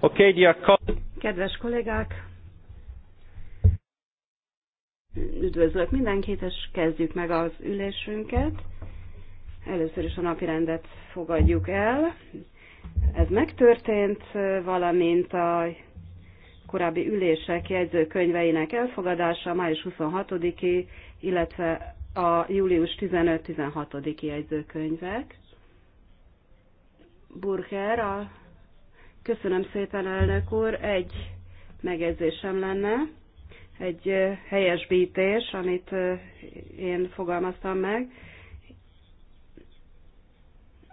Okay, dear Kedves kollégák, üdvözlök mindenkit, és kezdjük meg az ülésünket. Először is a rendet fogadjuk el. Ez megtörtént, valamint a korábbi ülések jegyzőkönyveinek elfogadása május 26-i, illetve a július 15-16-i jegyzőkönyvek. Burger, a Köszönöm szépen, elnök úr. Egy megjegyzésem lenne, egy helyesbítés, amit én fogalmaztam meg.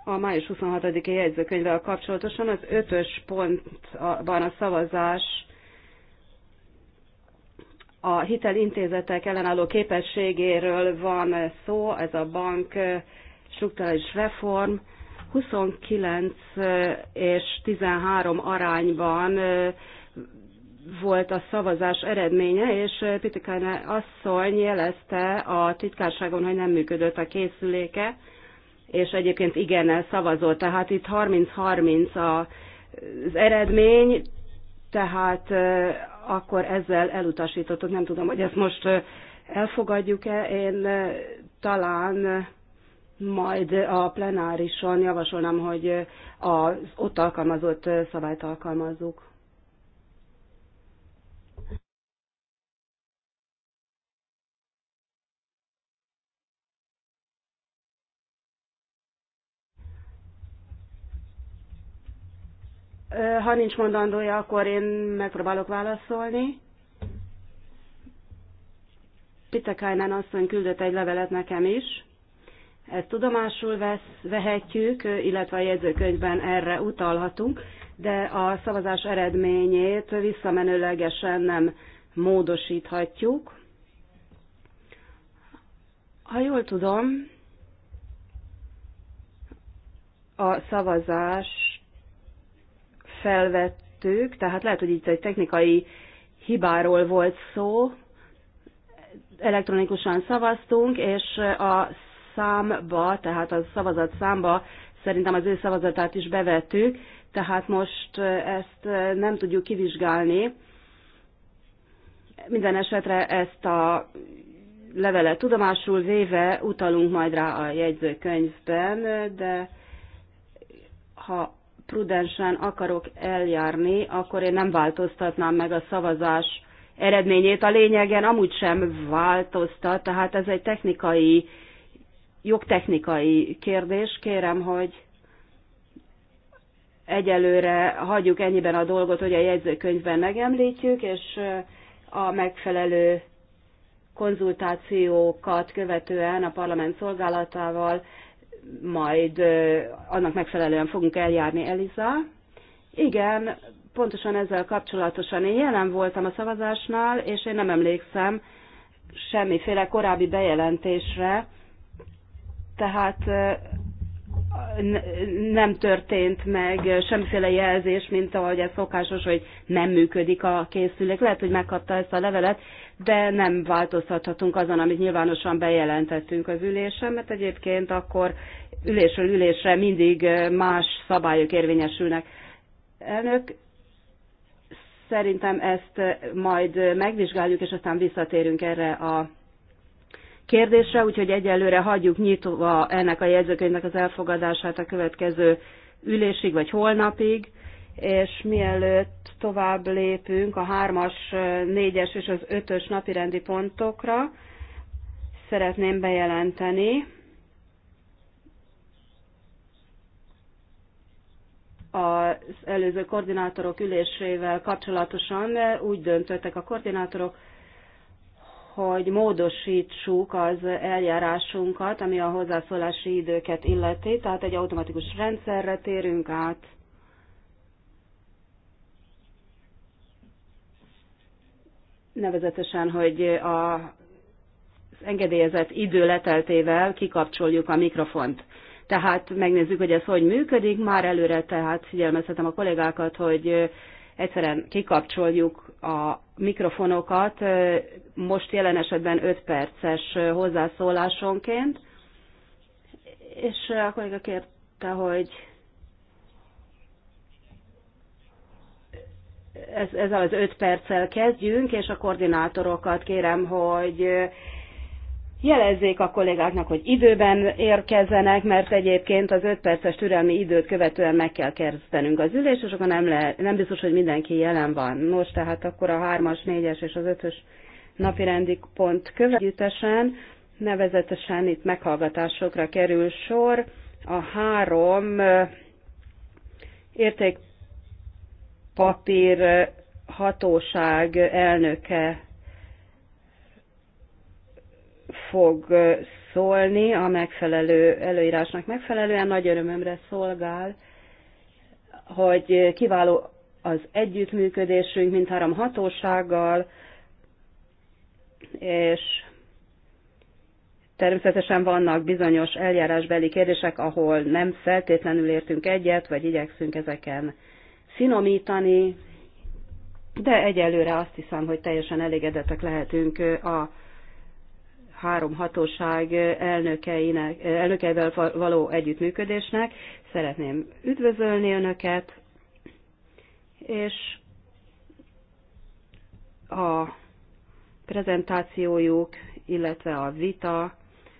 A május 26-i jegyzőkönyvvel kapcsolatosan az ötös pontban a szavazás a hitelintézetek ellenálló képességéről van szó, ez a bank struktúrális reform, 29 és 13 arányban volt a szavazás eredménye, és Pitikáne asszony jelezte a titkárságon, hogy nem működött a készüléke, és egyébként igennel szavazott. Tehát itt 30-30 az eredmény, tehát akkor ezzel elutasítottuk. Nem tudom, hogy ezt most elfogadjuk-e. Én talán majd a plenárison javasolnám, hogy az ott alkalmazott szabályt alkalmazzuk. Ha nincs mondandója, akkor én megpróbálok válaszolni. Pitekájnán asszony küldött egy levelet nekem is ezt tudomásul vesz, vehetjük, illetve a jegyzőkönyvben erre utalhatunk, de a szavazás eredményét visszamenőlegesen nem módosíthatjuk. Ha jól tudom, a szavazás felvettük, tehát lehet, hogy itt egy technikai hibáról volt szó, elektronikusan szavaztunk, és a számba, tehát a szavazat számba szerintem az ő szavazatát is bevettük, tehát most ezt nem tudjuk kivizsgálni. Minden esetre ezt a levelet tudomásul véve utalunk majd rá a jegyzőkönyvben, de ha prudensen akarok eljárni, akkor én nem változtatnám meg a szavazás eredményét. A lényegen amúgy sem változtat, tehát ez egy technikai jogtechnikai kérdés. Kérem, hogy egyelőre hagyjuk ennyiben a dolgot, hogy a jegyzőkönyvben megemlítjük, és a megfelelő konzultációkat követően a parlament szolgálatával majd annak megfelelően fogunk eljárni Eliza. Igen, pontosan ezzel kapcsolatosan én jelen voltam a szavazásnál, és én nem emlékszem semmiféle korábbi bejelentésre, tehát nem történt meg semmiféle jelzés, mint ahogy ez szokásos, hogy nem működik a készülék. Lehet, hogy megkapta ezt a levelet, de nem változtathatunk azon, amit nyilvánosan bejelentettünk az ülésen, mert egyébként akkor ülésről ülésre mindig más szabályok érvényesülnek. Elnök, szerintem ezt majd megvizsgáljuk, és aztán visszatérünk erre a kérdésre, úgyhogy egyelőre hagyjuk nyitva ennek a jegyzőkönyvnek az elfogadását a következő ülésig vagy holnapig, és mielőtt tovább lépünk a hármas, négyes és az ötös napirendi pontokra, szeretném bejelenteni, az előző koordinátorok ülésével kapcsolatosan úgy döntöttek a koordinátorok, hogy módosítsuk az eljárásunkat, ami a hozzászólási időket illeti, tehát egy automatikus rendszerre térünk át. Nevezetesen, hogy a, az engedélyezett idő leteltével kikapcsoljuk a mikrofont. Tehát megnézzük, hogy ez hogy működik. Már előre tehát figyelmeztetem a kollégákat, hogy egyszerűen kikapcsoljuk a mikrofonokat, most jelen esetben 5 perces hozzászólásonként, és a kolléga kérte, hogy ez, ezzel az öt perccel kezdjünk, és a koordinátorokat kérem, hogy jelezzék a kollégáknak, hogy időben érkezzenek, mert egyébként az 5 perces türelmi időt követően meg kell kezdenünk az ülés, és akkor nem, le, nem biztos, hogy mindenki jelen van. Nos, tehát akkor a 3-as, 4-es és az 5-ös napi rendi pont követően, nevezetesen itt meghallgatásokra kerül sor. A három értékpapír hatóság elnöke fog szólni a megfelelő előírásnak megfelelően. Nagy örömömre szolgál, hogy kiváló az együttműködésünk három hatósággal, és természetesen vannak bizonyos eljárásbeli kérdések, ahol nem feltétlenül értünk egyet, vagy igyekszünk ezeken finomítani, de egyelőre azt hiszem, hogy teljesen elégedettek lehetünk a három hatóság elnökeinek, elnökeivel való együttműködésnek. Szeretném üdvözölni Önöket, és a prezentációjuk, illetve a vita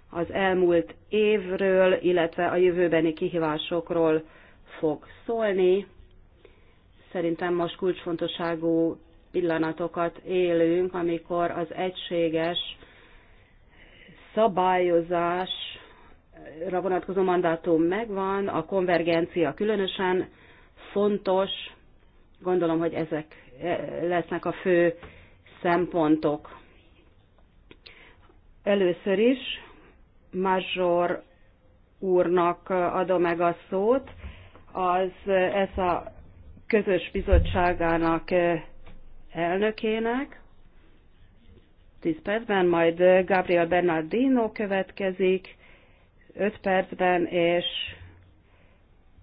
az elmúlt évről, illetve a jövőbeni kihívásokról fog szólni. Szerintem most kulcsfontosságú pillanatokat élünk, amikor az egységes szabályozásra vonatkozó mandátum megvan, a konvergencia különösen fontos, gondolom, hogy ezek e, lesznek a fő szempontok. Először is Major úrnak adom meg a szót, az ez a közös bizottságának e, elnökének. 10 percben, majd Gabriel Bernardino következik 5 percben, és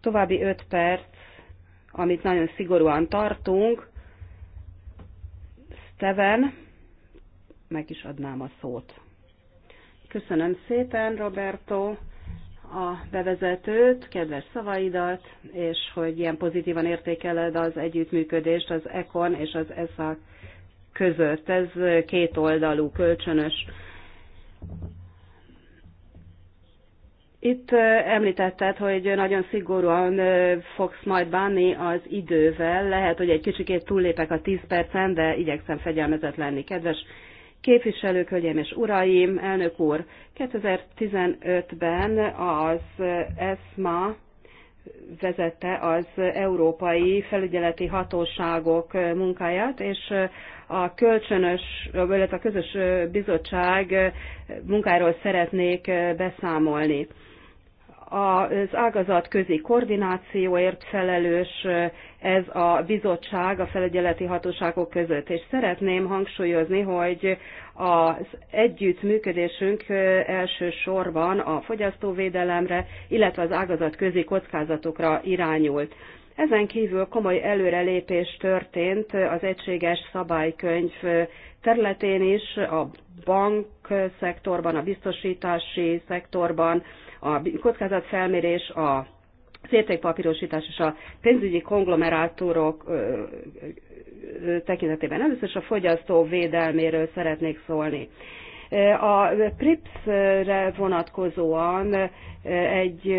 további 5 perc, amit nagyon szigorúan tartunk. Steven, meg is adnám a szót. Köszönöm szépen, Roberto a bevezetőt, kedves szavaidat, és hogy ilyen pozitívan értékeled az együttműködést az ECON és az ESA között. Ez két oldalú, kölcsönös. Itt említetted, hogy nagyon szigorúan fogsz majd bánni az idővel. Lehet, hogy egy kicsikét túllépek a 10 percen, de igyekszem fegyelmezett lenni. Kedves képviselők, hölgyeim és uraim, elnök úr, 2015-ben az ESMA vezette az Európai Felügyeleti Hatóságok munkáját, és a kölcsönös, illetve a közös bizottság munkáról szeretnék beszámolni. Az ágazat közi koordinációért felelős ez a bizottság a felügyeleti hatóságok között. És szeretném hangsúlyozni, hogy az együttműködésünk elsősorban a fogyasztóvédelemre, illetve az ágazat közi kockázatokra irányult. Ezen kívül komoly előrelépés történt az egységes szabálykönyv területén is, a szektorban, a biztosítási szektorban, a kockázatfelmérés, a értékpapírosítás és a pénzügyi konglomerátorok tekintetében. Először is a fogyasztó védelméről szeretnék szólni. A PRIPS-re vonatkozóan e, egy,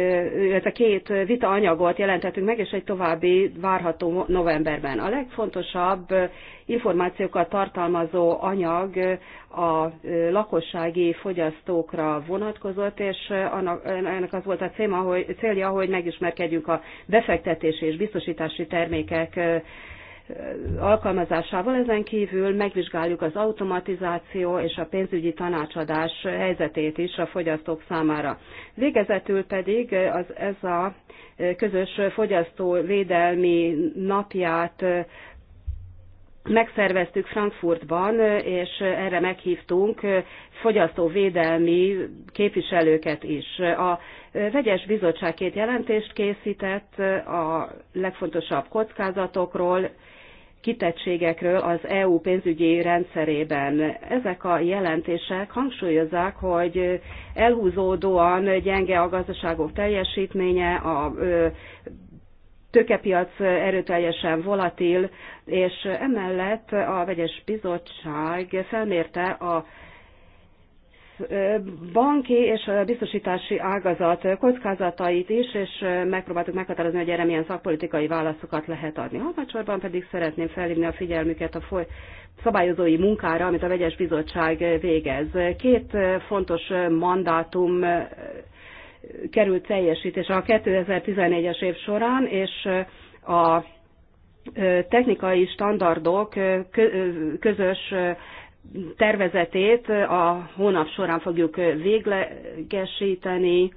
a két vita anyagot jelentettünk meg, és egy további várható novemberben. A legfontosabb információkat tartalmazó anyag a lakossági fogyasztókra vonatkozott, és ennek az volt a célja, hogy megismerkedjünk a befektetési és biztosítási termékek alkalmazásával. Ezen kívül megvizsgáljuk az automatizáció és a pénzügyi tanácsadás helyzetét is a fogyasztók számára. Végezetül pedig az, ez a közös fogyasztóvédelmi napját megszerveztük Frankfurtban, és erre meghívtunk fogyasztóvédelmi képviselőket is. A vegyes bizottság két jelentést készített a legfontosabb kockázatokról, kitettségekről az EU pénzügyi rendszerében. Ezek a jelentések hangsúlyozzák, hogy elhúzódóan gyenge a gazdaságok teljesítménye, a tőkepiac erőteljesen volatil, és emellett a vegyes bizottság felmérte a banki és biztosítási ágazat kockázatait is, és megpróbáltuk meghatározni, hogy erre milyen szakpolitikai válaszokat lehet adni. Harmadsorban pedig szeretném felhívni a figyelmüket a foly szabályozói munkára, amit a vegyes bizottság végez. Két fontos mandátum eh, került teljesítés a 2014-es év során, és a eh, technikai standardok eh, közös tervezetét a hónap során fogjuk véglegesíteni,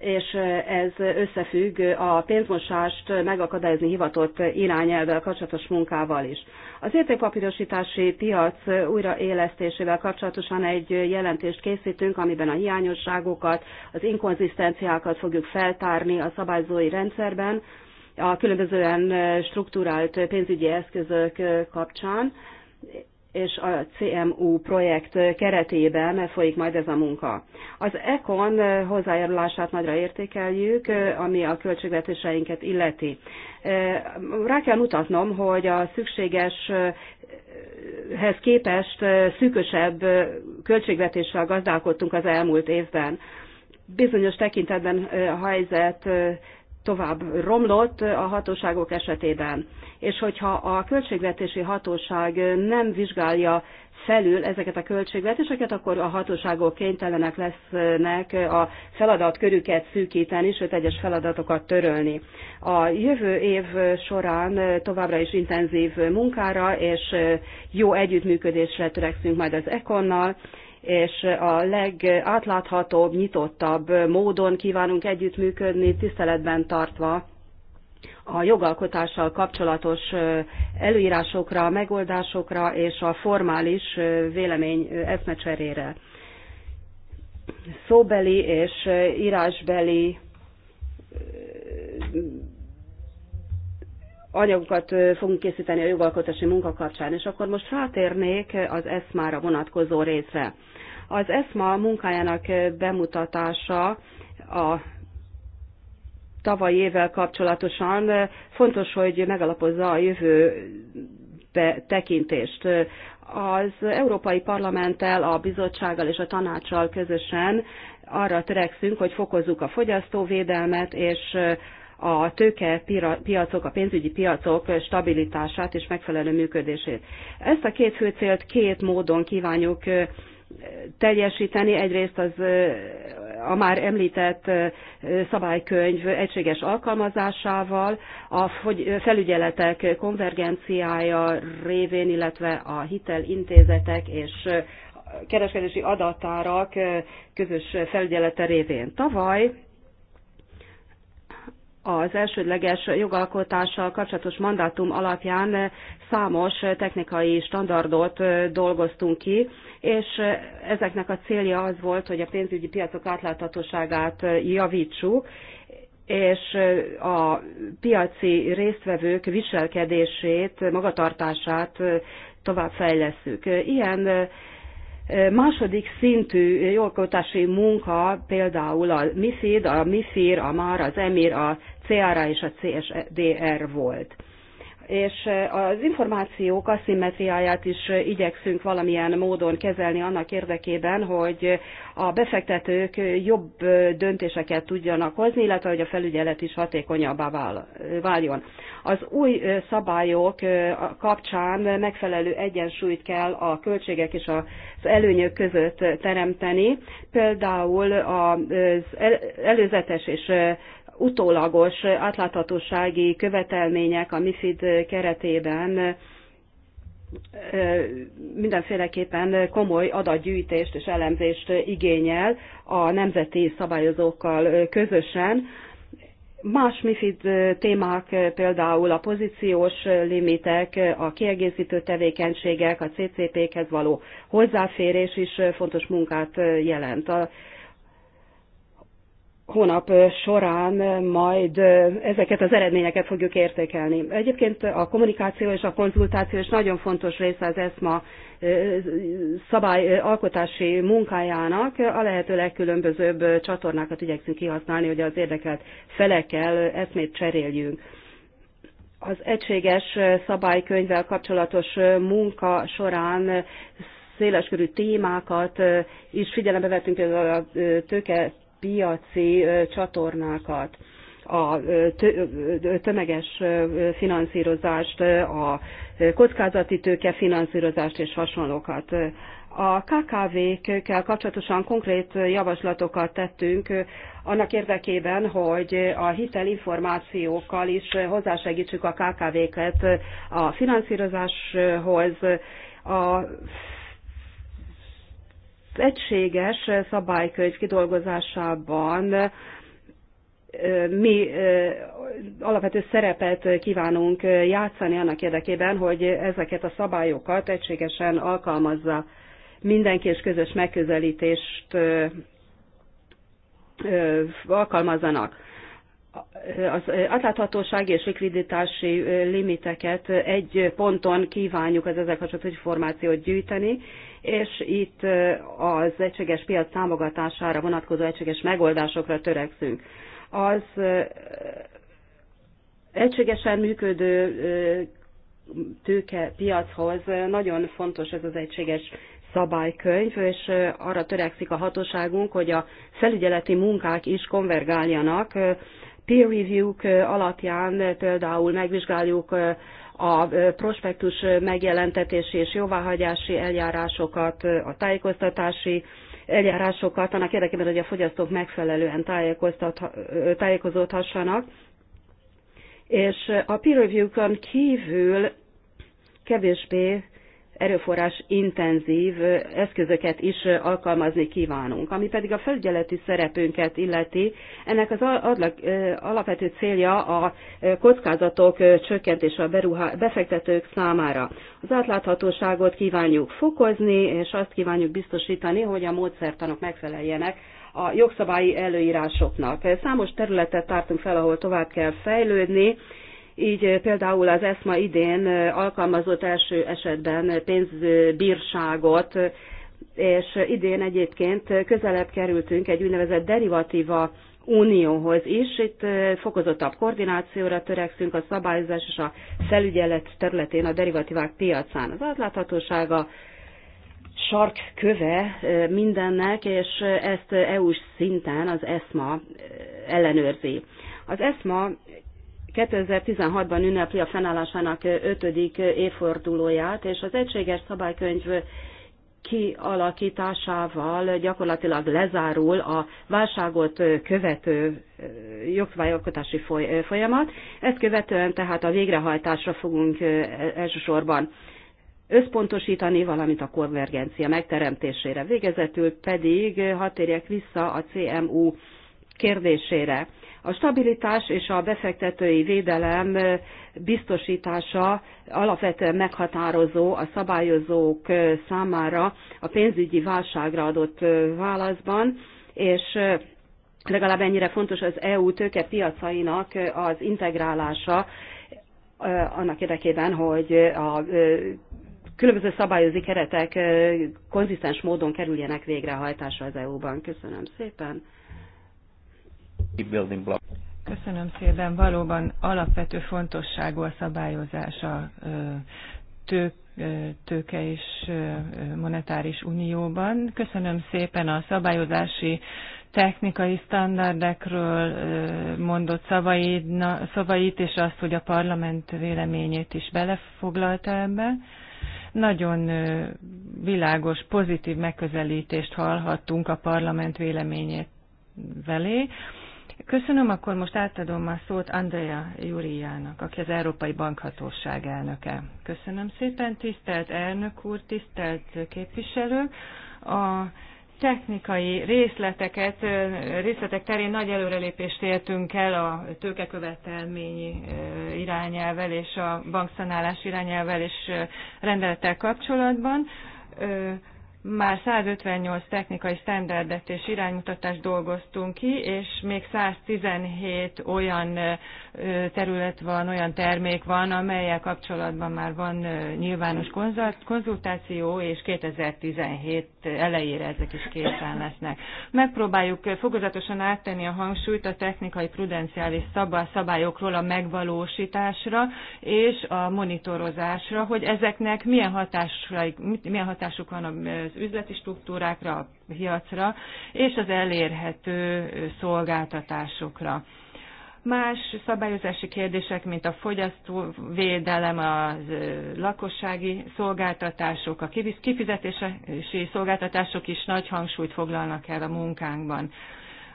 és ez összefügg a pénzmosást megakadályozni hivatott irányelvvel kapcsolatos munkával is. Az értékpapírosítási piac újraélesztésével kapcsolatosan egy jelentést készítünk, amiben a hiányosságokat, az inkonzisztenciákat fogjuk feltárni a szabályzói rendszerben, a különbözően struktúrált pénzügyi eszközök kapcsán, és a CMU projekt keretében folyik majd ez a munka. Az ECON hozzájárulását nagyra értékeljük, ami a költségvetéseinket illeti. Rá kell mutatnom, hogy a szükséges hez képest szűkösebb költségvetéssel gazdálkodtunk az elmúlt évben. Bizonyos tekintetben a helyzet tovább romlott a hatóságok esetében. És hogyha a költségvetési hatóság nem vizsgálja felül ezeket a költségvetéseket, akkor a hatóságok kénytelenek lesznek a feladat körüket szűkíteni, sőt egyes feladatokat törölni. A jövő év során továbbra is intenzív munkára és jó együttműködésre törekszünk majd az Ekonnal, és a legátláthatóbb, nyitottabb módon kívánunk együttműködni, tiszteletben tartva a jogalkotással kapcsolatos előírásokra, megoldásokra és a formális vélemény eszmecserére. Szóbeli és írásbeli anyagokat fogunk készíteni a jogalkotási munka kapcsán, és akkor most rátérnék az ESMA-ra vonatkozó részre. Az ESMA munkájának bemutatása a tavalyi évvel kapcsolatosan fontos, hogy megalapozza a jövő tekintést. Az Európai Parlamenttel, a bizottsággal és a tanácssal közösen arra törekszünk, hogy fokozzuk a fogyasztóvédelmet, és a tőke piacok, a pénzügyi piacok stabilitását és megfelelő működését. Ezt a két fő célt két módon kívánjuk teljesíteni. Egyrészt az a már említett szabálykönyv egységes alkalmazásával, a felügyeletek konvergenciája révén, illetve a hitelintézetek és kereskedési adatárak közös felügyelete révén. Tavaly az elsődleges jogalkotással kapcsolatos mandátum alapján számos technikai standardot dolgoztunk ki, és ezeknek a célja az volt, hogy a pénzügyi piacok átláthatóságát javítsuk, és a piaci résztvevők viselkedését, magatartását továbbfejleszünk. Ilyen Második szintű jogkotási munka például a MIFID, a MIFIR, a MAR, az EMIR, a CRA és a CSDR volt és az információk aszimmetriáját is igyekszünk valamilyen módon kezelni annak érdekében, hogy a befektetők jobb döntéseket tudjanak hozni, illetve hogy a felügyelet is hatékonyabbá váljon. Az új szabályok kapcsán megfelelő egyensúlyt kell a költségek és az előnyök között teremteni, például az előzetes és utólagos átláthatósági követelmények a MIFID keretében mindenféleképpen komoly adatgyűjtést és elemzést igényel a nemzeti szabályozókkal közösen. Más MIFID témák például a pozíciós limitek, a kiegészítő tevékenységek, a CCP-khez való hozzáférés is fontos munkát jelent. A hónap során majd ezeket az eredményeket fogjuk értékelni. Egyébként a kommunikáció és a konzultáció is nagyon fontos része az ESMA szabályalkotási munkájának. A lehető legkülönbözőbb csatornákat igyekszünk kihasználni, hogy az érdekelt felekkel eszmét cseréljünk. Az egységes szabálykönyvvel kapcsolatos munka során széleskörű témákat is figyelembe vettünk, például a tőke piaci csatornákat, a tömeges finanszírozást, a kockázati tőke finanszírozást és hasonlókat. A KKV-kkel kapcsolatosan konkrét javaslatokat tettünk annak érdekében, hogy a hitelinformációkkal is hozzásegítsük a KKV-ket a finanszírozáshoz, a egységes szabálykönyv kidolgozásában mi alapvető szerepet kívánunk játszani annak érdekében, hogy ezeket a szabályokat egységesen alkalmazza mindenki, és közös megközelítést alkalmazzanak az átláthatóság és likviditási limiteket egy ponton kívánjuk az ezzel kapcsolatos információt gyűjteni, és itt az egységes piac támogatására vonatkozó egységes megoldásokra törekszünk. Az egységesen működő tőkepiachoz nagyon fontos ez az egységes szabálykönyv, és arra törekszik a hatóságunk, hogy a felügyeleti munkák is konvergáljanak peer review-k alapján például megvizsgáljuk a prospektus megjelentetési és jóváhagyási eljárásokat, a tájékoztatási eljárásokat, annak érdekében, hogy a fogyasztók megfelelően tájékozódhassanak. És a peer review-kon kívül kevésbé erőforrás intenzív eszközöket is alkalmazni kívánunk. Ami pedig a felügyeleti szerepünket illeti, ennek az alapvető célja a kockázatok csökkentése a befektetők számára. Az átláthatóságot kívánjuk fokozni, és azt kívánjuk biztosítani, hogy a módszertanok megfeleljenek a jogszabályi előírásoknak. Számos területet tártunk fel, ahol tovább kell fejlődni, így eh, például az ESMA idén eh, alkalmazott első esetben pénzbírságot, és idén egyébként közelebb kerültünk egy úgynevezett derivatíva unióhoz is. Itt eh, fokozottabb koordinációra törekszünk a szabályozás és a felügyelet területén a derivatívák piacán. Az átláthatósága sarkköve mindennek, és ezt EU-s szinten az ESMA ellenőrzi. Az ESMA 2016-ban ünnepli a fennállásának 5. évfordulóját, és az egységes szabálykönyv kialakításával gyakorlatilag lezárul a válságot követő jogszabályalkotási folyamat. Ezt követően tehát a végrehajtásra fogunk elsősorban összpontosítani, valamint a konvergencia megteremtésére. Végezetül pedig hadd térjek vissza a CMU kérdésére. A stabilitás és a befektetői védelem biztosítása alapvetően meghatározó a szabályozók számára a pénzügyi válságra adott válaszban, és legalább ennyire fontos az EU piacainak az integrálása annak érdekében, hogy a különböző szabályozó keretek konzisztens módon kerüljenek végrehajtásra az EU-ban. Köszönöm szépen. Köszönöm szépen, valóban alapvető fontosságú a szabályozás a tő, tőke és monetáris unióban. Köszönöm szépen a szabályozási technikai standardekről mondott szavait, és azt, hogy a parlament véleményét is belefoglalta ebbe. Nagyon világos, pozitív megközelítést hallhattunk a parlament véleményét velé. Köszönöm, akkor most átadom a szót Andrea Júriának, aki az Európai Bankhatóság elnöke. Köszönöm szépen, tisztelt elnök úr, tisztelt képviselő, A technikai részleteket, részletek terén nagy előrelépést éltünk el a tőkekövetelményi eh, irányelvel és a bankszanálás irányelvel és eh, rendelettel kapcsolatban eh, már 158 technikai standardet és iránymutatást dolgoztunk ki, és még 117 olyan terület van, olyan termék van, amelyel kapcsolatban már van nyilvános konzultáció, és 2017 elejére ezek is készen lesznek. Megpróbáljuk fokozatosan áttenni a hangsúlyt a technikai prudenciális szabályokról a megvalósításra és a monitorozásra, hogy ezeknek milyen, milyen hatásuk van az üzleti struktúrákra, a piacra és az elérhető szolgáltatásokra. Más szabályozási kérdések, mint a fogyasztóvédelem, a e, lakossági szolgáltatások, a kifizetési szolgáltatások is nagy hangsúlyt foglalnak el a munkánkban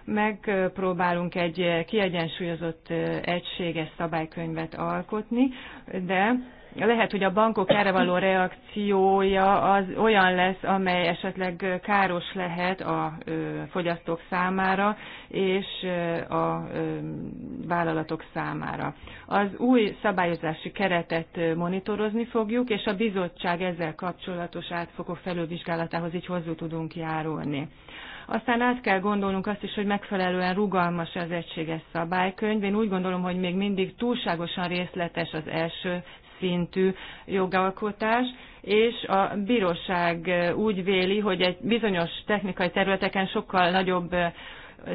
megpróbálunk egy kiegyensúlyozott e, egységes szabálykönyvet alkotni, de lehet, hogy a bankok erre való reakciója az olyan lesz, amely esetleg káros lehet a fogyasztók számára és a vállalatok számára. Az új szabályozási keretet monitorozni fogjuk, és a bizottság ezzel kapcsolatos átfogó felülvizsgálatához így hozzá tudunk járulni. Aztán át kell gondolnunk azt is, hogy megfelelően rugalmas az egységes szabálykönyv. Én úgy gondolom, hogy még mindig túlságosan részletes az első szintű jogalkotás, és a bíróság úgy véli, hogy egy bizonyos technikai területeken sokkal nagyobb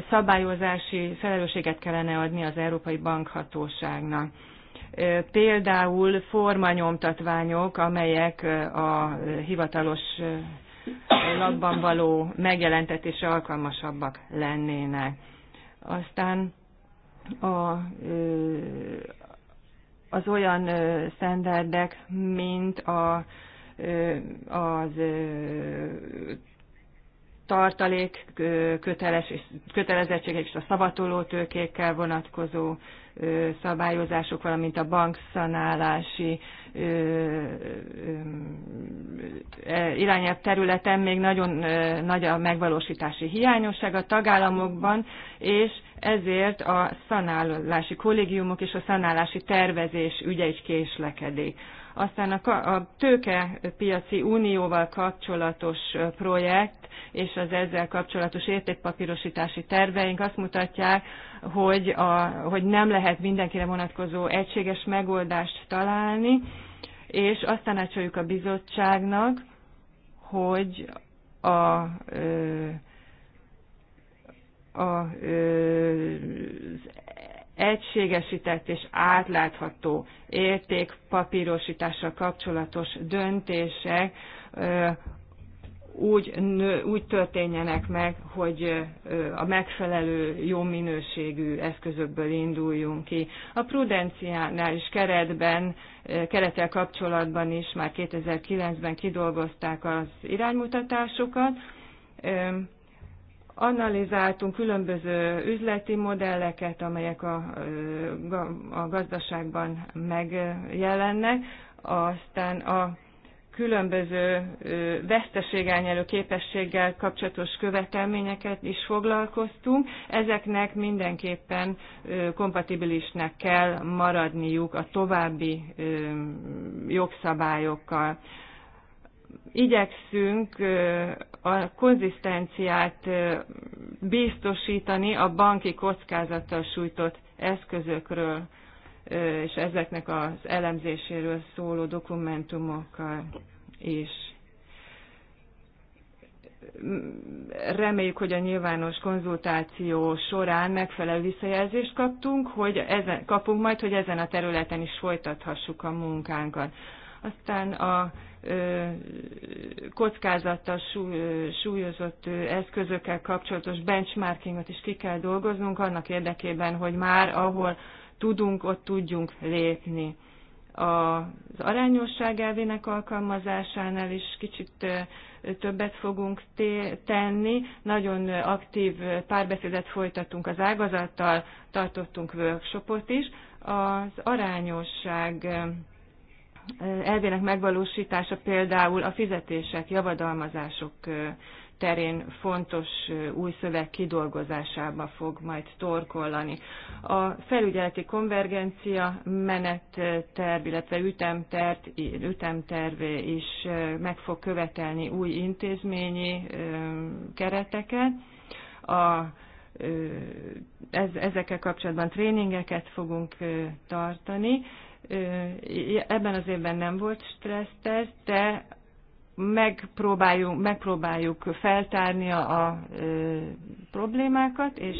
szabályozási felelősséget kellene adni az Európai Bankhatóságnak például formanyomtatványok, amelyek a hivatalos lapban való megjelentetésre alkalmasabbak lennének. Aztán a, az olyan standardek, mint a, az tartalék köteles kötelezettségek és a szavatoló tőkékkel vonatkozó szabályozások, valamint a bankszanálási e, irányelv területen még nagyon nagy a megvalósítási hiányosság a tagállamokban, és ezért a szanálási kollégiumok és a szanálási tervezés ügye is késlekedik aztán a, a tőkepiaci unióval kapcsolatos projekt és az ezzel kapcsolatos értékpapírosítási terveink azt mutatják, hogy, a, hogy nem lehet mindenkire vonatkozó egységes megoldást találni, és azt tanácsoljuk a bizottságnak, hogy a, a, a, az egységesített és átlátható értékpapírosítással kapcsolatos döntések úgy, úgy történjenek meg, hogy a megfelelő jó minőségű eszközökből induljunk ki. A prudenciális keretben, kerettel kapcsolatban is már 2009-ben kidolgozták az iránymutatásokat, Analizáltunk különböző üzleti modelleket, amelyek a, a gazdaságban megjelennek, aztán a különböző veszteségányelő képességgel kapcsolatos követelményeket is foglalkoztunk. Ezeknek mindenképpen kompatibilisnek kell maradniuk a további jogszabályokkal igyekszünk a konzisztenciát biztosítani a banki kockázattal sújtott eszközökről és ezeknek az elemzéséről szóló dokumentumokkal is. Reméljük, hogy a nyilvános konzultáció során megfelelő visszajelzést kaptunk, hogy ezen, kapunk majd, hogy ezen a területen is folytathassuk a munkánkat. Aztán a kockázattal súlyozott eszközökkel kapcsolatos benchmarkingot is ki kell dolgoznunk annak érdekében, hogy már ahol tudunk, ott tudjunk lépni. Az arányosság elvének alkalmazásánál is kicsit többet fogunk tenni. Nagyon aktív párbeszédet folytattunk az ágazattal, tartottunk workshopot is. Az arányosság elvének megvalósítása például a fizetések, javadalmazások terén fontos új szöveg kidolgozásába fog majd torkollani. A felügyeleti konvergencia menetterv, illetve ütemterv, ütemterv is meg fog követelni új intézményi kereteket. A ezekkel kapcsolatban tréningeket fogunk tartani, ebben az évben nem volt stressz, de megpróbáljuk, megpróbáljuk feltárni a, a problémákat, és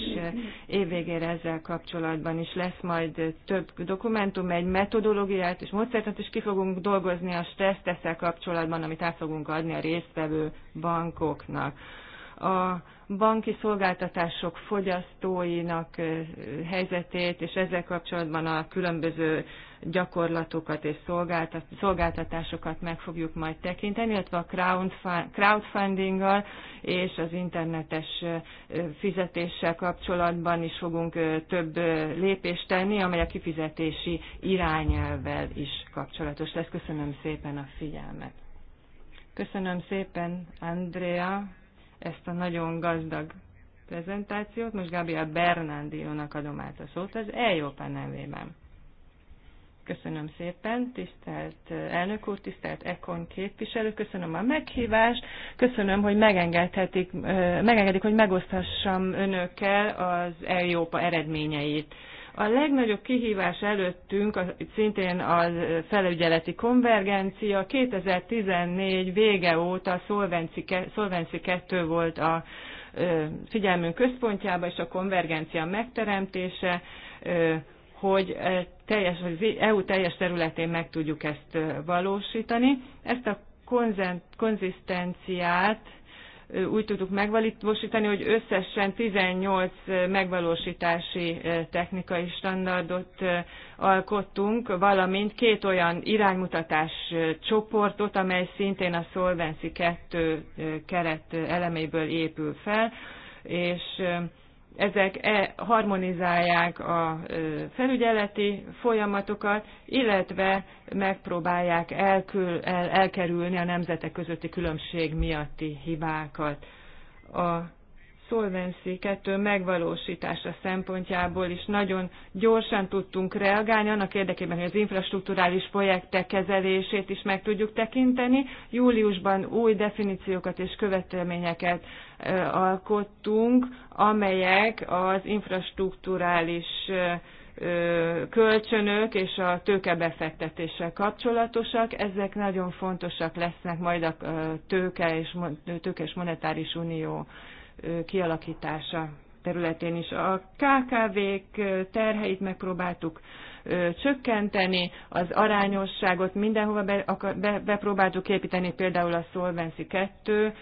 évvégére ezzel kapcsolatban is lesz majd több dokumentum, egy metodológiát és módszertet is ki fogunk dolgozni a stresszteszel kapcsolatban, amit át fogunk adni a résztvevő bankoknak. A, banki szolgáltatások fogyasztóinak helyzetét, és ezzel kapcsolatban a különböző gyakorlatokat és szolgáltatásokat meg fogjuk majd tekinteni, illetve a crowdfundinggal és az internetes fizetéssel kapcsolatban is fogunk több lépést tenni, amely a kifizetési irányelvvel is kapcsolatos lesz. Köszönöm szépen a figyelmet. Köszönöm szépen, Andrea ezt a nagyon gazdag prezentációt. Most Gabriel Bernardinonak adom át a szót az Európa e nevében. Köszönöm szépen, tisztelt eh, elnök úr, tisztelt Ekon képviselő, köszönöm a meghívást, köszönöm, hogy megengedhetik, eh, megengedik, hogy megoszthassam önökkel az eljópa e eredményeit. A legnagyobb kihívás előttünk szintén a felügyeleti konvergencia. 2014 vége óta Szolvenci 2 volt a figyelmünk központjában, és a konvergencia megteremtése, hogy teljes, az EU teljes területén meg tudjuk ezt valósítani. Ezt a konzisztenciát úgy tudtuk megvalósítani, hogy összesen 18 megvalósítási eh, technikai standardot eh, alkottunk, valamint két olyan iránymutatás eh, csoportot, amely szintén a Solvency 2 keret elemeiből épül fel, és ezek e, harmonizálják a felügyeleti folyamatokat, illetve megpróbálják elkül, el, elkerülni a nemzetek közötti különbség miatti hibákat. A Solvency 2 megvalósítása szempontjából is nagyon gyorsan tudtunk reagálni, annak érdekében, hogy az infrastruktúrális projektek kezelését is meg tudjuk tekinteni. Júliusban új definíciókat és követelményeket alkottunk, amelyek az infrastruktúrális kölcsönök és a tőkebefektetéssel kapcsolatosak. Ezek nagyon fontosak lesznek majd a tőke és, tőke és monetáris unió kialakítása területén is. A KKV-k terheit megpróbáltuk csökkenteni, az arányosságot mindenhova be, be, bepróbáltuk építeni, például a Solvency 2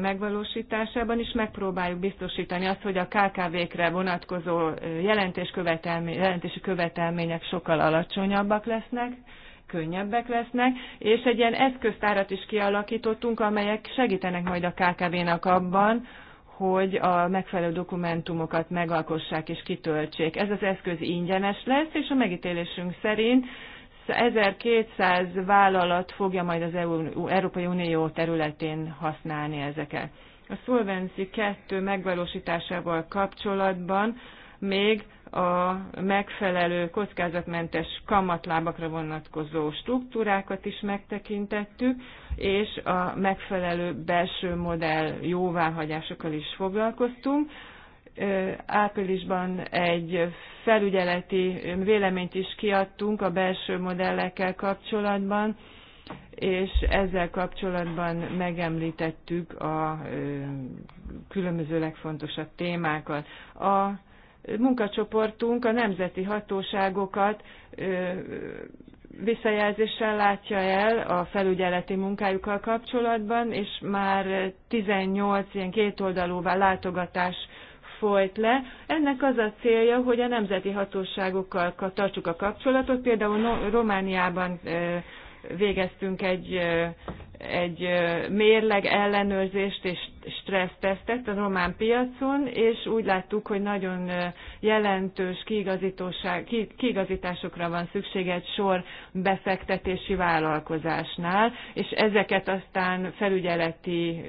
megvalósításában is megpróbáljuk biztosítani azt, hogy a KKV-kre vonatkozó jelentés követelmé, jelentési követelmények sokkal alacsonyabbak lesznek, könnyebbek lesznek, és egy ilyen eszköztárat is kialakítottunk, amelyek segítenek majd a KKV-nak abban, hogy a megfelelő dokumentumokat megalkossák és kitöltsék. Ez az eszköz ingyenes lesz, és a megítélésünk szerint 1200 vállalat fogja majd az EU, Európai Unió területén használni ezeket. A Solvency 2 megvalósításával kapcsolatban még a megfelelő kockázatmentes kamatlábakra vonatkozó struktúrákat is megtekintettük, és a megfelelő belső modell jóváhagyásokkal is foglalkoztunk. Áprilisban egy felügyeleti véleményt is kiadtunk a belső modellekkel kapcsolatban, és ezzel kapcsolatban megemlítettük a különböző legfontosabb témákat. A munkacsoportunk a nemzeti hatóságokat visszajelzéssel látja el a felügyeleti munkájukkal kapcsolatban, és már 18 ilyen kétoldalúvá látogatás folyt le. Ennek az a célja, hogy a nemzeti hatóságokkal tartsuk a kapcsolatot. Például Romániában végeztünk egy egy mérleg ellenőrzést és stressztesztet a román piacon, és úgy láttuk, hogy nagyon jelentős kiigazításokra van szükség egy sor befektetési vállalkozásnál, és ezeket aztán felügyeleti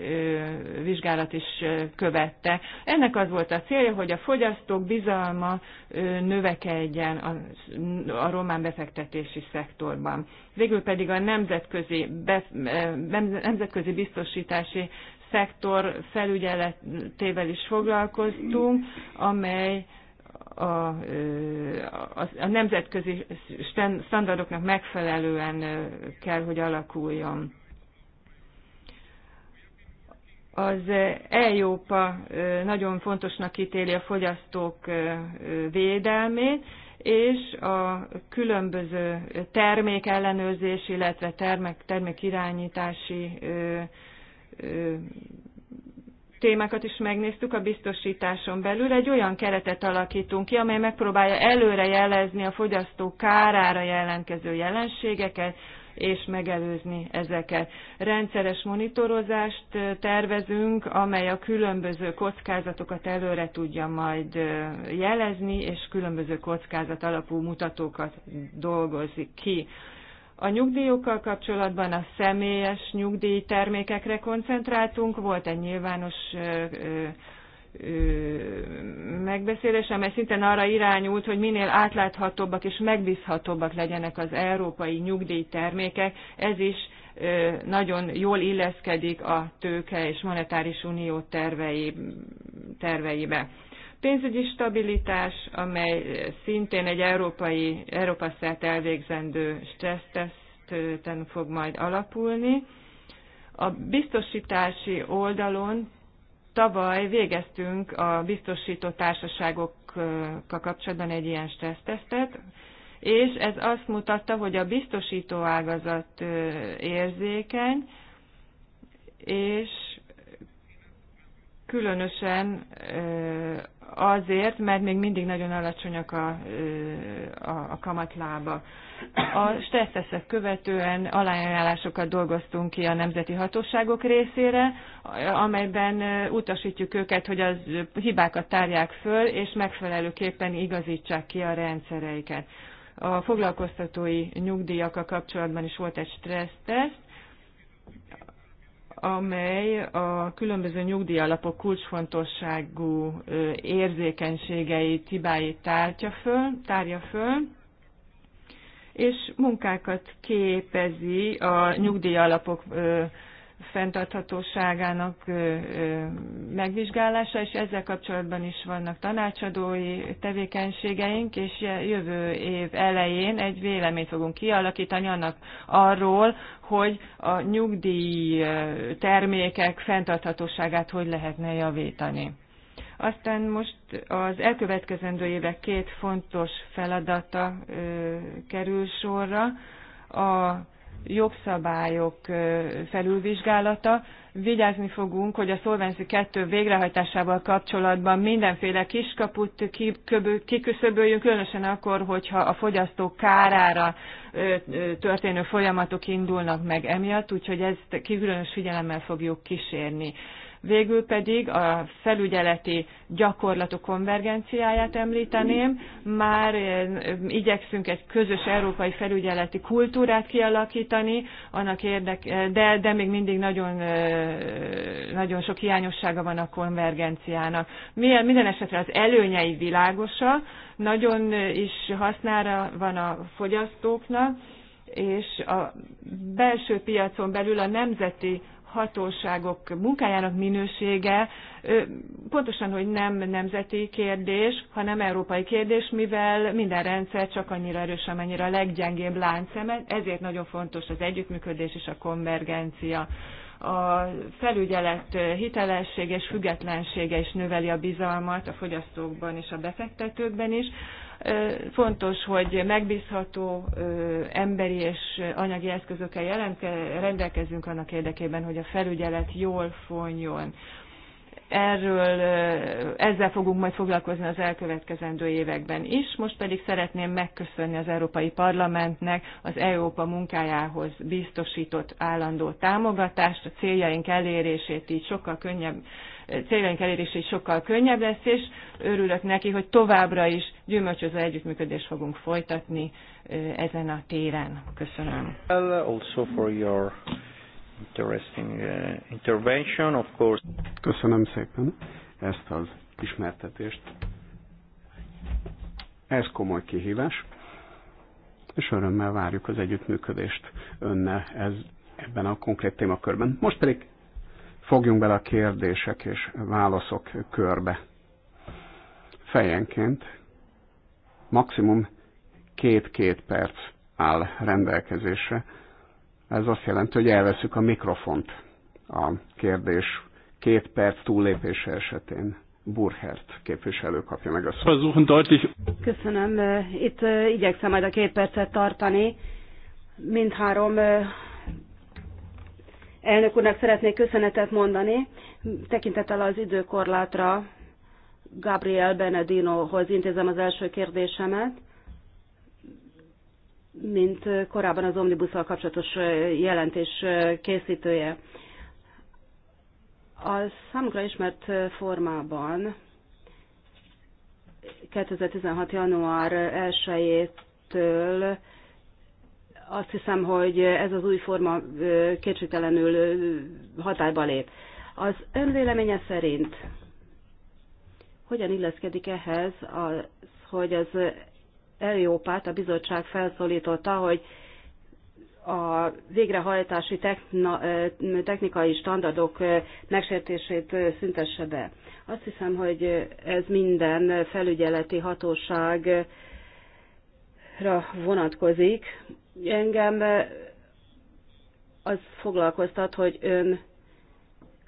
vizsgálat is követte. Ennek az volt a célja, hogy a fogyasztók bizalma növekedjen a, román befektetési szektorban. Végül pedig a nemzetközi nemzetközi biztosítási szektor felügyeletével is foglalkoztunk, amely a, a, a nemzetközi standardoknak megfelelően kell, hogy alakuljon. Az Európa nagyon fontosnak ítéli a fogyasztók védelmét, és a különböző termékellenőrzés, illetve termék, termékirányítási témákat is megnéztük a biztosításon belül. Egy olyan keretet alakítunk ki, amely megpróbálja előre jelezni a fogyasztó kárára jelentkező jelenségeket, és megelőzni ezeket. Rendszeres monitorozást tervezünk, amely a különböző kockázatokat előre tudja majd jelezni, és különböző kockázat alapú mutatókat dolgozik ki. A nyugdíjokkal kapcsolatban a személyes nyugdíjtermékekre koncentráltunk, volt egy nyilvános megbeszélése, amely szinten arra irányult, hogy minél átláthatóbbak és megbízhatóbbak legyenek az európai nyugdíjtermékek. Ez is nagyon jól illeszkedik a tőke és monetáris unió tervei, terveibe. Pénzügyi stabilitás, amely szintén egy európai, Európa szert elvégzendő stresszteszten fog majd alapulni. A biztosítási oldalon Tavaly végeztünk a biztosító társaságokkal kapcsolatban egy ilyen stressztesztet, és ez azt mutatta, hogy a biztosító ágazat érzékeny, és különösen azért, mert még mindig nagyon alacsonyak a, a, a kamatlába. A stresszeszek követően alájárásokat dolgoztunk ki a nemzeti hatóságok részére, amelyben utasítjuk őket, hogy az hibákat tárják föl, és megfelelőképpen igazítsák ki a rendszereiket. A foglalkoztatói nyugdíjakkal kapcsolatban is volt egy stresszteszt, amely a különböző nyugdíjalapok kulcsfontosságú érzékenységeit, hibáit tárja föl, tárja föl és munkákat képezi a nyugdíjalapok fenntarthatóságának megvizsgálása, és ezzel kapcsolatban is vannak tanácsadói tevékenységeink, és jövő év elején egy véleményt fogunk kialakítani annak arról, hogy a nyugdíj termékek fenntarthatóságát hogy lehetne javítani. Aztán most az elkövetkezendő évek két fontos feladata kerül sorra. A jogszabályok felülvizsgálata. Vigyázni fogunk, hogy a Szolvenzi 2 végrehajtásával kapcsolatban mindenféle kiskaput kiküszöböljünk, különösen akkor, hogyha a fogyasztók kárára történő folyamatok indulnak meg emiatt, úgyhogy ezt különös figyelemmel fogjuk kísérni. Végül pedig a felügyeleti gyakorlatok konvergenciáját említeném. Már eh, igyekszünk egy közös európai felügyeleti kultúrát kialakítani, annak érdek, eh, de, de még mindig nagyon, eh, nagyon sok hiányossága van a konvergenciának. Minden esetre az előnyei világosa, nagyon is hasznára van a fogyasztóknak, és a belső piacon belül a nemzeti hatóságok munkájának minősége pontosan, hogy nem nemzeti kérdés, hanem európai kérdés, mivel minden rendszer csak annyira erős, amennyire a leggyengébb láncszeme, ezért nagyon fontos az együttműködés és a konvergencia. A felügyelet hitelessége és függetlensége is növeli a bizalmat a fogyasztókban és a befektetőkben is Fontos, hogy megbízható emberi és anyagi eszközökkel rendelkezünk annak érdekében, hogy a felügyelet jól fonjon. Erről, ezzel fogunk majd foglalkozni az elkövetkezendő években is. Most pedig szeretném megköszönni az Európai Parlamentnek az Európa munkájához biztosított állandó támogatást, a céljaink elérését így sokkal könnyebb, céljaink elérése is sokkal könnyebb lesz, és örülök neki, hogy továbbra is gyümölcsöző együttműködést fogunk folytatni ezen a téren. Köszönöm. Also for your interesting uh, intervention, of course. Köszönöm szépen ezt az ismertetést. Ez komoly kihívás, és örömmel várjuk az együttműködést önne. ez, ebben a konkrét témakörben. Most pedig fogjunk bele a kérdések és válaszok körbe. Fejenként maximum két-két perc áll rendelkezésre. Ez azt jelenti, hogy elveszük a mikrofont a kérdés két perc túllépése esetén. Burhert képviselő kapja meg a szót. Köszönöm. Itt eh, igyekszem majd a két percet tartani. Mindhárom eh, Elnök úrnak szeretnék köszönetet mondani, tekintettel az időkorlátra Gabriel Benedinohoz intézem az első kérdésemet mint korábban az Omnibuszal kapcsolatos jelentés készítője. A számukra ismert formában 2016. január 1-től azt hiszem, hogy ez az új forma kétségtelenül hatályba lép. Az ön véleménye szerint hogyan illeszkedik ehhez az, hogy az Európát a bizottság felszólította, hogy a végrehajtási technikai standardok megsértését szüntesse be. Azt hiszem, hogy ez minden felügyeleti hatóságra vonatkozik, Engem eh, az foglalkoztat, hogy ön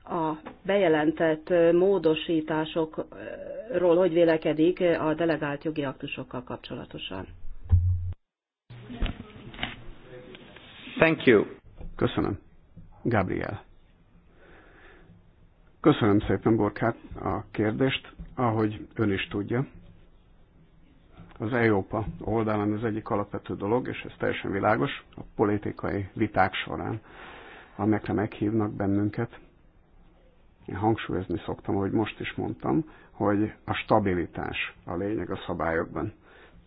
a bejelentett eh, módosításokról hogy vélekedik eh, a delegált jogi aktusokkal kapcsolatosan. Thank you. Köszönöm. Gabriel. Köszönöm szépen, Borkát, a kérdést. Ahogy ön is tudja, az EOPA oldalán az egyik alapvető dolog, és ez teljesen világos, a politikai viták során, amelyekre meghívnak bennünket. Én hangsúlyozni szoktam, hogy most is mondtam, hogy a stabilitás a lényeg a szabályokban.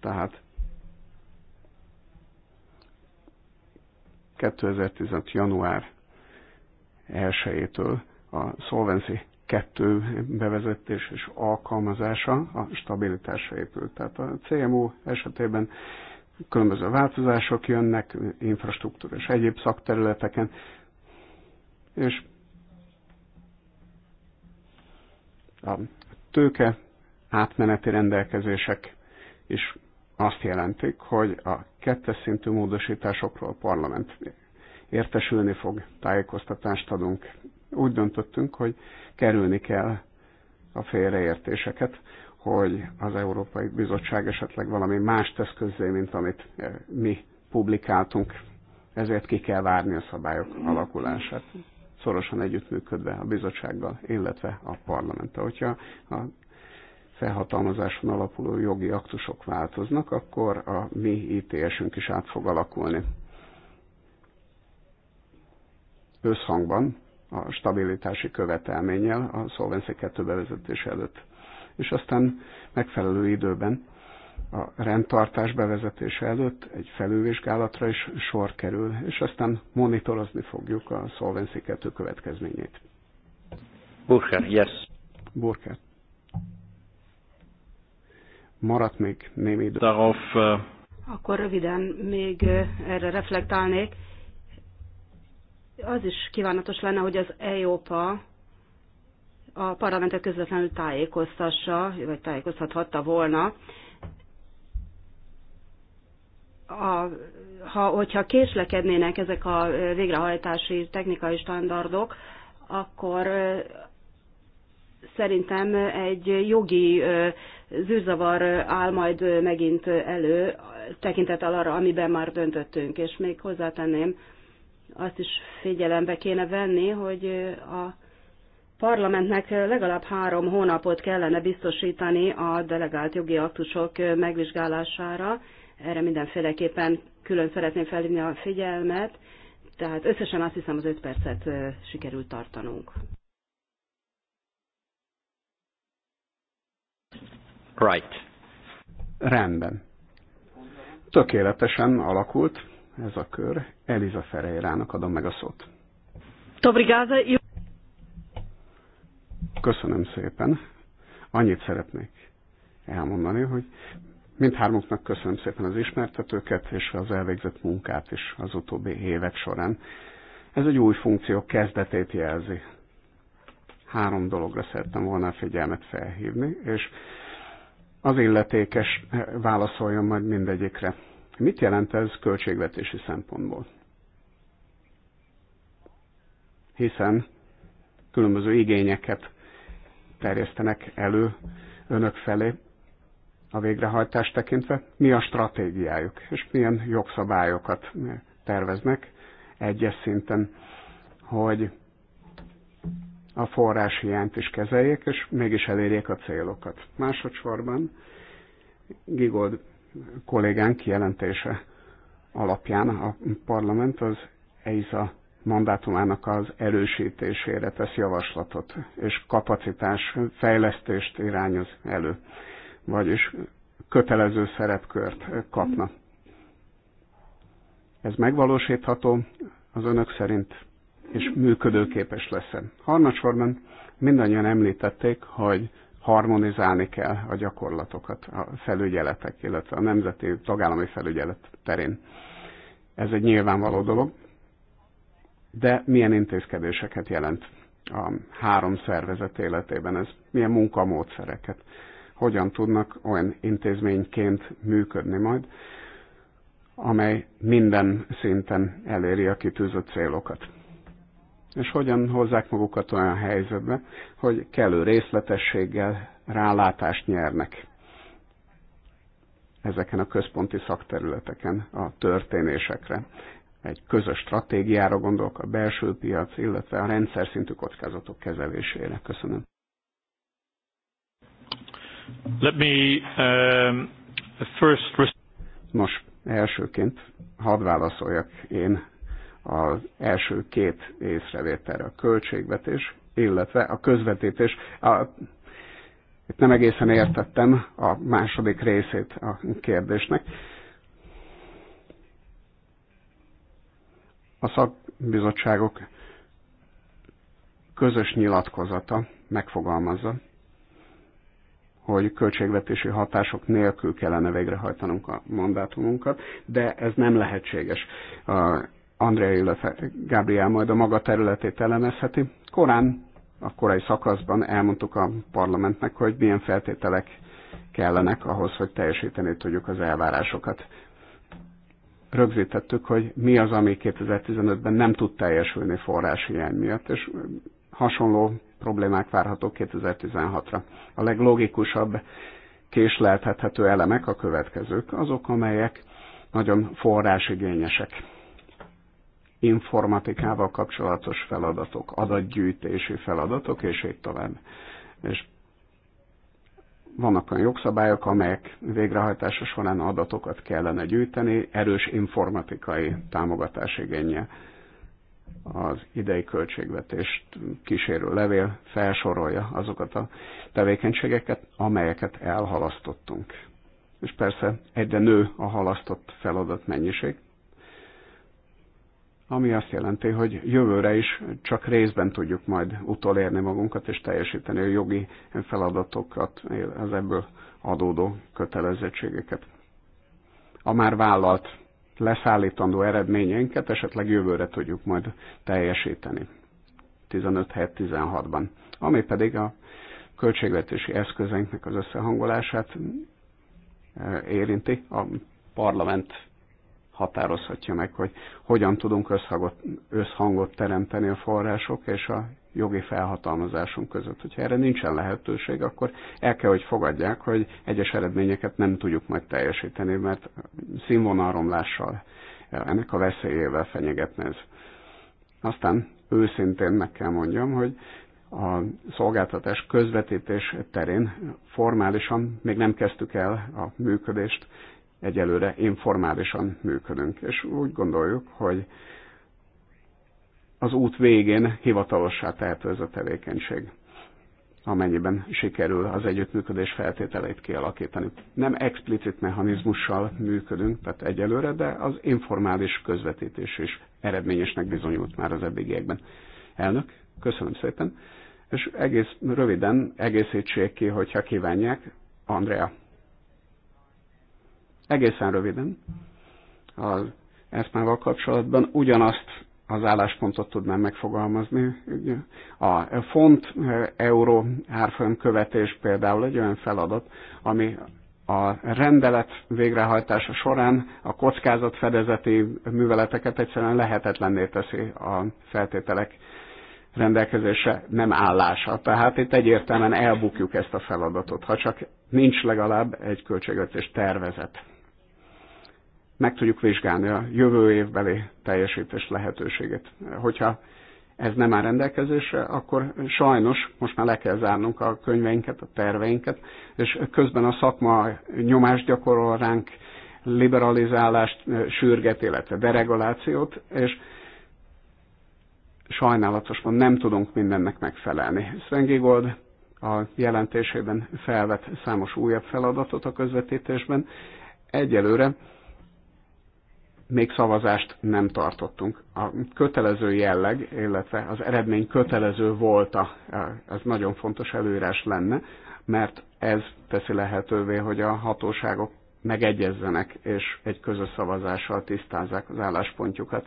Tehát 2015. január 1-től a Solvency kettő bevezetés és alkalmazása a stabilitásra épült. Tehát a CMO esetében különböző változások jönnek, infrastruktúra és egyéb szakterületeken, és a tőke átmeneti rendelkezések is azt jelentik, hogy a kettes szintű módosításokról a parlament értesülni fog, tájékoztatást adunk úgy döntöttünk, hogy kerülni kell a félreértéseket, hogy az Európai Bizottság esetleg valami más tesz közzé, mint amit eh, mi publikáltunk. Ezért ki kell várni a szabályok alakulását, szorosan együttműködve a bizottsággal, illetve a parlamenttel. Hogyha a felhatalmazáson alapuló jogi aktusok változnak, akkor a mi ítélésünk is át fog alakulni. Összhangban a stabilitási követelménnyel a Solvency 2 bevezetés előtt. És aztán megfelelő időben a rendtartás bevezetése előtt egy felülvizsgálatra is sor kerül, és aztán monitorozni fogjuk a Solvency 2 következményét. Burker, yes. Burker. Maradt még némi idő. Darauf, uh... Akkor röviden még uh, erre reflektálnék. Az is kívánatos lenne, hogy az EIOPA a parlamentet közvetlenül tájékoztassa, vagy tájékoztathatta volna, a, ha, hogyha késlekednének ezek a végrehajtási technikai standardok, akkor szerintem egy jogi zűrzavar áll majd megint elő, tekintettel arra, amiben már döntöttünk. És még hozzátenném, azt is figyelembe kéne venni, hogy a parlamentnek legalább három hónapot kellene biztosítani a delegált jogi aktusok megvizsgálására. Erre mindenféleképpen külön szeretném felhívni a figyelmet, tehát összesen azt hiszem az öt percet sikerült tartanunk. Right. Rendben. Tökéletesen alakult ez a kör. Eliza Ferejrának adom meg a szót. Köszönöm szépen. Annyit szeretnék elmondani, hogy mindhármuknak köszönöm szépen az ismertetőket és az elvégzett munkát is az utóbbi évek során. Ez egy új funkció kezdetét jelzi. Három dologra szerettem volna a figyelmet felhívni, és az illetékes válaszoljon majd mindegyikre. Mit jelent ez költségvetési szempontból? Hiszen különböző igényeket terjesztenek elő önök felé a végrehajtást tekintve. Mi a stratégiájuk, és milyen jogszabályokat terveznek egyes szinten, hogy a forrás hiányt is kezeljék, és mégis elérjék a célokat. Másodszorban Gigold kollégánk jelentése alapján a parlament az EISA mandátumának az erősítésére tesz javaslatot, és kapacitás fejlesztést irányoz elő, vagyis kötelező szerepkört kapna. Ez megvalósítható az önök szerint, és működőképes lesz. Harmadsorban mindannyian említették, hogy harmonizálni kell a gyakorlatokat a felügyeletek, illetve a nemzeti tagállami felügyelet terén. Ez egy nyilvánvaló dolog, de milyen intézkedéseket jelent a három szervezet életében ez? Milyen munkamódszereket? Hogyan tudnak olyan intézményként működni majd, amely minden szinten eléri a kitűzött célokat? és hogyan hozzák magukat olyan helyzetbe, hogy kellő részletességgel rálátást nyernek ezeken a központi szakterületeken a történésekre. Egy közös stratégiára gondolok a belső piac, illetve a rendszer szintű kockázatok kezelésére. Köszönöm. Let me, um, first... Nos, elsőként hadd válaszoljak én az első két észrevétel, a költségvetés, illetve a közvetítés. A, itt nem egészen értettem a második részét a kérdésnek. A szakbizottságok közös nyilatkozata megfogalmazza, hogy költségvetési hatások nélkül kellene végrehajtanunk a mandátumunkat, de ez nem lehetséges Andrea, illetve Gabriel majd a maga területét elemezheti. Korán, a korai szakaszban elmondtuk a parlamentnek, hogy milyen feltételek kellenek ahhoz, hogy teljesíteni tudjuk az elvárásokat. Rögzítettük, hogy mi az, ami 2015-ben nem tud teljesülni forráshiány miatt, és hasonló problémák várhatók 2016-ra. A leglogikusabb késleltethető elemek a következők, azok, amelyek nagyon forrásigényesek informatikával kapcsolatos feladatok, adatgyűjtési feladatok, és így tovább. És vannak olyan jogszabályok, amelyek végrehajtása során adatokat kellene gyűjteni, erős informatikai támogatás igénye az idei költségvetést kísérő levél felsorolja azokat a tevékenységeket, amelyeket elhalasztottunk. És persze egyre nő a halasztott feladat mennyiség ami azt jelenti, hogy jövőre is csak részben tudjuk majd utolérni magunkat és teljesíteni a jogi feladatokat, az ebből adódó kötelezettségeket. A már vállalt leszállítandó eredményeinket esetleg jövőre tudjuk majd teljesíteni. 15 helyett 16-ban. Ami pedig a költségvetési eszközeinknek az összehangolását eh, érinti. A parlament határozhatja meg, hogy hogyan tudunk összhangot, összhangot teremteni a források és a jogi felhatalmazásunk között. Hogyha erre nincsen lehetőség, akkor el kell, hogy fogadják, hogy egyes eredményeket nem tudjuk majd teljesíteni, mert színvonalromlással eh, ennek a veszélyével fenyegetne ez. Aztán őszintén meg kell mondjam, hogy a szolgáltatás közvetítés terén formálisan még nem kezdtük el a működést, egyelőre informálisan működünk, és úgy gondoljuk, hogy az út végén hivatalossá tehető ez a tevékenység, amennyiben sikerül az együttműködés feltételeit kialakítani. Nem explicit mechanizmussal működünk, tehát egyelőre, de az informális közvetítés is eredményesnek bizonyult már az eddigiekben. Elnök, köszönöm szépen, és egész röviden egészítsék ki, hogyha kívánják, Andrea. Egészen röviden az eszmával kapcsolatban ugyanazt az álláspontot tudnám megfogalmazni. A font eh, euró árfolyam követés például egy olyan feladat, ami a rendelet végrehajtása során a fedezeti műveleteket egyszerűen lehetetlenné teszi a feltételek rendelkezése nem állása. Tehát itt egyértelműen elbukjuk ezt a feladatot, ha csak nincs legalább egy költségvetés tervezet meg tudjuk vizsgálni a jövő évbeli teljesítés lehetőségét. Hogyha ez nem áll rendelkezésre, akkor sajnos most már le kell zárnunk a könyveinket, a terveinket, és közben a szakma nyomást gyakorol ránk, liberalizálást sürget, illetve deregulációt, és sajnálatosan nem tudunk mindennek megfelelni. Sven a jelentésében felvet számos újabb feladatot a közvetítésben. Egyelőre még szavazást nem tartottunk. A kötelező jelleg, illetve az eredmény kötelező volt, e, ez nagyon fontos előírás lenne, mert ez teszi lehetővé, hogy a hatóságok megegyezzenek, és egy közös szavazással tisztázzák az álláspontjukat.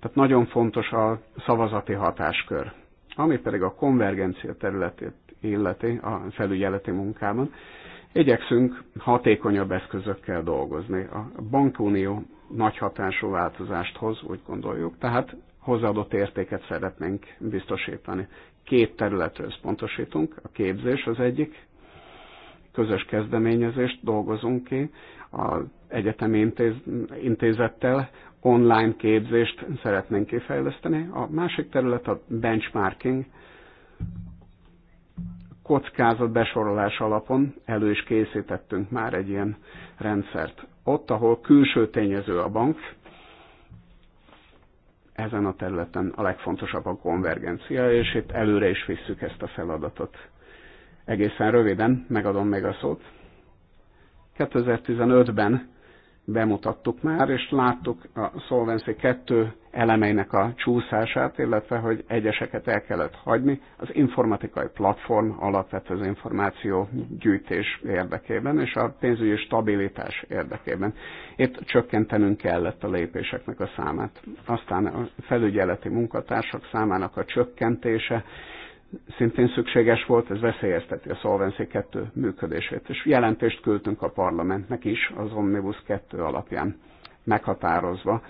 Tehát nagyon fontos a szavazati hatáskör. Ami pedig a konvergencia területét illeti a felügyeleti munkában, Igyekszünk hatékonyabb eszközökkel dolgozni. A bankunió nagy hatású változást hoz, úgy gondoljuk, tehát hozzáadott értéket szeretnénk biztosítani. Két területre összpontosítunk, a képzés az egyik, közös kezdeményezést dolgozunk ki az egyetemi intéz, intézettel, online képzést szeretnénk kifejleszteni. A másik terület a benchmarking, besorolás alapon elő is készítettünk már egy ilyen rendszert. Ott, ahol külső tényező a bank, ezen a területen a legfontosabb a konvergencia, és itt előre is visszük ezt a feladatot. Egészen röviden megadom meg a szót. 2015-ben bemutattuk már, és láttuk a Solvency 2 elemeinek a csúszását, illetve hogy egyeseket el kellett hagyni az informatikai platform alapvető az információ gyűjtés érdekében és a pénzügyi stabilitás érdekében. Itt csökkentenünk kellett a lépéseknek a számát. Aztán a felügyeleti munkatársak számának a csökkentése szintén szükséges volt, ez veszélyezteti a Solvency 2 működését, és jelentést küldtünk a parlamentnek is az Omnibus 2 alapján meghatározva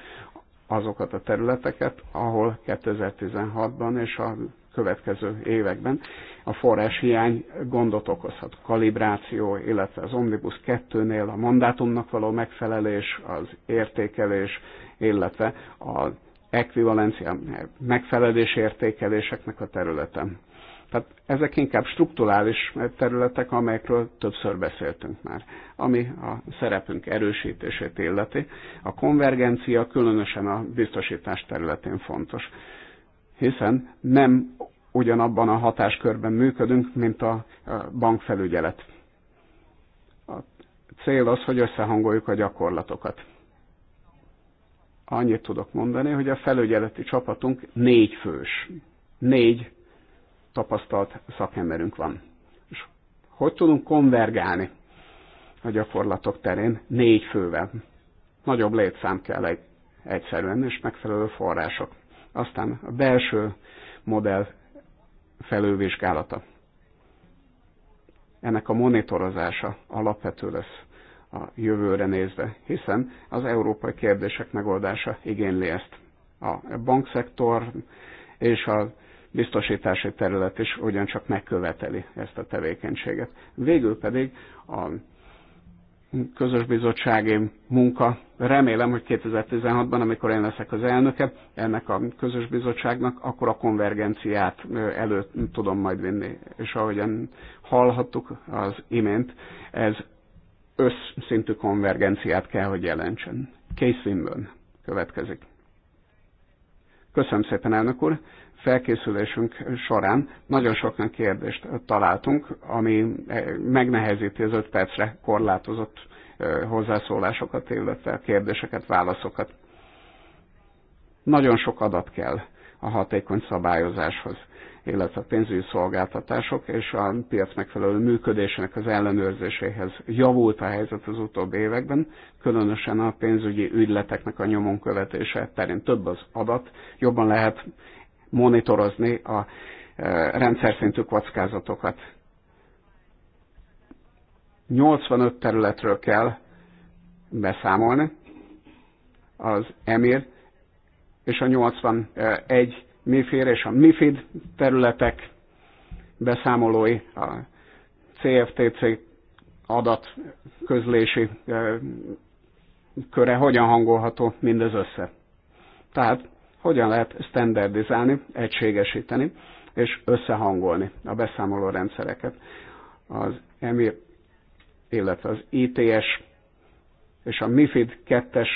azokat a területeket, ahol 2016-ban és a következő években a hiány gondot okozhat. Kalibráció, illetve az Omnibus 2-nél a mandátumnak való megfelelés, az értékelés, illetve az ekvivalencia megfelelés értékeléseknek a területen. Tehát ezek inkább strukturális területek, amelyekről többször beszéltünk már, ami a szerepünk erősítését illeti. A konvergencia különösen a biztosítás területén fontos, hiszen nem ugyanabban a hatáskörben működünk, mint a bankfelügyelet. A cél az, hogy összehangoljuk a gyakorlatokat. Annyit tudok mondani, hogy a felügyeleti csapatunk négy fős. Négy tapasztalt szakemberünk van. És hogy tudunk konvergálni a gyakorlatok terén négy fővel? Nagyobb létszám kell egy, egyszerűen, és megfelelő források. Aztán a belső modell felővizsgálata. Ennek a monitorozása alapvető lesz a jövőre nézve, hiszen az európai kérdések megoldása igényli ezt. A bankszektor és a biztosítási terület is ugyancsak megköveteli ezt a tevékenységet. Végül pedig a közös bizottsági munka. Remélem, hogy 2016-ban, amikor én leszek az elnöke ennek a közös bizottságnak, akkor a konvergenciát elő tudom majd vinni. És ahogyan hallhattuk az imént, ez összszintű konvergenciát kell, hogy jelentsen. Case Wimburn következik. Köszönöm szépen, elnök úr felkészülésünk során nagyon sok kérdést találtunk, ami eh, megnehezíti az öt percre korlátozott eh, hozzászólásokat, illetve kérdéseket, válaszokat. Nagyon sok adat kell a hatékony szabályozáshoz, illetve a pénzügyi szolgáltatások és a piac megfelelő működésének az ellenőrzéséhez javult a helyzet az utóbbi években, különösen a pénzügyi ügyleteknek a nyomon követése terén több az adat, jobban lehet monitorozni a e, rendszer szintű kockázatokat. 85 területről kell beszámolni az EMIR, és a 81 MIFIR és a MIFID területek beszámolói, a CFTC adat közlési e, köre hogyan hangolható mindez össze. Tehát hogyan lehet standardizálni, egységesíteni és összehangolni a beszámoló rendszereket. Az EMIR, illetve az ITS és a MIFID 2-es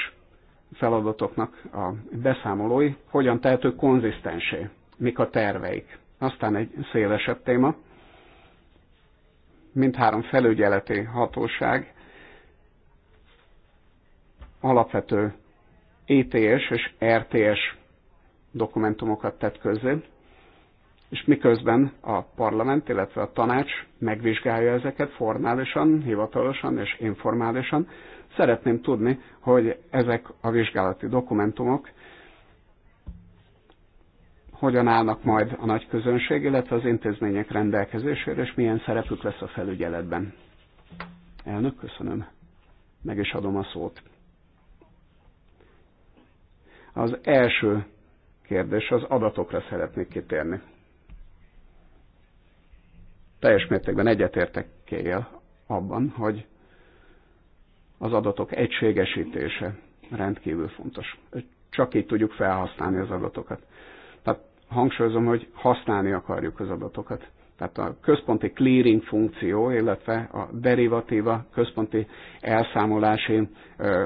feladatoknak a beszámolói hogyan tehető konzisztensé, mik a terveik. Aztán egy szélesebb téma, mindhárom felügyeleti hatóság alapvető ETS és RTS dokumentumokat tett közzé, és miközben a parlament, illetve a tanács megvizsgálja ezeket formálisan, hivatalosan és informálisan, szeretném tudni, hogy ezek a vizsgálati dokumentumok hogyan állnak majd a nagy közönség, illetve az intézmények rendelkezésére, és milyen szerepük lesz a felügyeletben. Elnök, köszönöm. Meg is adom a szót. Az első kérdés, az adatokra szeretnék kitérni. Teljes mértékben egyetértek kél abban, hogy az adatok egységesítése rendkívül fontos. Csak így tudjuk felhasználni az adatokat. Tehát hangsúlyozom, hogy használni akarjuk az adatokat. Tehát a központi clearing funkció, illetve a derivatíva központi elszámolási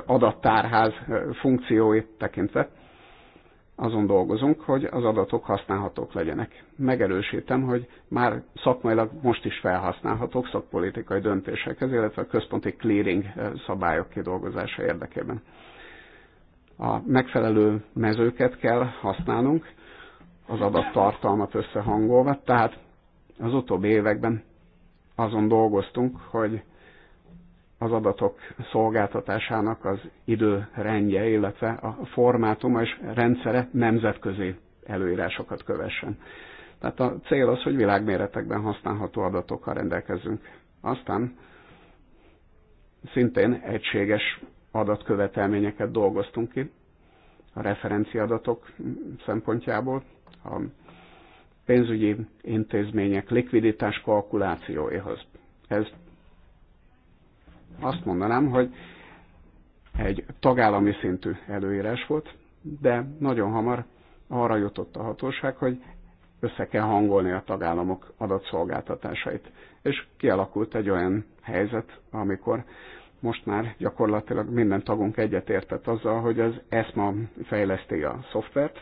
adattárház funkcióit tekintve azon dolgozunk, hogy az adatok használhatók legyenek. Megerősítem, hogy már szakmailag most is felhasználhatók szakpolitikai döntésekhez, illetve a központi clearing eh, szabályok kidolgozása érdekében. A megfelelő mezőket kell használnunk, az adattartalmat összehangolva, tehát az utóbbi években azon dolgoztunk, hogy az adatok szolgáltatásának az időrendje, illetve a formátuma és rendszere nemzetközi előírásokat kövessen. Tehát a cél az, hogy világméretekben használható adatokkal rendelkezzünk. Aztán szintén egységes adatkövetelményeket dolgoztunk ki a referenciadatok szempontjából, a pénzügyi intézmények likviditás kalkulációjához. Ez azt mondanám, hogy egy tagállami szintű előírás volt, de nagyon hamar arra jutott a hatóság, hogy össze kell hangolni a tagállamok adatszolgáltatásait. És kialakult egy olyan helyzet, amikor most már gyakorlatilag minden tagunk egyetértett azzal, hogy az ESMA fejleszti a szoftvert,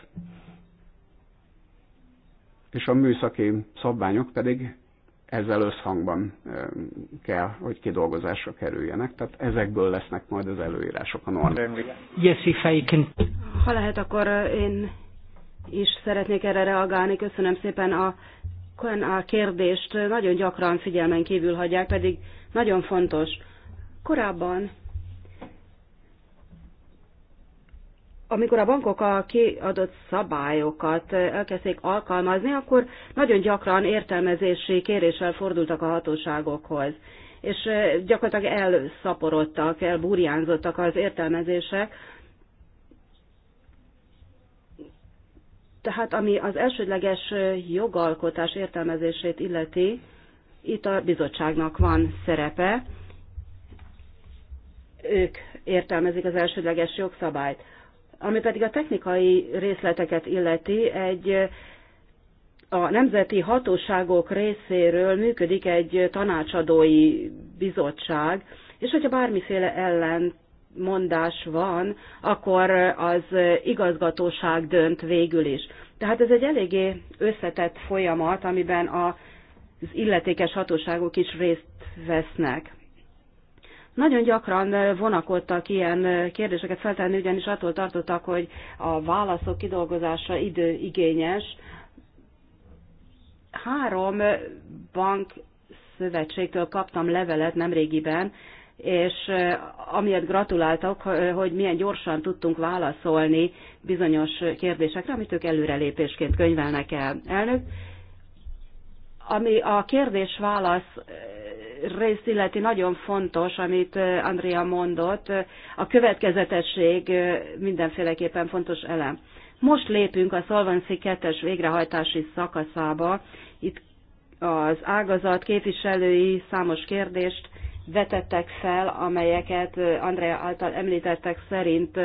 és a műszaki szabványok pedig ezzel összhangban kell, hogy kidolgozásra kerüljenek. Tehát ezekből lesznek majd az előírások a normák. Yes, if I can... Ha lehet, akkor én is szeretnék erre reagálni. Köszönöm szépen a, a kérdést. Nagyon gyakran figyelmen kívül hagyják, pedig nagyon fontos. Korábban amikor a bankok a kiadott szabályokat eh, elkezdték alkalmazni, akkor nagyon gyakran értelmezési kéréssel fordultak a hatóságokhoz. És eh, gyakorlatilag elszaporodtak, elburjánzottak az értelmezések. Tehát ami az elsődleges eh, jogalkotás értelmezését illeti, itt a bizottságnak van szerepe, ők értelmezik az elsődleges jogszabályt. Ami pedig a technikai részleteket illeti, egy a nemzeti hatóságok részéről működik egy tanácsadói bizottság, és hogyha bármiféle ellentmondás van, akkor az igazgatóság dönt végül is. Tehát ez egy eléggé összetett folyamat, amiben az illetékes hatóságok is részt vesznek. Nagyon gyakran eh, vonakodtak ilyen eh, kérdéseket feltenni, ugyanis attól tartottak, hogy a válaszok kidolgozása időigényes. Három eh, bank szövetségtől kaptam levelet nemrégiben, és amiért gratuláltak, hogy milyen gyorsan tudtunk válaszolni bizonyos kérdésekre, amit ők előrelépésként könyvelnek el. Elnök, ami a kérdés-válasz részt illeti nagyon fontos, amit Andrea mondott, a következetesség mindenféleképpen fontos elem. Most lépünk a Solvency 2-es végrehajtási szakaszába. Itt az ágazat képviselői számos kérdést vetettek fel, amelyeket Andrea által említettek szerint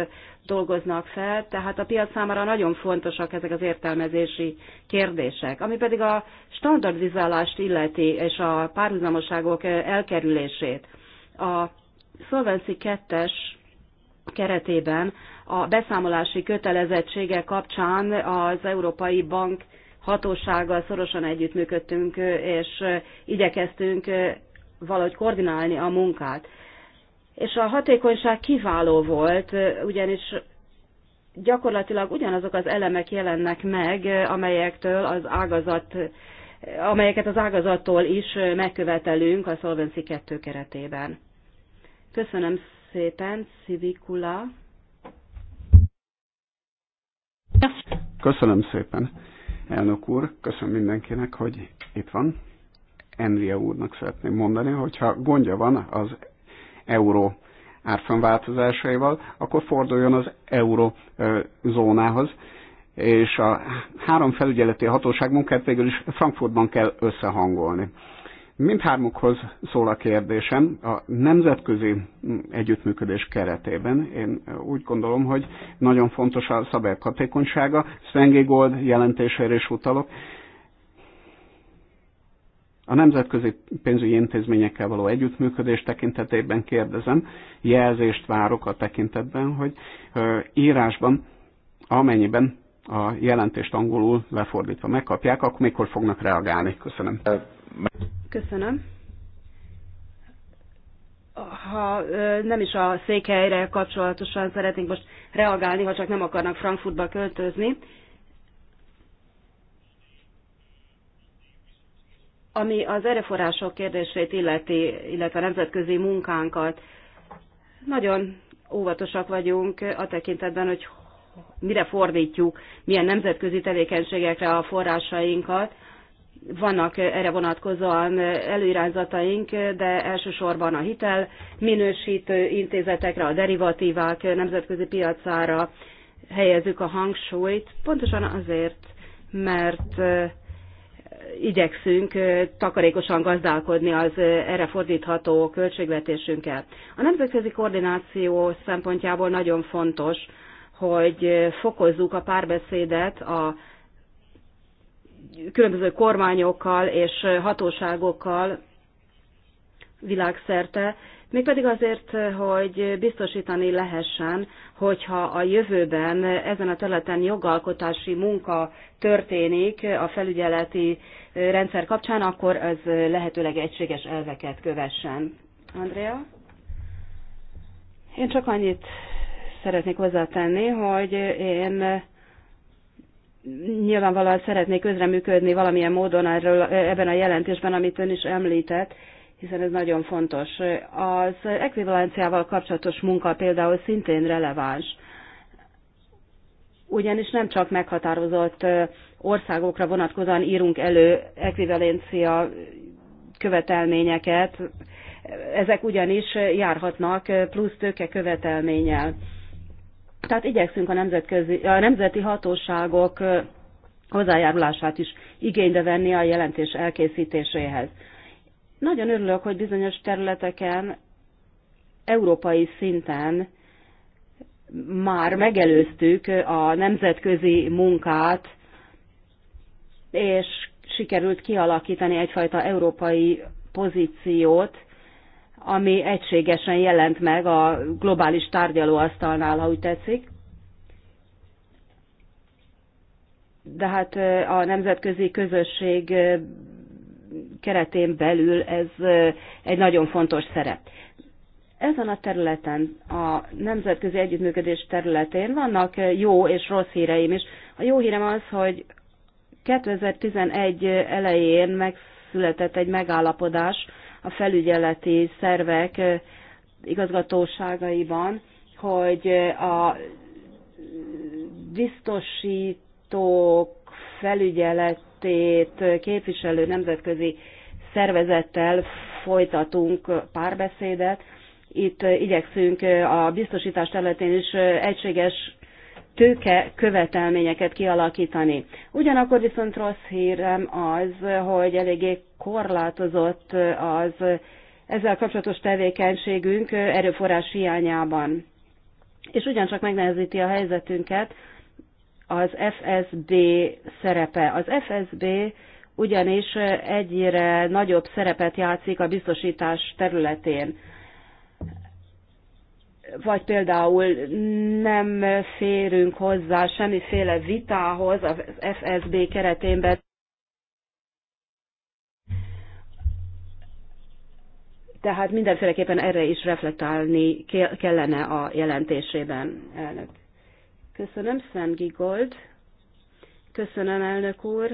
dolgoznak fel, tehát a piac számára nagyon fontosak ezek az értelmezési kérdések. Ami pedig a standardizálást illeti, és a párhuzamoságok elkerülését. A Solvency 2 keretében a beszámolási kötelezettsége kapcsán az Európai Bank hatósággal szorosan együttműködtünk, és igyekeztünk valahogy koordinálni a munkát. És a hatékonyság kiváló volt, ugyanis gyakorlatilag ugyanazok az elemek jelennek meg, amelyektől az ágazat, amelyeket az ágazattól is megkövetelünk a Solvency 2 keretében. Köszönöm szépen, Szivikula. Köszönöm szépen, elnök úr, köszönöm mindenkinek, hogy itt van. Enria úrnak szeretném mondani, hogyha gondja van az euró árfolyam változásaival, akkor forduljon az zónához, és a három felügyeleti hatóság munkát végül is Frankfurtban kell összehangolni. Mindhármukhoz szól a kérdésem. A nemzetközi együttműködés keretében én úgy gondolom, hogy nagyon fontos a szabályok hatékonysága. Sven Gold jelentésére is utalok. A nemzetközi pénzügyi intézményekkel való együttműködés tekintetében kérdezem, jelzést várok a tekintetben, hogy írásban, amennyiben a jelentést angolul lefordítva megkapják, akkor mikor fognak reagálni? Köszönöm. Köszönöm. Ha nem is a székhelyre kapcsolatosan szeretnénk most reagálni, ha csak nem akarnak Frankfurtba költözni, Ami az erőforrások kérdését illeti, illetve a nemzetközi munkánkat, nagyon óvatosak vagyunk a tekintetben, hogy mire fordítjuk, milyen nemzetközi tevékenységekre a forrásainkat. Vannak erre vonatkozóan előirányzataink, de elsősorban a hitel minősítő intézetekre, a derivatívák nemzetközi piacára helyezzük a hangsúlyt, pontosan azért, mert igyekszünk takarékosan gazdálkodni az erre fordítható költségvetésünkkel. A nemzetközi koordináció szempontjából nagyon fontos, hogy fokozzuk a párbeszédet a különböző kormányokkal és hatóságokkal világszerte, Mégpedig azért, hogy biztosítani lehessen, hogyha a jövőben ezen a területen jogalkotási munka történik a felügyeleti rendszer kapcsán, akkor ez lehetőleg egységes elveket kövessen. Andrea? Én csak annyit szeretnék hozzátenni, hogy én nyilvánvalóan szeretnék közreműködni valamilyen módon erről, ebben a jelentésben, amit ön is említett, hiszen ez nagyon fontos. Az ekvivalenciával kapcsolatos munka például szintén releváns, ugyanis nem csak meghatározott országokra vonatkozóan írunk elő ekvivalencia követelményeket, ezek ugyanis járhatnak plusz tőke követelménnyel. Tehát igyekszünk a, nemzetközi, a nemzeti hatóságok hozzájárulását is igénybe venni a jelentés elkészítéséhez. Nagyon örülök, hogy bizonyos területeken európai szinten már megelőztük a nemzetközi munkát, és sikerült kialakítani egyfajta európai pozíciót, ami egységesen jelent meg a globális tárgyalóasztalnál, ha úgy tetszik. De hát a nemzetközi közösség keretén belül ez egy nagyon fontos szerep. Ezen a területen, a nemzetközi együttműködés területén vannak jó és rossz híreim is. A jó hírem az, hogy 2011 elején megszületett egy megállapodás a felügyeleti szervek igazgatóságaiban, hogy a biztosítók felügyelet tét képviselő nemzetközi szervezettel folytatunk párbeszédet. Itt igyekszünk a biztosítás területén is egységes tőke követelményeket kialakítani. Ugyanakkor viszont rossz hírem az, hogy eléggé korlátozott az ezzel kapcsolatos tevékenységünk erőforrás hiányában. És ugyancsak megnehezíti a helyzetünket, az FSB szerepe. Az FSB ugyanis egyre nagyobb szerepet játszik a biztosítás területén. Vagy például nem férünk hozzá semmiféle vitához az FSB keretén Tehát mindenféleképpen erre is reflektálni kellene a jelentésében, elnök. Köszönöm, Sven Gold. Köszönöm, elnök úr.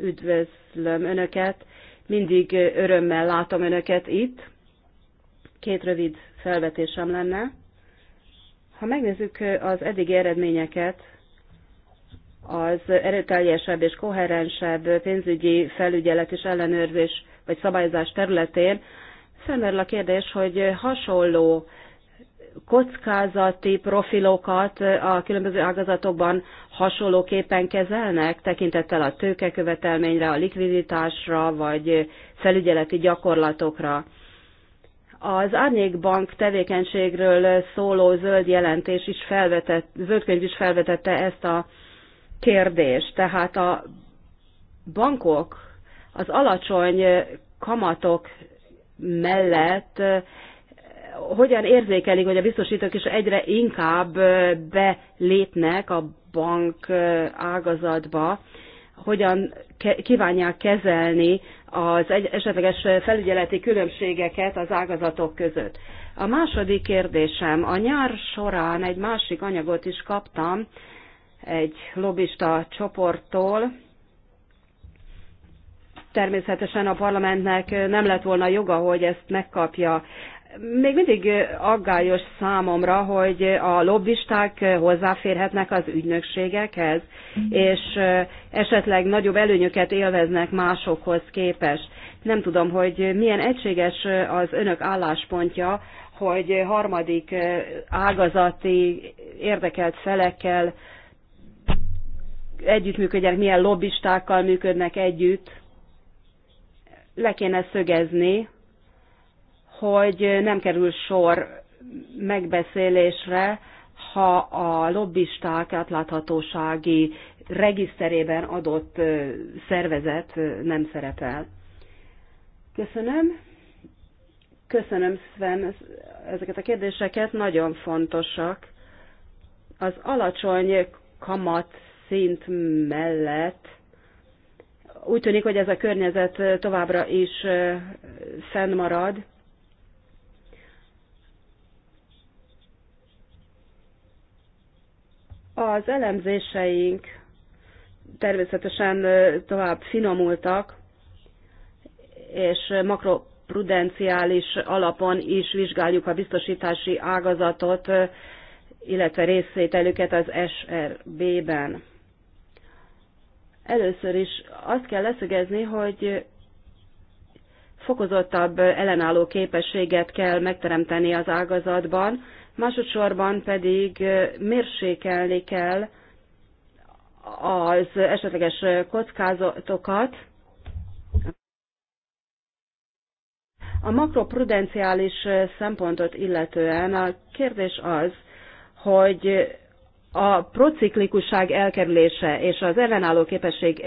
Üdvözlöm Önöket. Mindig örömmel látom Önöket itt. Két rövid felvetésem lenne. Ha megnézzük az eddigi eredményeket, az erőteljesebb és koherensebb pénzügyi felügyelet és ellenőrzés vagy szabályozás területén, felmerül a kérdés, hogy hasonló kockázati profilokat a különböző ágazatokban hasonlóképpen kezelnek, tekintettel a tőkekövetelményre, a likviditásra, vagy felügyeleti gyakorlatokra. Az Árnyékbank tevékenységről szóló zöld jelentés is felvetett, zöldkönyv is felvetette ezt a kérdést. Tehát a bankok az alacsony kamatok mellett hogyan érzékelik, hogy a biztosítók is egyre inkább belépnek a bank ágazatba, hogyan kívánják kezelni az esetleges felügyeleti különbségeket az ágazatok között. A második kérdésem, a nyár során egy másik anyagot is kaptam egy lobista csoporttól, természetesen a parlamentnek nem lett volna joga, hogy ezt megkapja. Még mindig aggályos számomra, hogy a lobbisták hozzáférhetnek az ügynökségekhez, és eh, esetleg nagyobb előnyöket élveznek másokhoz képest. Nem tudom, hogy milyen egységes eh, az önök álláspontja, hogy harmadik eh, ágazati érdekelt felekkel együttműködjenek, milyen lobbistákkal működnek együtt. Le kéne szögezni, hogy nem kerül sor megbeszélésre, ha a lobbisták átláthatósági regiszterében adott szervezet nem szerepel. Köszönöm. Köszönöm, Sven, ezeket a kérdéseket nagyon fontosak. Az alacsony kamat szint mellett úgy tűnik, hogy ez a környezet továbbra is fennmarad. Az elemzéseink természetesen tovább finomultak, és makroprudenciális alapon is vizsgáljuk a biztosítási ágazatot, illetve részvételüket az SRB-ben. Először is azt kell leszögezni, hogy fokozottabb ellenálló képességet kell megteremteni az ágazatban, másodszorban pedig mérsékelni kell az esetleges kockázatokat. A makroprudenciális szempontot illetően a kérdés az, hogy a prociklikusság elkerülése és az ellenálló képesség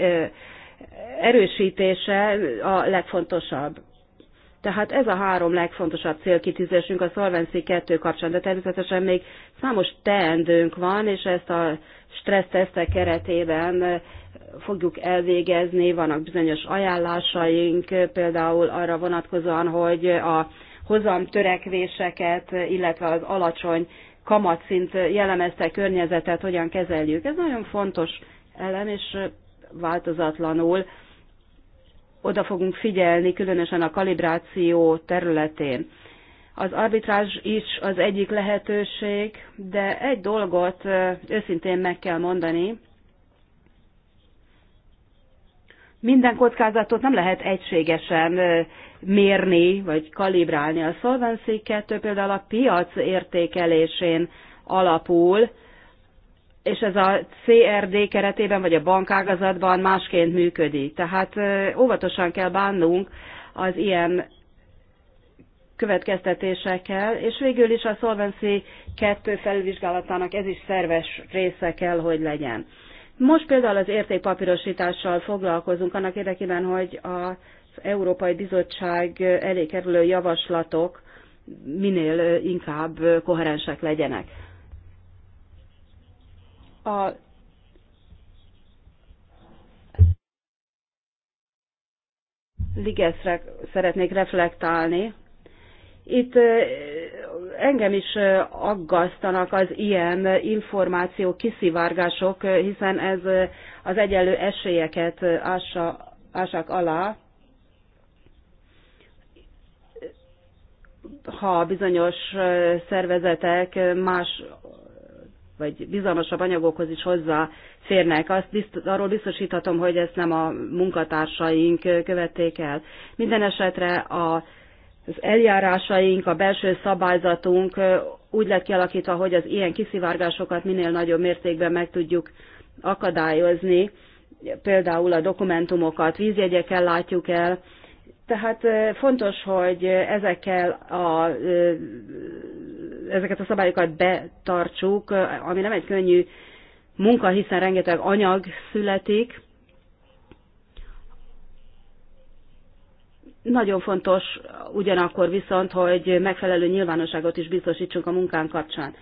erősítése a legfontosabb. Tehát ez a három legfontosabb célkitűzésünk a Solvency 2 kapcsán, de természetesen még számos teendőnk van, és ezt a stressztesztek keretében eh, fogjuk elvégezni, vannak bizonyos ajánlásaink, például arra vonatkozóan, hogy a hozam törekvéseket, illetve az alacsony kamatszint jellemezte környezetet hogyan kezeljük. Ez nagyon fontos elem, és eh, változatlanul oda fogunk figyelni, különösen a kalibráció területén. Az arbitrázs is az egyik lehetőség, de egy dolgot őszintén meg kell mondani. Minden kockázatot nem lehet egységesen mérni vagy kalibrálni. A Solvency 2 például a piac értékelésén alapul, és ez a CRD keretében, vagy a bankágazatban másként működik. Tehát óvatosan kell bánnunk az ilyen következtetésekkel, és végül is a Solvency 2 felvizsgálatának ez is szerves része kell, hogy legyen. Most például az értékpapírosítással foglalkozunk annak érdekében, hogy az Európai Bizottság elé kerülő javaslatok minél inkább koherensek legyenek a Ligeszre szeretnék reflektálni. Itt engem is aggasztanak az ilyen információ kiszivárgások, hiszen ez az egyenlő esélyeket ássa, ássák alá. Ha bizonyos szervezetek más vagy bizalmasabb anyagokhoz is férnek. Azt biztos, arról biztosíthatom, hogy ezt nem a munkatársaink követték el. Minden esetre a az eljárásaink, a belső szabályzatunk úgy lett kialakítva, hogy az ilyen kiszivárgásokat minél nagyobb mértékben meg tudjuk akadályozni. Például a dokumentumokat vízjegyekkel látjuk el, tehát fontos, hogy ezekkel a, ezeket a szabályokat betartsuk, ami nem egy könnyű munka, hiszen rengeteg anyag születik. Nagyon fontos ugyanakkor viszont, hogy megfelelő nyilvánosságot is biztosítsunk a munkán kapcsán,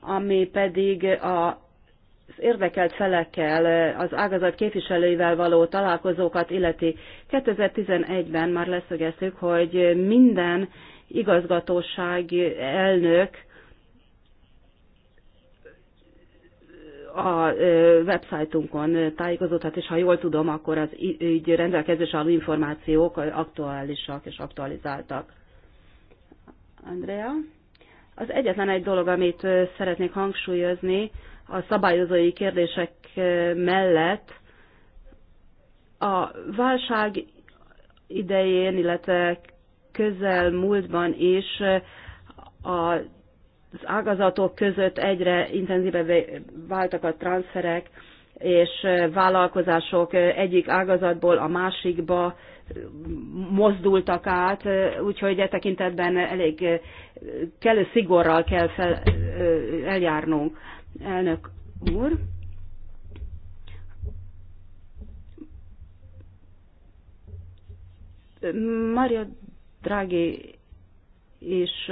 ami pedig a az érdekelt felekkel, az ágazat képviselőivel való találkozókat illeti. 2011-ben már leszögeztük, hogy minden igazgatóság elnök a websájtunkon tájékozódhat, és ha jól tudom, akkor az ügy rendelkezés álló információk aktuálisak és aktualizáltak. Andrea? Az egyetlen egy dolog, amit szeretnék hangsúlyozni, a szabályozói kérdések mellett a válság idején, illetve közel múltban is az ágazatok között egyre intenzívebb váltak a transferek, és vállalkozások egyik ágazatból a másikba mozdultak át, úgyhogy e tekintetben elég kellő szigorral kell fel, eljárnunk elnök úr. Mario Draghi is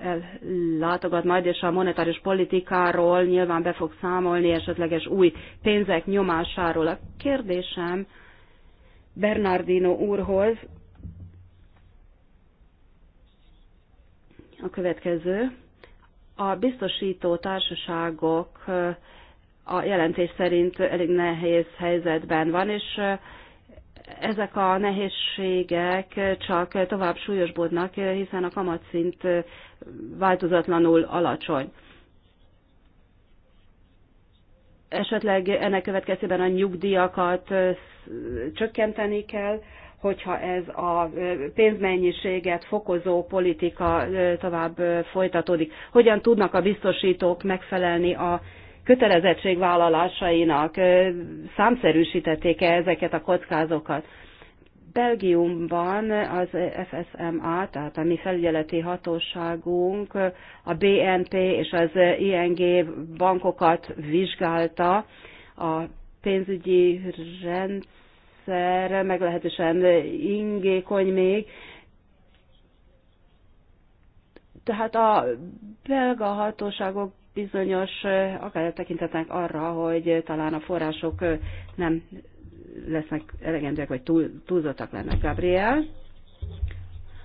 ellátogat majd, és a monetáris politikáról nyilván be fog számolni esetleges új pénzek nyomásáról. A kérdésem Bernardino úrhoz a következő. A biztosító társaságok a jelentés szerint elég nehéz helyzetben van, és ezek a nehézségek csak tovább súlyosbodnak, hiszen a kamatszint változatlanul alacsony. Esetleg ennek következtében a nyugdíjakat csökkenteni kell, hogyha ez a pénzmennyiséget fokozó politika tovább folytatódik. Hogyan tudnak a biztosítók megfelelni a kötelezettségvállalásainak? Számszerűsítették-e ezeket a kockázokat? Belgiumban az FSMA, tehát a mi felügyeleti hatóságunk a BNP és az ING bankokat vizsgálta a pénzügyi rendszer rendszer meglehetősen ingékony még. Tehát a belga hatóságok bizonyos akár tekintetnek arra, hogy talán a források nem lesznek elegendőek, vagy túl, túlzottak lennek. Gabriel?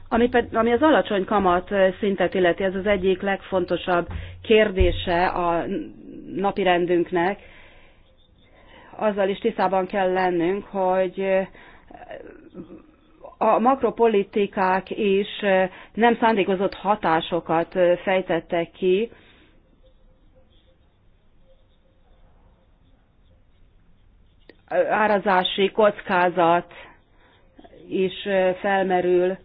Ami, ped, ami az alacsony kamat szintet illeti, ez az egyik legfontosabb kérdése a napirendünknek, azzal is tisztában kell lennünk, hogy a makropolitikák is nem szándékozott hatásokat fejtettek ki, árazási kockázat is felmerül,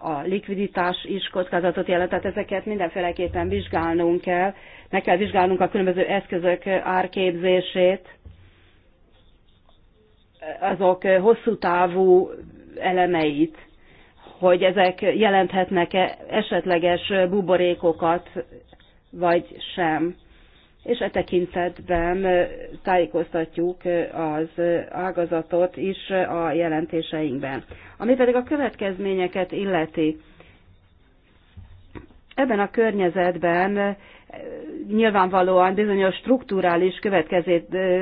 a likviditás is kockázatot jelent, tehát ezeket mindenféleképpen vizsgálnunk kell, meg kell vizsgálnunk a különböző eszközök árképzését, azok hosszú távú elemeit, hogy ezek jelenthetnek-e esetleges buborékokat, vagy sem. És e tekintetben tájékoztatjuk az ágazatot is a jelentéseinkben. Ami pedig a következményeket illeti, ebben a környezetben nyilvánvalóan bizonyos strukturális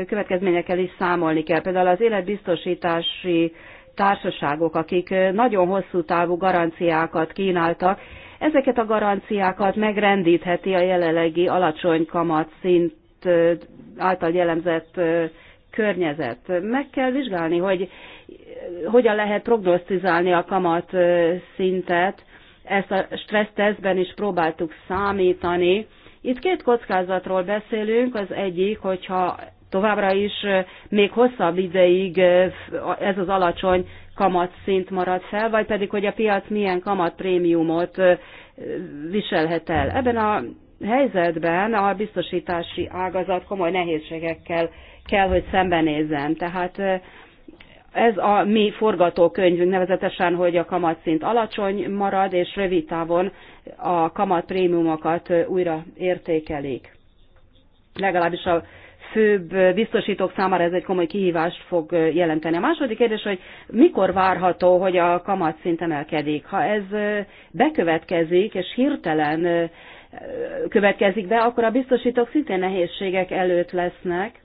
következményekkel is számolni kell. Például az életbiztosítási társaságok, akik nagyon hosszú távú garanciákat kínáltak, ezeket a garanciákat megrendítheti a jelenlegi alacsony kamatszint által jellemzett környezet. Meg kell vizsgálni, hogy hogyan lehet prognosztizálni a kamat szintet. Ezt a stressztesztben is próbáltuk számítani, itt két kockázatról beszélünk, az egyik, hogyha továbbra is még hosszabb ideig ez az alacsony kamatszint marad fel, vagy pedig, hogy a piac milyen kamatprémiumot viselhet el. Ebben a helyzetben a biztosítási ágazat komoly nehézségekkel kell, hogy szembenézzen. Tehát ez a mi forgatókönyvünk nevezetesen, hogy a kamatszint alacsony marad, és rövid távon a kamatprémiumokat újra értékelik. Legalábbis a főbb biztosítók számára ez egy komoly kihívást fog jelenteni. A második kérdés, hogy mikor várható, hogy a kamatszint emelkedik. Ha ez bekövetkezik, és hirtelen következik be, akkor a biztosítók szintén nehézségek előtt lesznek,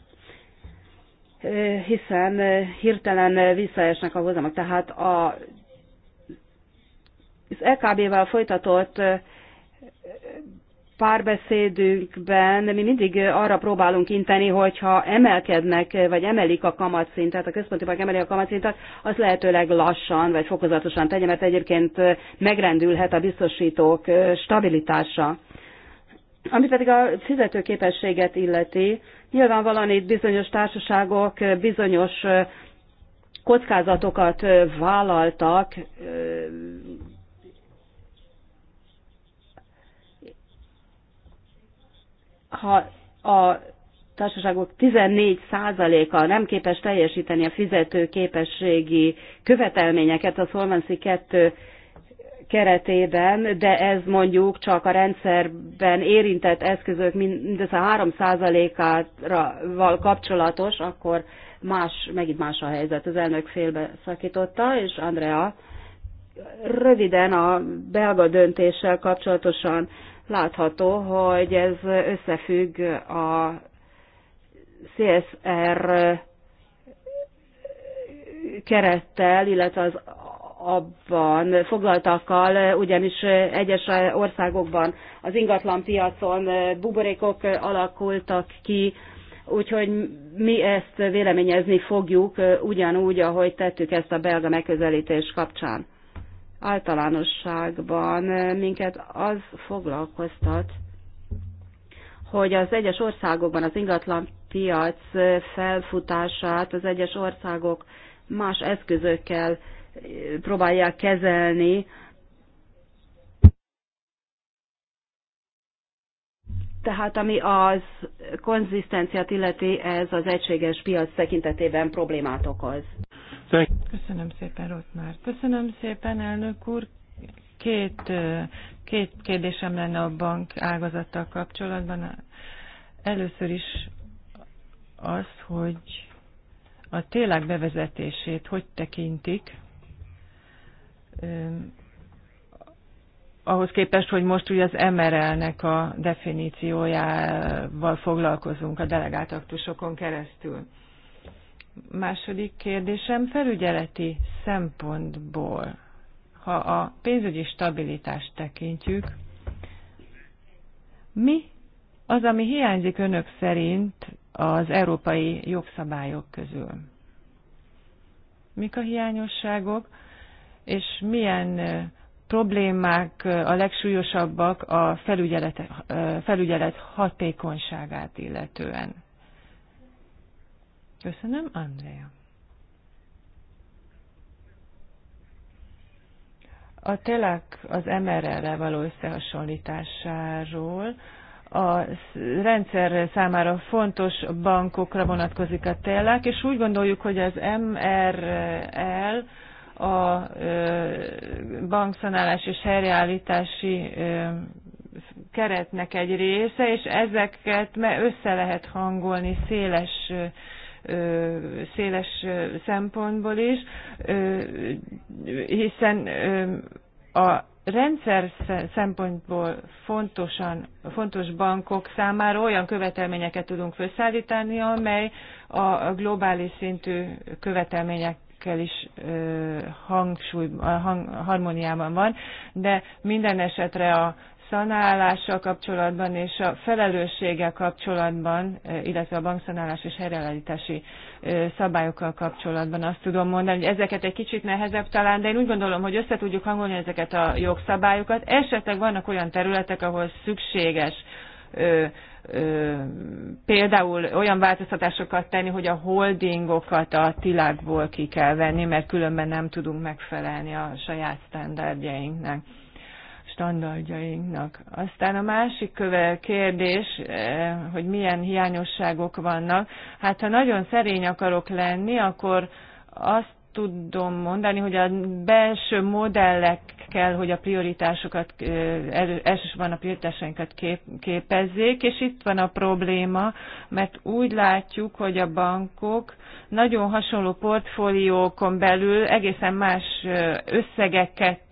hiszen hirtelen visszaesnek a hozamok. Tehát a, az LKB-vel folytatott párbeszédünkben mi mindig arra próbálunk inteni, hogyha emelkednek, vagy emelik a kamatszintet, a központi bank emeli a kamatszintet, az lehetőleg lassan, vagy fokozatosan tegye, mert egyébként megrendülhet a biztosítók stabilitása. Ami pedig a fizetőképességet illeti, nyilvánvalóan itt bizonyos társaságok bizonyos kockázatokat vállaltak, ha a társaságok 14%-a nem képes teljesíteni a fizetőképességi követelményeket a Solvency 2 keretében, de ez mondjuk csak a rendszerben érintett eszközök mindössze 3%-ával kapcsolatos, akkor más, megint más a helyzet. Az elnök félbe szakította, és Andrea röviden a belga döntéssel kapcsolatosan látható, hogy ez összefügg a CSR kerettel, illetve az abban foglaltakkal, ugyanis egyes országokban az piacon buborékok alakultak ki, úgyhogy mi ezt véleményezni fogjuk, ugyanúgy, ahogy tettük ezt a belga megközelítés kapcsán. Általánosságban minket az foglalkoztat, hogy az egyes országokban az ingatlanpiac felfutását az egyes országok más eszközökkel próbálják kezelni. Tehát ami az konzisztenciát illeti, ez az egységes piac tekintetében problémát okoz. Köszönöm szépen, Rotmár. Köszönöm szépen, elnök úr. Két, két kérdésem lenne a bank ágazattal kapcsolatban. Először is az, hogy a télák bevezetését hogy tekintik, ahhoz képest, hogy most ugye az MRL-nek a definíciójával foglalkozunk a delegált aktusokon keresztül. Második kérdésem felügyeleti szempontból, ha a pénzügyi stabilitást tekintjük, mi az, ami hiányzik önök szerint az európai jogszabályok közül? Mik a hiányosságok? és milyen problémák a legsúlyosabbak a felügyelet, felügyelet hatékonyságát illetően. Köszönöm, Andrea. A telek az MRL-re való összehasonlításáról a rendszer számára fontos bankokra vonatkozik a télák, és úgy gondoljuk, hogy az MRL a bankszanálás és helyreállítási keretnek egy része, és ezeket össze lehet hangolni széles széles szempontból is, hiszen a rendszer szempontból fontosan, fontos bankok számára olyan követelményeket tudunk felszállítani, amely a globális szintű követelmények kell is hangsúly, hang, harmóniában van, de minden esetre a szanálással kapcsolatban és a felelősséggel kapcsolatban, illetve a bankszanálás és helyreállítási szabályokkal kapcsolatban azt tudom mondani, hogy ezeket egy kicsit nehezebb talán, de én úgy gondolom, hogy össze tudjuk hangolni ezeket a jogszabályokat. Esetleg vannak olyan területek, ahol szükséges például olyan változtatásokat tenni, hogy a holdingokat a tilákból ki kell venni, mert különben nem tudunk megfelelni a saját standardjainknak standardjainknak. Aztán a másik köve kérdés, hogy milyen hiányosságok vannak. Hát ha nagyon szerény akarok lenni, akkor azt tudom mondani, hogy a belső modellek kell, hogy a prioritásokat, elsősorban a prioritásainkat kép, képezzék, és itt van a probléma, mert úgy látjuk, hogy a bankok nagyon hasonló portfóliókon belül egészen más összegeket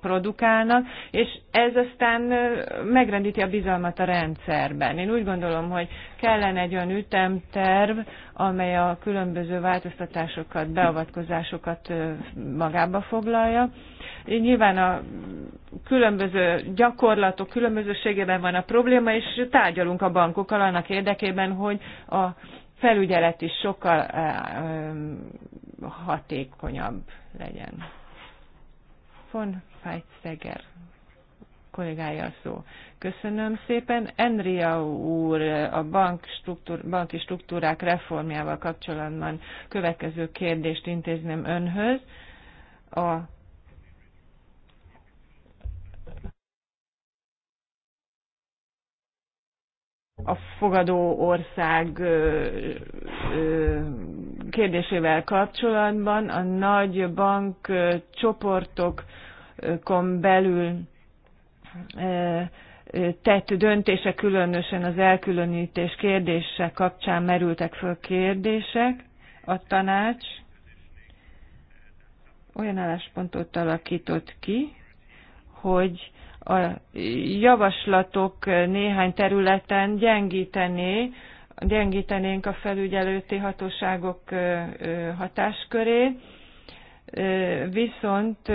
produkálnak, és ez aztán megrendíti a bizalmat a rendszerben. Én úgy gondolom, hogy kellene egy olyan ütemterv, amely a különböző változtatásokat, beavatkozásokat magába foglalja, Nyilván a különböző gyakorlatok különbözőségében van a probléma, és tárgyalunk a bankokkal annak érdekében, hogy a felügyelet is sokkal eh, hatékonyabb legyen. Von Feitzeger kollégája a szó. Köszönöm szépen. Enria úr a bank struktúr, banki struktúrák reformjával kapcsolatban következő kérdést intézném önhöz. A a fogadó ország kérdésével kapcsolatban a nagy bank csoportokon belül tett döntése, különösen az elkülönítés kérdése kapcsán merültek föl kérdések, a tanács olyan álláspontot alakított ki, hogy a javaslatok néhány területen gyengítené, gyengítenénk a felügyelőti hatóságok hatáskörét, viszont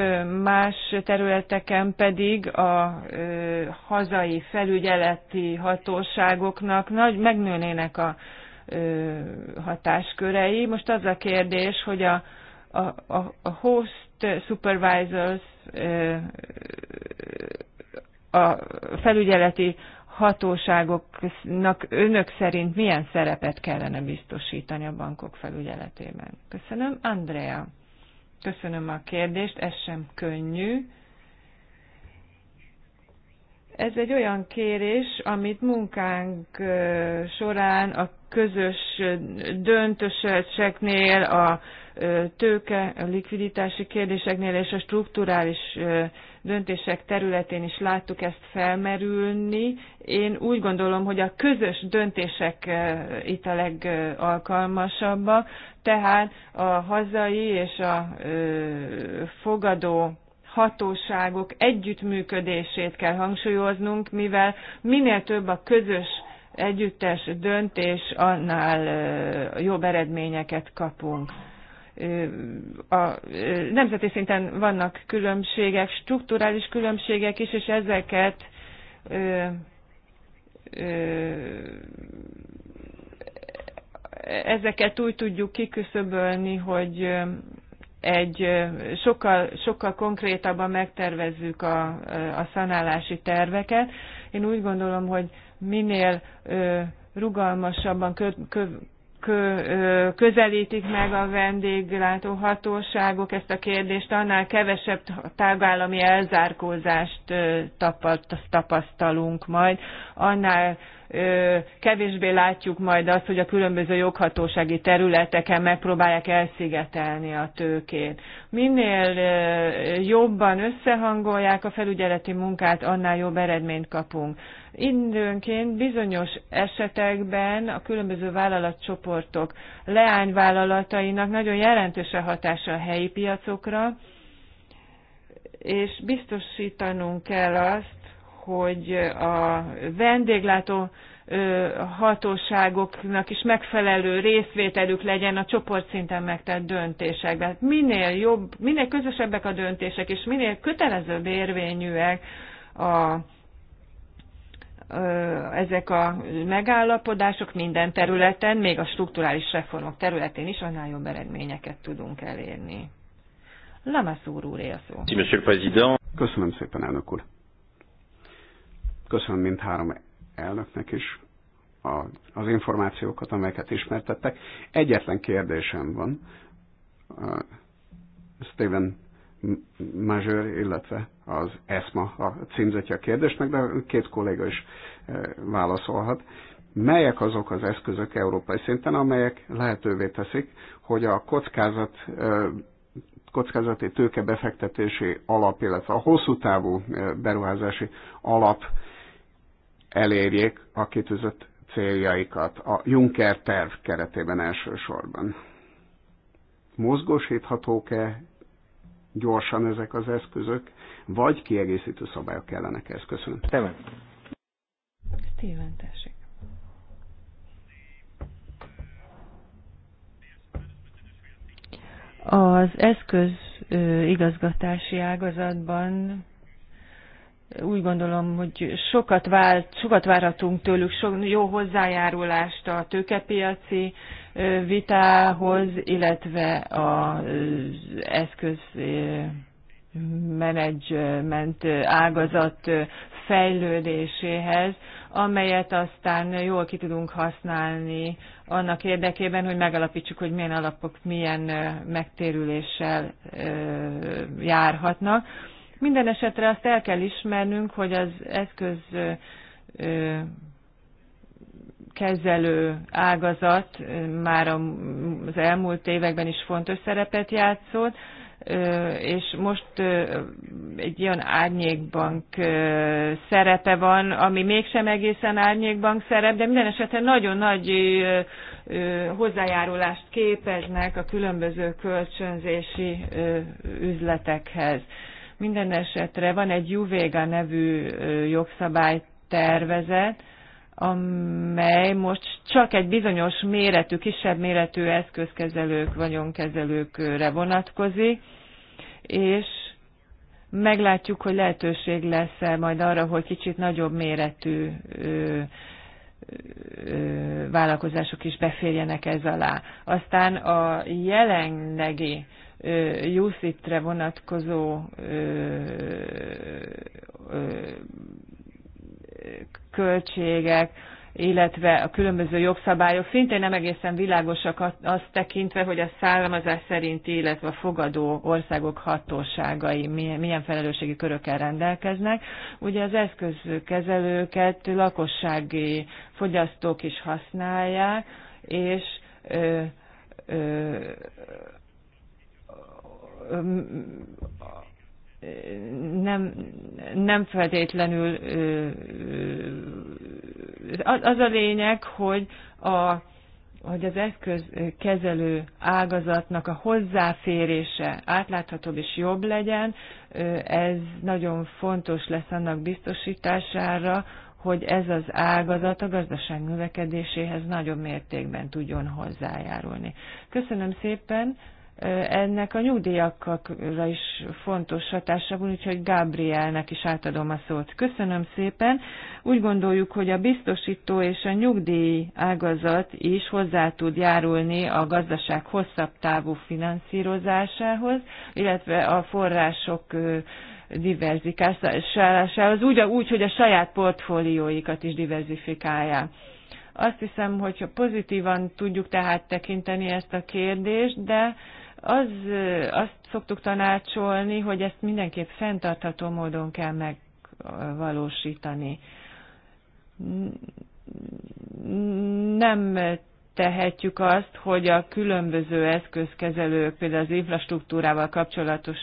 más területeken pedig a hazai felügyeleti hatóságoknak nagy, megnőnének a hatáskörei. Most az a kérdés, hogy a, a, a host supervisors a felügyeleti hatóságoknak önök szerint milyen szerepet kellene biztosítani a bankok felügyeletében? Köszönöm, Andrea. Köszönöm a kérdést, ez sem könnyű. Ez egy olyan kérés, amit munkánk során a közös döntöseknél, a tőke, a likviditási kérdéseknél és a strukturális döntések területén is láttuk ezt felmerülni. Én úgy gondolom, hogy a közös döntések itt a legalkalmasabbak, tehát a hazai és a fogadó hatóságok együttműködését kell hangsúlyoznunk, mivel minél több a közös együttes döntés, annál jobb eredményeket kapunk a nemzeti szinten vannak különbségek, strukturális különbségek is, és ezeket ezeket úgy tudjuk kiküszöbölni, hogy egy sokkal, sokkal konkrétabban megtervezzük a, a szanálási terveket. Én úgy gondolom, hogy minél rugalmasabban, közelítik meg a vendéglátóhatóságok ezt a kérdést, annál kevesebb tágállami elzárkózást tapasztalunk majd, annál kevésbé látjuk majd azt, hogy a különböző joghatósági területeken megpróbálják elszigetelni a tőkét. Minél jobban összehangolják a felügyeleti munkát, annál jobb eredményt kapunk. Időnként bizonyos esetekben a különböző vállalatcsoportok leányvállalatainak nagyon jelentős a hatása a helyi piacokra, és biztosítanunk kell azt, hogy a vendéglátó hatóságoknak is megfelelő részvételük legyen a csoportszinten megtett döntésekben. Hát minél jobb, minél közösebbek a döntések, és minél kötelezőbb érvényűek a, ezek a megállapodások minden területen, még a strukturális reformok területén is, annál jobb eredményeket tudunk elérni. Lamassoure, úr él szó. Köszönöm szépen, elnök úr. Köszönöm mind három elnöknek is a, az információkat, amelyeket ismertettek. Egyetlen kérdésem van. Steven Major, illetve az ESMA a címzetje a kérdésnek, de két kolléga is válaszolhat. Melyek azok az eszközök európai szinten, amelyek lehetővé teszik, hogy a kockázat, kockázati tőkebefektetési alap, illetve a hosszú távú beruházási alap elérjék a kitűzött céljaikat a Juncker terv keretében elsősorban. Mozgósíthatók-e gyorsan ezek az eszközök, vagy kiegészítő szabályok kellenek ehhez? Köszönöm. Steven. Steven, tessék. Az eszköz igazgatási ágazatban úgy gondolom, hogy sokat, vált, sokat várhatunk tőlük, sok jó hozzájárulást a tőkepiaci vitához, illetve az eszköz menedzsment ágazat fejlődéséhez, amelyet aztán jól ki tudunk használni annak érdekében, hogy megalapítsuk, hogy milyen alapok milyen megtérüléssel járhatnak minden esetre azt el kell ismernünk, hogy az eszköz kezelő ágazat már az elmúlt években is fontos szerepet játszott, és most egy olyan árnyékbank szerepe van, ami mégsem egészen árnyékbank szerep, de minden esetre nagyon nagy hozzájárulást képeznek a különböző kölcsönzési üzletekhez. Minden esetre van egy Juvega nevű jogszabálytervezet, amely most csak egy bizonyos méretű, kisebb méretű eszközkezelők, vagyonkezelőkre vonatkozik, és meglátjuk, hogy lehetőség lesz-e majd arra, hogy kicsit nagyobb méretű ö, vállalkozások is beférjenek ez alá. Aztán a jelenlegi Jusszitre vonatkozó költségek, illetve a különböző jogszabályok szintén nem egészen világosak azt tekintve, hogy a származás szerint illetve a fogadó országok hatóságai milyen felelősségi körökkel rendelkeznek. Ugye az eszközkezelőket lakossági fogyasztók is használják, és ö, ö, nem, nem feltétlenül az a lényeg, hogy a hogy az eszközkezelő ágazatnak a hozzáférése átláthatóbb és jobb legyen, ez nagyon fontos lesz annak biztosítására, hogy ez az ágazat a gazdaság növekedéséhez nagyobb mértékben tudjon hozzájárulni. Köszönöm szépen! ennek a nyugdíjakra is fontos hatása van, úgyhogy Gabrielnek is átadom a szót. Köszönöm szépen. Úgy gondoljuk, hogy a biztosító és a nyugdíj ágazat is hozzá tud járulni a gazdaság hosszabb távú finanszírozásához, illetve a források diverzifikálásához, úgy, úgy, hogy a saját portfólióikat is diverzifikálja. Azt hiszem, hogyha pozitívan tudjuk tehát tekinteni ezt a kérdést, de az, azt szoktuk tanácsolni, hogy ezt mindenképp fenntartható módon kell megvalósítani. Nem tehetjük azt, hogy a különböző eszközkezelők, például az infrastruktúrával kapcsolatos,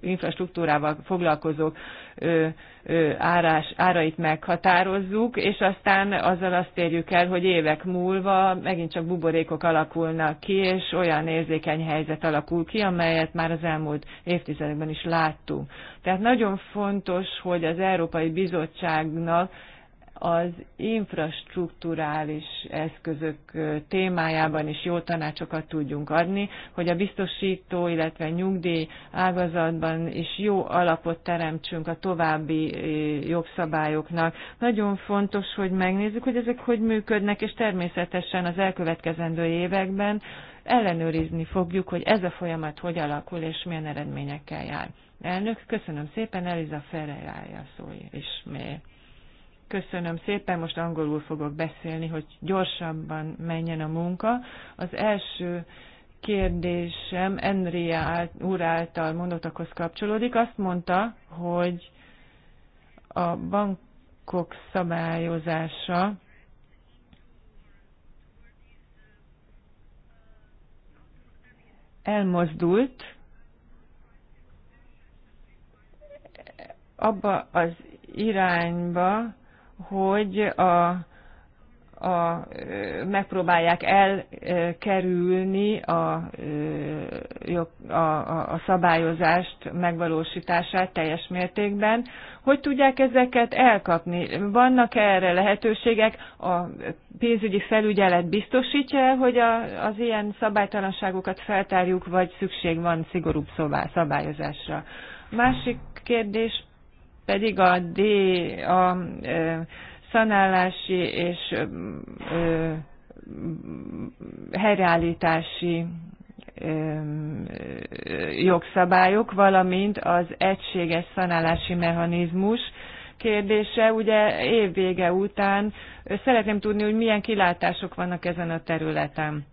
infrastruktúrával foglalkozók ö, ö, árás, árait meghatározzuk, és aztán azzal azt érjük el, hogy évek múlva megint csak buborékok alakulnak ki, és olyan érzékeny helyzet alakul ki, amelyet már az elmúlt évtizedekben is láttunk. Tehát nagyon fontos, hogy az Európai Bizottságnak az infrastruktúrális eszközök témájában is jó tanácsokat tudjunk adni, hogy a biztosító, illetve nyugdíj ágazatban is jó alapot teremtsünk a további jogszabályoknak. Nagyon fontos, hogy megnézzük, hogy ezek hogy működnek, és természetesen az elkövetkezendő években ellenőrizni fogjuk, hogy ez a folyamat hogy alakul és milyen eredményekkel jár. Elnök, köszönöm szépen, Eliza Ferreira szói ismét. Köszönöm szépen, most angolul fogok beszélni, hogy gyorsabban menjen a munka. Az első kérdésem Enria úr által mondottakhoz kapcsolódik. Azt mondta, hogy a bankok szabályozása elmozdult abba az irányba, hogy a, a, megpróbálják elkerülni a, a, a szabályozást megvalósítását teljes mértékben. Hogy tudják ezeket elkapni? Vannak -e erre lehetőségek? A pénzügyi felügyelet biztosítja -e, hogy a, az ilyen szabálytalanságokat feltárjuk, vagy szükség van szigorúbb szabályozásra? Másik kérdés pedig a D, a ö, szanálási és ö, helyreállítási jogszabályok, valamint az egységes szanálási mechanizmus kérdése. Ugye évvége után szeretném tudni, hogy milyen kilátások vannak ezen a területen.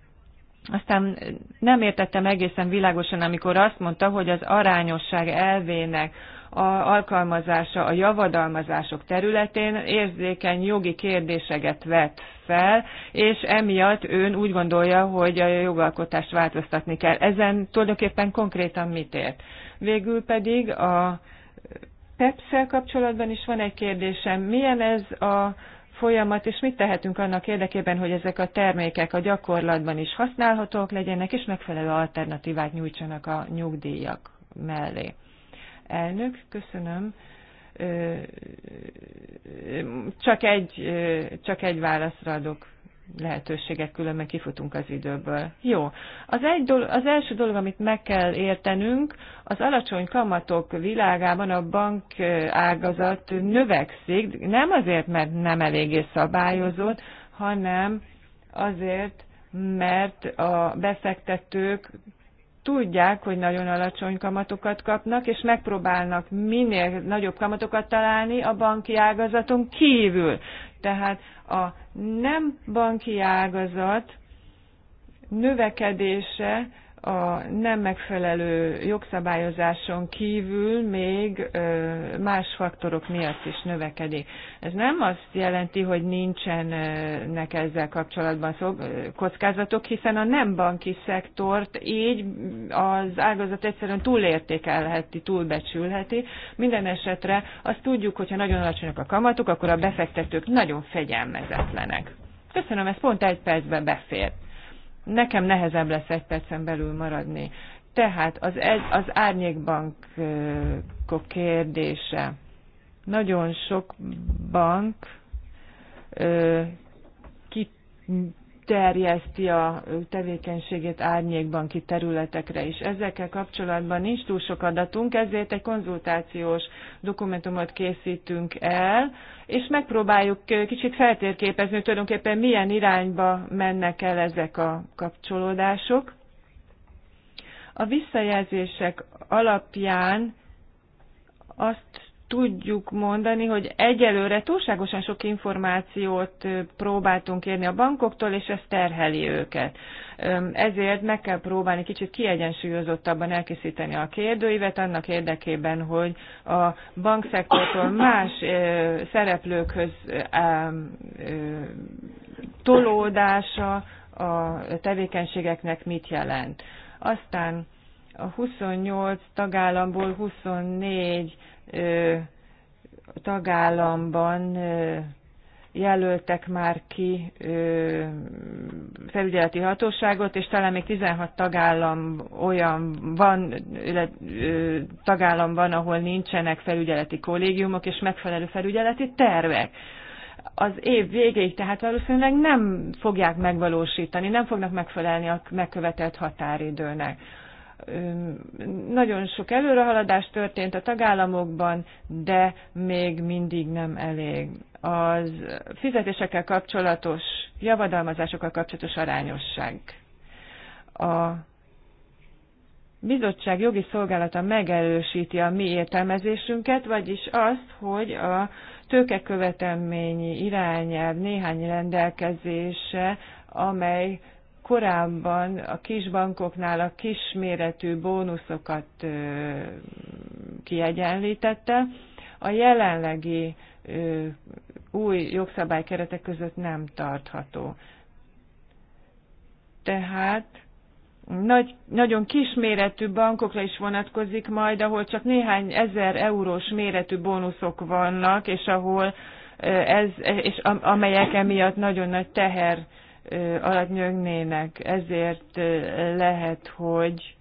Aztán nem értettem egészen világosan, amikor azt mondta, hogy az arányosság elvének a alkalmazása a javadalmazások területén érzékeny jogi kérdéseket vet fel, és emiatt ön úgy gondolja, hogy a jogalkotást változtatni kell. Ezen tulajdonképpen konkrétan mit ért? Végül pedig a PEPS-szel kapcsolatban is van egy kérdésem. Milyen ez a folyamat, és mit tehetünk annak érdekében, hogy ezek a termékek a gyakorlatban is használhatók legyenek, és megfelelő alternatívát nyújtsanak a nyugdíjak mellé. Elnök, köszönöm. Csak egy, csak egy válaszra adok lehetőséget, különben kifutunk az időből. Jó. Az, egy dolog, az első dolog, amit meg kell értenünk, az alacsony kamatok világában a bank ágazat növekszik, nem azért, mert nem eléggé szabályozott, hanem azért, mert a befektetők tudják, hogy nagyon alacsony kamatokat kapnak, és megpróbálnak minél nagyobb kamatokat találni a banki ágazaton kívül. Tehát a nem banki ágazat növekedése a nem megfelelő jogszabályozáson kívül még más faktorok miatt is növekedik. Ez nem azt jelenti, hogy nincsenek ezzel kapcsolatban kockázatok, hiszen a nem banki szektort így az ágazat egyszerűen túlértékelheti, túlbecsülheti. Minden esetre azt tudjuk, hogyha nagyon alacsonyak a kamatok, akkor a befektetők nagyon fegyelmezetlenek. Köszönöm, ez pont egy percben befért nekem nehezebb lesz egy percen belül maradni. Tehát az, egy, az árnyékbankok kérdése. Nagyon sok bank ö, ki, terjeszti a tevékenységét árnyékbanki területekre is. Ezekkel kapcsolatban nincs túl sok adatunk, ezért egy konzultációs dokumentumot készítünk el, és megpróbáljuk kicsit feltérképezni, hogy tulajdonképpen milyen irányba mennek el ezek a kapcsolódások. A visszajelzések alapján azt tudjuk mondani, hogy egyelőre túlságosan sok információt próbáltunk érni a bankoktól, és ez terheli őket. Ezért meg kell próbálni kicsit kiegyensúlyozottabban elkészíteni a kérdőívet annak érdekében, hogy a bankszektortól más szereplőkhöz tolódása a tevékenységeknek mit jelent. Aztán a 28 tagállamból 24 tagállamban jelöltek már ki felügyeleti hatóságot, és talán még 16 tagállam olyan van, tagállam van, ahol nincsenek felügyeleti kollégiumok és megfelelő felügyeleti tervek. Az év végéig tehát valószínűleg nem fogják megvalósítani, nem fognak megfelelni a megkövetelt határidőnek nagyon sok előrehaladás történt a tagállamokban, de még mindig nem elég. Az fizetésekkel kapcsolatos, javadalmazásokkal kapcsolatos arányosság. A bizottság jogi szolgálata megerősíti a mi értelmezésünket, vagyis azt, hogy a tőkekövetelményi irányelv néhány rendelkezése, amely korábban a kis bankoknál a kisméretű bónuszokat kiegyenlítette, a jelenlegi új jogszabály keretek között nem tartható. Tehát nagy, nagyon kisméretű bankokra is vonatkozik majd, ahol csak néhány ezer eurós méretű bónuszok vannak, és ahol ez, és amelyek emiatt nagyon nagy teher alatt nyögnének. Ezért lehet, hogy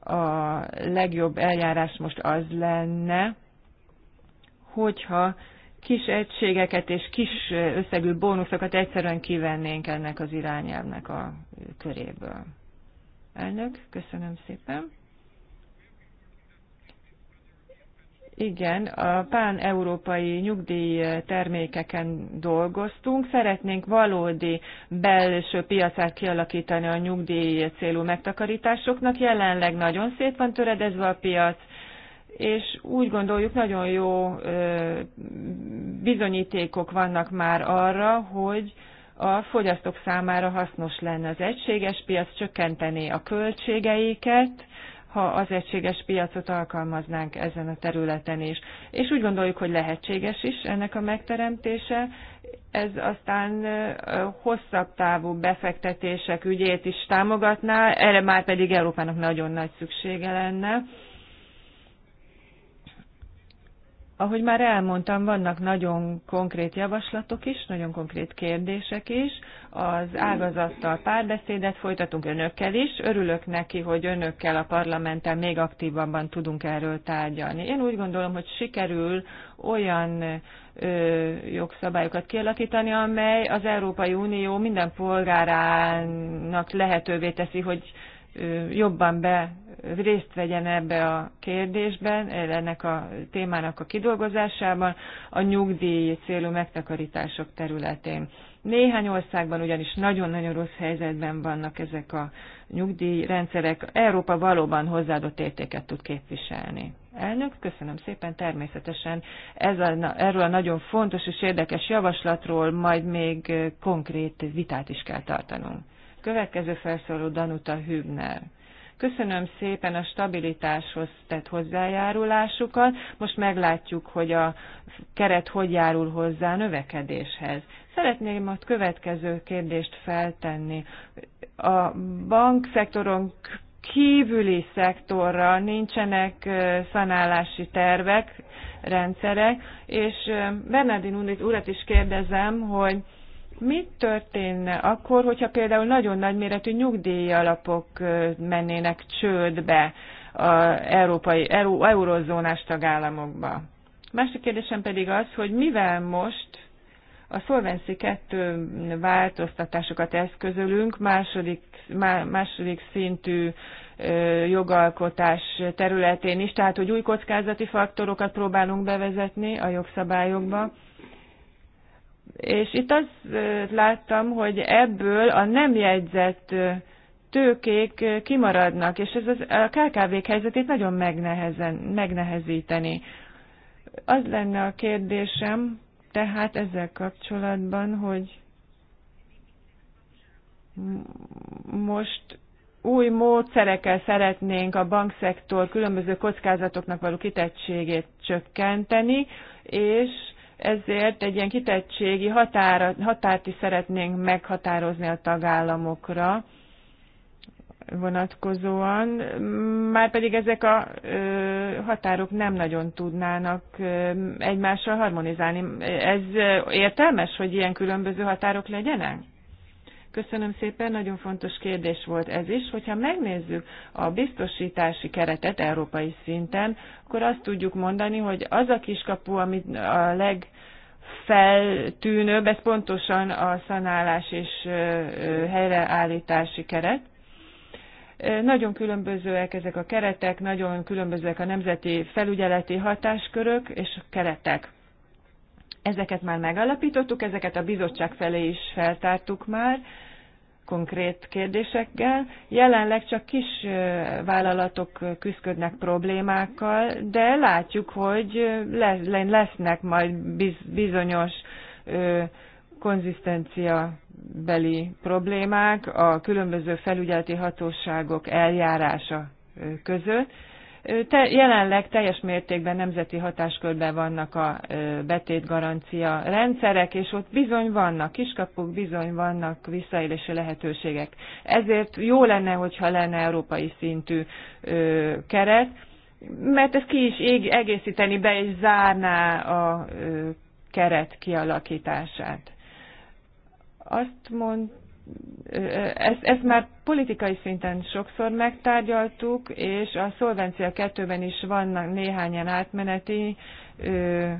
a legjobb eljárás most az lenne, hogyha kis egységeket és kis összegű bónuszokat egyszerűen kivennénk ennek az irányelvnek a köréből. Elnök, köszönöm szépen. Igen, a pán-európai nyugdíj termékeken dolgoztunk. Szeretnénk valódi belső piacát kialakítani a nyugdíj célú megtakarításoknak. Jelenleg nagyon szét van töredezve a piac, és úgy gondoljuk, nagyon jó bizonyítékok vannak már arra, hogy a fogyasztók számára hasznos lenne az egységes piac, csökkenteni a költségeiket, ha az egységes piacot alkalmaznánk ezen a területen is. És úgy gondoljuk, hogy lehetséges is ennek a megteremtése, ez aztán hosszabb távú befektetések ügyét is támogatná, erre már pedig Európának nagyon nagy szüksége lenne. Ahogy már elmondtam, vannak nagyon konkrét javaslatok is, nagyon konkrét kérdések is, az ágazattal párbeszédet folytatunk önökkel is. Örülök neki, hogy önökkel a Parlamenten még aktívabban tudunk erről tárgyalni. Én úgy gondolom, hogy sikerül olyan ö, jogszabályokat kialakítani, amely az Európai Unió minden polgárának lehetővé teszi, hogy ö, jobban be részt vegyen ebbe a kérdésben, ennek a témának a kidolgozásában, a nyugdíj célú megtakarítások területén néhány országban ugyanis nagyon-nagyon rossz helyzetben vannak ezek a nyugdíjrendszerek. Európa valóban hozzáadott értéket tud képviselni. Elnök, köszönöm szépen, természetesen ez a, erről a nagyon fontos és érdekes javaslatról majd még konkrét vitát is kell tartanunk. Következő felszóló Danuta Hübner. Köszönöm szépen a stabilitáshoz tett hozzájárulásukat. Most meglátjuk, hogy a keret hogy járul hozzá a növekedéshez. Szeretném a következő kérdést feltenni. A bankszektoron kívüli szektorra nincsenek szanálási tervek, rendszerek, és Bernardin urat is kérdezem, hogy mit történne akkor, hogyha például nagyon nagyméretű nyugdíjalapok mennének csődbe az európai, euró, eurozónás tagállamokba? Másik kérdésem pedig az, hogy mivel most a Solvency 2 változtatásokat eszközölünk, második, második szintű jogalkotás területén is, tehát hogy új kockázati faktorokat próbálunk bevezetni a jogszabályokba. És itt azt láttam, hogy ebből a nem jegyzett tőkék kimaradnak, és ez a KKV-k helyzetét nagyon megnehezen, megnehezíteni. Az lenne a kérdésem, tehát ezzel kapcsolatban, hogy most új módszerekkel szeretnénk a bankszektor különböző kockázatoknak való kitettségét csökkenteni, és ezért egy ilyen kitettségi határa, határt is szeretnénk meghatározni a tagállamokra, vonatkozóan, már pedig ezek a határok nem nagyon tudnának egymással harmonizálni. Ez értelmes, hogy ilyen különböző határok legyenek? Köszönöm szépen, nagyon fontos kérdés volt ez is. Hogyha megnézzük a biztosítási keretet európai szinten, akkor azt tudjuk mondani, hogy az a kiskapu, amit a leg feltűnőbb, ez pontosan a szanálás és helyreállítási keret, nagyon különbözőek ezek a keretek, nagyon különbözőek a nemzeti felügyeleti hatáskörök és keretek. Ezeket már megalapítottuk, ezeket a bizottság felé is feltártuk már konkrét kérdésekkel. Jelenleg csak kis vállalatok küzdködnek problémákkal, de látjuk, hogy lesznek majd bizonyos konzisztencia beli problémák a különböző felügyeleti hatóságok eljárása között. Te, jelenleg teljes mértékben nemzeti hatáskörben vannak a betétgarancia rendszerek, és ott bizony vannak kiskapuk, bizony vannak visszaélési lehetőségek. Ezért jó lenne, hogyha lenne európai szintű ö, keret, mert ez ki is ég, egészíteni be és zárná a ö, keret kialakítását. Azt mond, ezt, ezt már politikai szinten sokszor megtárgyaltuk, és a Szolvencia kettőben is vannak néhányan átmeneti ö,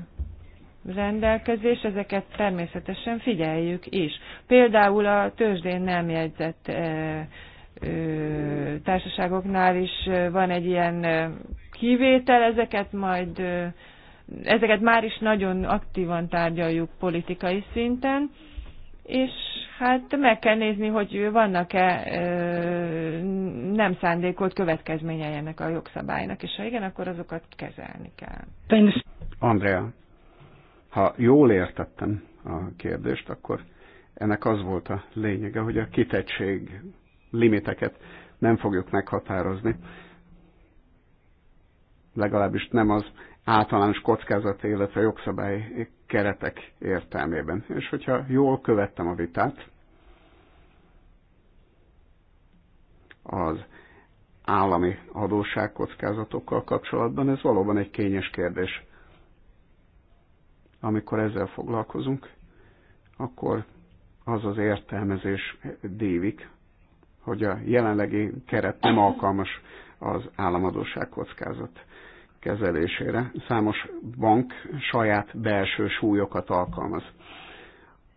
rendelkezés, ezeket természetesen figyeljük is. Például a tőzsdén nem jegyzett ö, ö, társaságoknál is van egy ilyen kivétel, ezeket majd ö, ezeket már is nagyon aktívan tárgyaljuk politikai szinten és hát meg kell nézni, hogy vannak-e nem szándékolt következményei ennek a jogszabálynak, és ha igen, akkor azokat kezelni kell. Andrea, ha jól értettem a kérdést, akkor ennek az volt a lényege, hogy a kitettség limiteket nem fogjuk meghatározni. Legalábbis nem az általános kockázat, illetve jogszabály keretek értelmében. És hogyha jól követtem a vitát, az állami adósságkockázatokkal kapcsolatban, ez valóban egy kényes kérdés. Amikor ezzel foglalkozunk, akkor az az értelmezés dévik, hogy a jelenlegi keret nem alkalmas az államadóság kockázat kezelésére számos bank saját belső súlyokat alkalmaz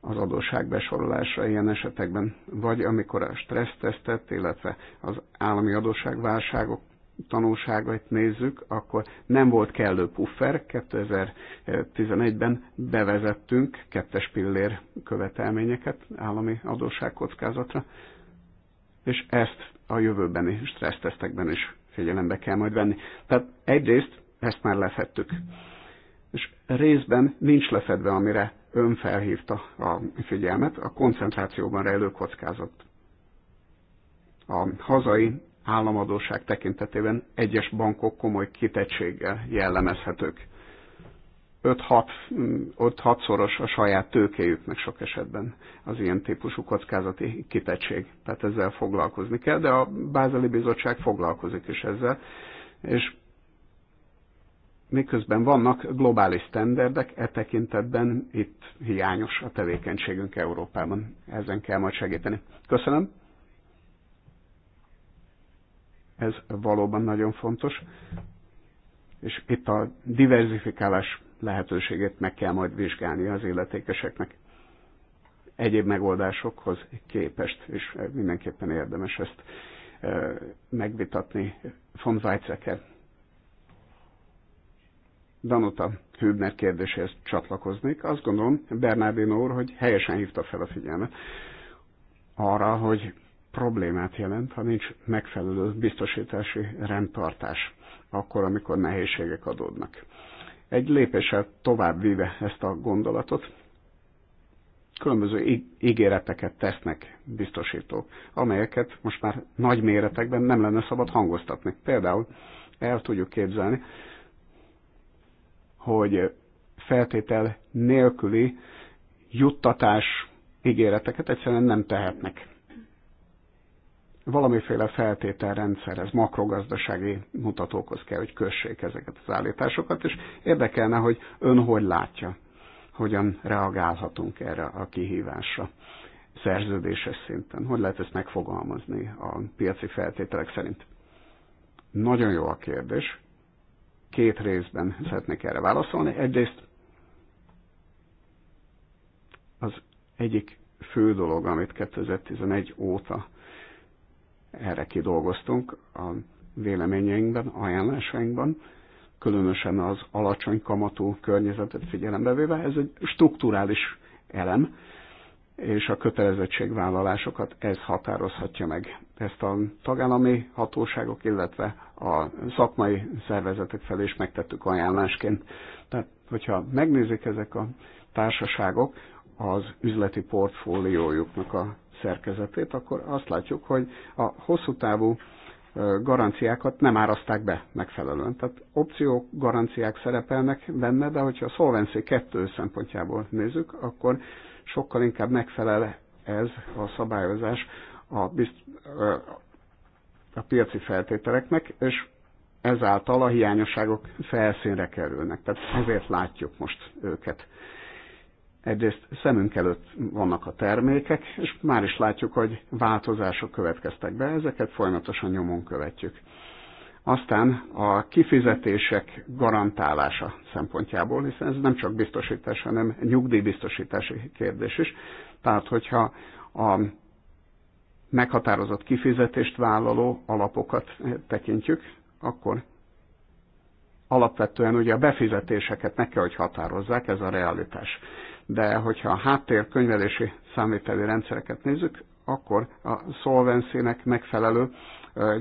az adósság besorolásra ilyen esetekben, vagy amikor a stressztesztet, illetve az állami adósságválságok tanulságait nézzük, akkor nem volt kellő puffer. 2011-ben bevezettünk kettes pillér követelményeket állami adósságkockázatra, és ezt a jövőbeni stressztesztekben is figyelembe kell majd venni. Tehát egyrészt ezt már lefettük. És részben nincs lefedve, amire ön felhívta a figyelmet, a koncentrációban rejlő kockázat. A hazai államadóság tekintetében egyes bankok komoly kitettséggel jellemezhetők. 5-6 szoros a saját tőkéjüknek sok esetben az ilyen típusú kockázati kitettség. Tehát ezzel foglalkozni kell, de a Bázeli Bizottság foglalkozik is ezzel. És miközben vannak globális standardek, e tekintetben itt hiányos a tevékenységünk Európában. Ezen kell majd segíteni. Köszönöm. Ez valóban nagyon fontos. És itt a diversifikálás lehetőségét meg kell majd vizsgálni az illetékeseknek. Egyéb megoldásokhoz képest, és mindenképpen érdemes ezt e, megvitatni von Weizsäcker. Danuta Hübner kérdéséhez csatlakoznék. Azt gondolom, Bernardino úr, hogy helyesen hívta fel a figyelmet arra, hogy problémát jelent, ha nincs megfelelő biztosítási rendtartás, akkor, amikor nehézségek adódnak egy lépéssel tovább vive ezt a gondolatot, különböző ígéreteket tesznek biztosítók, amelyeket most már nagy méretekben nem lenne szabad hangoztatni. Például el tudjuk képzelni, hogy feltétel nélküli juttatás ígéreteket egyszerűen nem tehetnek valamiféle feltételrendszer, ez makrogazdasági mutatókhoz kell, hogy kössék ezeket az állításokat, és érdekelne, hogy ön hogy látja, hogyan reagálhatunk erre a kihívásra szerződéses szinten. Hogy lehet ezt megfogalmazni a piaci feltételek szerint? Nagyon jó a kérdés. Két részben szeretnék erre válaszolni. Egyrészt az egyik fő dolog, amit 2011 óta erre kidolgoztunk a véleményeinkben, ajánlásainkban, különösen az alacsony kamatú környezetet figyelembe véve, ez egy strukturális elem, és a kötelezettségvállalásokat ez határozhatja meg. Ezt a tagállami hatóságok, illetve a szakmai szervezetek felé is megtettük ajánlásként. Tehát, hogyha megnézik ezek a társaságok, az üzleti portfóliójuknak a szerkezetét, akkor azt látjuk, hogy a hosszú távú garanciákat nem áraszták be megfelelően. Tehát opciók, garanciák szerepelnek benne, de hogyha a Solvency 2 szempontjából nézzük, akkor sokkal inkább megfelel ez a szabályozás a, bizt, a piaci feltételeknek, és ezáltal a hiányosságok felszínre kerülnek. Tehát ezért látjuk most őket egyrészt szemünk előtt vannak a termékek, és már is látjuk, hogy változások következtek be, ezeket folyamatosan nyomon követjük. Aztán a kifizetések garantálása szempontjából, hiszen ez nem csak biztosítás, hanem nyugdíjbiztosítási kérdés is. Tehát, hogyha a meghatározott kifizetést vállaló alapokat tekintjük, akkor alapvetően ugye a befizetéseket meg kell, hogy határozzák, ez a realitás de hogyha a könyvelési számviteli rendszereket nézzük, akkor a szolvenszének megfelelő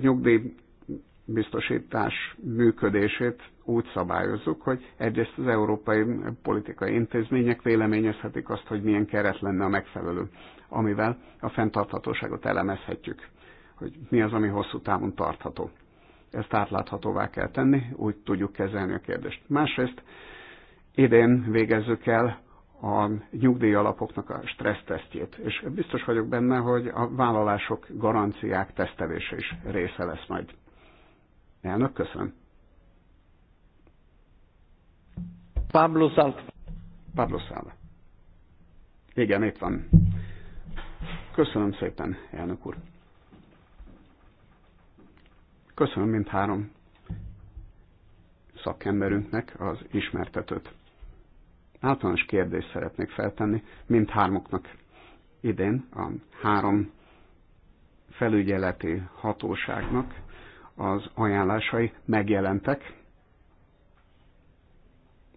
nyugdíjbiztosítás működését úgy szabályozzuk, hogy egyrészt az európai politikai intézmények véleményezhetik azt, hogy milyen keret lenne a megfelelő, amivel a fenntarthatóságot elemezhetjük, hogy mi az, ami hosszú távon tartható. Ezt átláthatóvá kell tenni, úgy tudjuk kezelni a kérdést. Másrészt idén végezzük el a nyugdíjalapoknak a stressztesztjét, és biztos vagyok benne, hogy a vállalások garanciák tesztelése is része lesz majd. Elnök, köszönöm. Pablo Szálva. Pablo Szálva. Igen, itt van. Köszönöm szépen, elnök úr. Köszönöm mindhárom szakemberünknek az ismertetőt általános kérdést szeretnék feltenni mindhármuknak idén a három felügyeleti hatóságnak az ajánlásai megjelentek,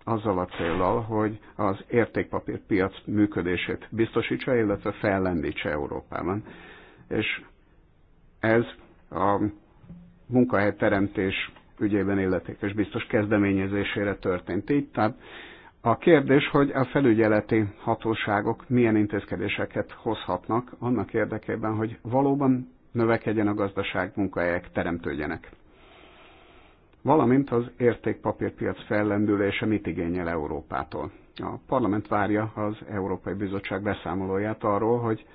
azzal a célral, hogy az értékpapírpiac működését biztosítsa, illetve fellendítse Európában. És ez a munkahelyteremtés ügyében illetékes biztos kezdeményezésére történt így, tehát a kérdés, hogy a felügyeleti hatóságok milyen intézkedéseket hozhatnak annak érdekében, hogy valóban növekedjen a gazdaság, munkahelyek teremtődjenek. Valamint az értékpapírpiac fellendülése mit igényel Európától. A parlament várja az Európai Bizottság beszámolóját arról, hogy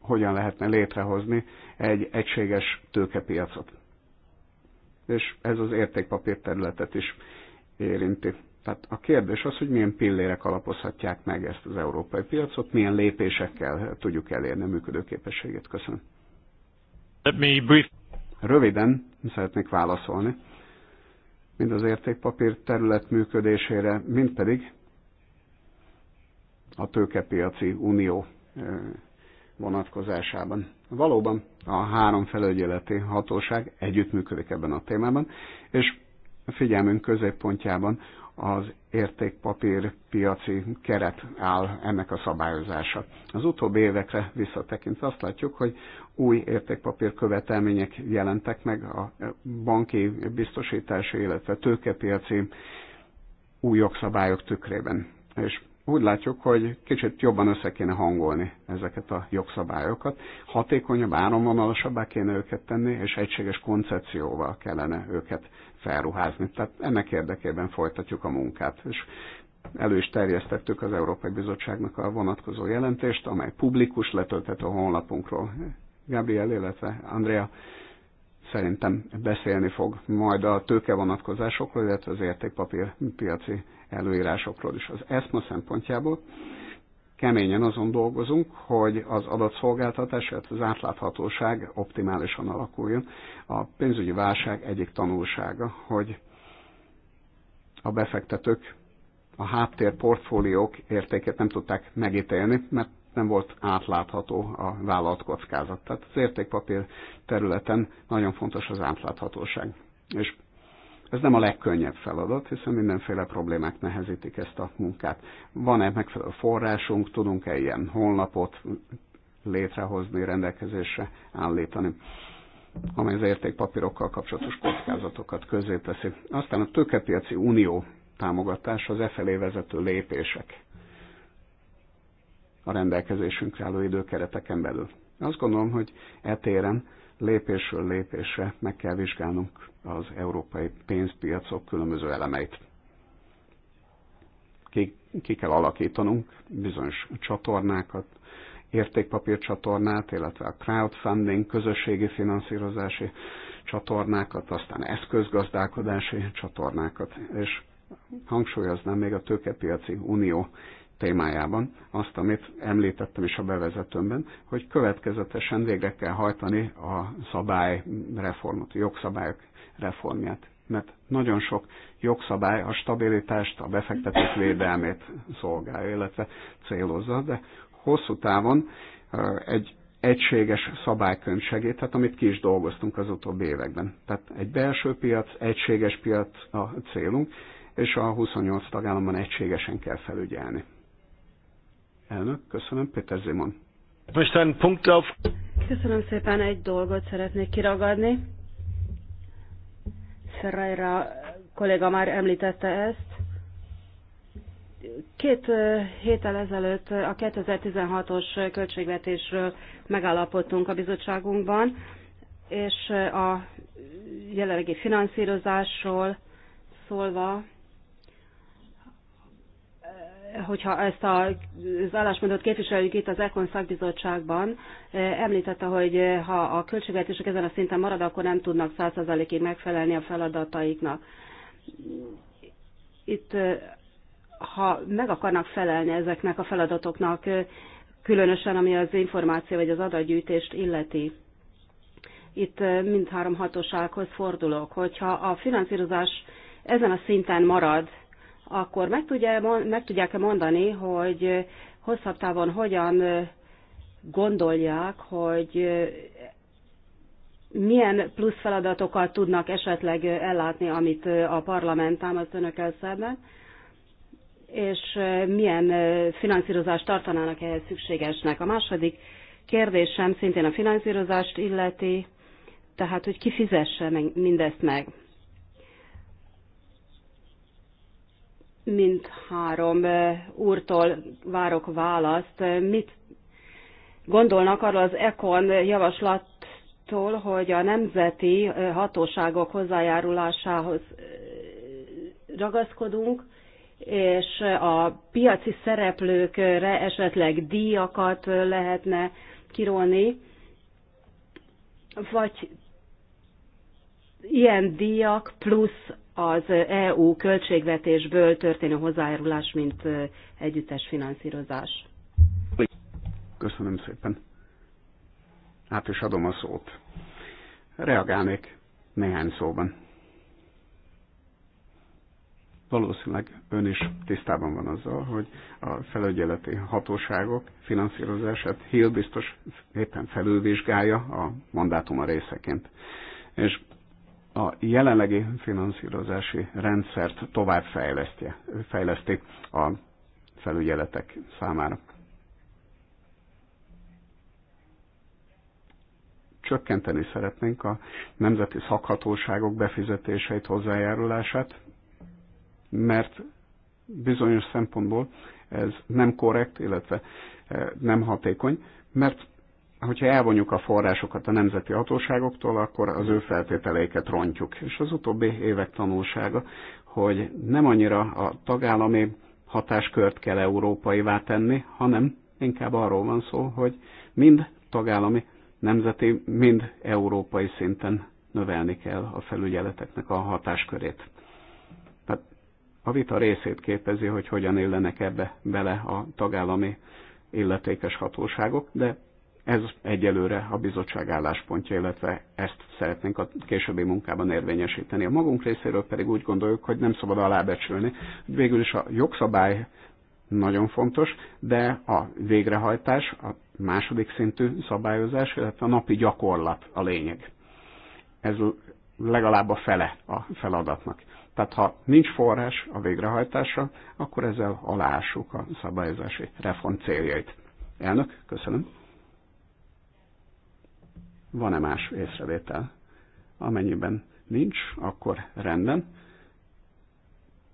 hogyan lehetne létrehozni egy egységes tőkepiacot és ez az értékpapír területet is érinti. Tehát a kérdés az, hogy milyen pillérek alapozhatják meg ezt az európai piacot, milyen lépésekkel tudjuk elérni a működőképességét. Köszönöm. Let me brief. Röviden szeretnék válaszolni, mind az értékpapír terület működésére, mind pedig a tőkepiaci unió eh, vonatkozásában. Valóban a három felügyeleti hatóság együttműködik ebben a témában, és figyelmünk középpontjában az értékpapír piaci keret áll ennek a szabályozása. Az utóbbi évekre visszatekintve azt látjuk, hogy új értékpapír követelmények jelentek meg a banki biztosítási, illetve tőkepiaci új jogszabályok tükrében. És úgy látjuk, hogy kicsit jobban össze kéne hangolni ezeket a jogszabályokat, hatékonyabb, áramvonalasabbá kéne őket tenni, és egységes koncepcióval kellene őket felruházni. Tehát ennek érdekében folytatjuk a munkát. És elő is terjesztettük az Európai Bizottságnak a vonatkozó jelentést, amely publikus, letölthető a honlapunkról. Gabriel, illetve Andrea szerintem beszélni fog majd a tőke vonatkozásokról, illetve az értékpapír piaci előírásokról is. Az ESMA szempontjából keményen azon dolgozunk, hogy az adatszolgáltatás, illetve az átláthatóság optimálisan alakuljon. A pénzügyi válság egyik tanulsága, hogy a befektetők a háttér portfóliók értékét nem tudták megítélni, mert nem volt átlátható a vállalt kockázat. Tehát az értékpapír területen nagyon fontos az átláthatóság. És ez nem a legkönnyebb feladat, hiszen mindenféle problémák nehezítik ezt a munkát. Van-e megfelelő forrásunk, tudunk-e ilyen honlapot létrehozni, rendelkezésre állítani, amely az értékpapírokkal kapcsolatos kockázatokat közé teszi. Aztán a tőkepiaci unió támogatás, az e felé vezető lépések a rendelkezésünkre álló időkereteken belül. Azt gondolom, hogy e téren lépésről lépésre meg kell vizsgálnunk az európai pénzpiacok különböző elemeit. Ki, ki kell alakítanunk bizonyos csatornákat, értékpapírcsatornát, illetve a crowdfunding, közösségi finanszírozási csatornákat, aztán eszközgazdálkodási csatornákat, és hangsúlyoznám még a tőkepiaci unió témájában azt, amit említettem is a bevezetőmben, hogy következetesen végre kell hajtani a szabályreformot, a jogszabályok reformját. Mert nagyon sok jogszabály a stabilitást, a befektetők védelmét szolgálja, illetve célozza, de hosszú távon egy egységes szabálykönyv tehát amit ki is dolgoztunk az utóbbi években. Tehát egy belső piac, egységes piac a célunk, és a 28 tagállamban egységesen kell felügyelni. Elnök, köszönöm, Péter Zimon. Köszönöm szépen, egy dolgot szeretnék kiragadni. Szerajra kolléga már említette ezt. Két héttel ezelőtt a 2016-os költségvetésről megállapodtunk a bizottságunkban, és a jelenlegi finanszírozásról szólva hogyha ezt a, az állásmódot képviseljük itt az ECON szakbizottságban, eh, említette, hogy eh, ha a költségvetések ezen a szinten marad, akkor nem tudnak 100%-ig megfelelni a feladataiknak. Itt, eh, ha meg akarnak felelni ezeknek a feladatoknak, különösen ami az információ vagy az adatgyűjtést illeti, itt mindhárom hatósághoz fordulok, hogyha a finanszírozás ezen a szinten marad, akkor meg, tudja, meg tudják-e mondani, hogy hosszabb távon hogyan gondolják, hogy milyen plusz feladatokat tudnak esetleg ellátni, amit a parlament támaszt önökkel szemben, és milyen finanszírozást tartanának ehhez szükségesnek. A második kérdésem szintén a finanszírozást illeti, tehát hogy ki fizesse mindezt meg. három úrtól várok választ. Mit gondolnak arról az ECON javaslattól, hogy a nemzeti hatóságok hozzájárulásához ragaszkodunk, és a piaci szereplőkre esetleg díjakat lehetne kirolni, vagy ilyen díjak plusz az EU költségvetésből történő hozzájárulás, mint együttes finanszírozás. Köszönöm szépen. Hát is adom a szót. Reagálnék néhány szóban. Valószínűleg ön is tisztában van azzal, hogy a felügyeleti hatóságok finanszírozását Hill biztos éppen felülvizsgálja a mandátuma részeként. És a jelenlegi finanszírozási rendszert tovább fejleszti a felügyeletek számára. Csökkenteni szeretnénk a nemzeti szakhatóságok befizetéseit, hozzájárulását, mert bizonyos szempontból ez nem korrekt, illetve eh, nem hatékony, mert hogyha elvonjuk a forrásokat a nemzeti hatóságoktól, akkor az ő feltételeiket rontjuk. És az utóbbi évek tanulsága, hogy nem annyira a tagállami hatáskört kell európaivá tenni, hanem inkább arról van szó, hogy mind tagállami, nemzeti, mind európai szinten növelni kell a felügyeleteknek a hatáskörét. Tehát a vita részét képezi, hogy hogyan illenek ebbe bele a tagállami illetékes hatóságok, de ez egyelőre a bizottság álláspontja, illetve ezt szeretnénk a későbbi munkában érvényesíteni. A magunk részéről pedig úgy gondoljuk, hogy nem szabad alábecsülni. Végül is a jogszabály nagyon fontos, de a végrehajtás, a második szintű szabályozás, illetve a napi gyakorlat a lényeg. Ez legalább a fele a feladatnak. Tehát ha nincs forrás a végrehajtásra, akkor ezzel alássuk a szabályozási reform céljait. Elnök, köszönöm. Van-e más észrevétel? Amennyiben nincs, akkor rendben.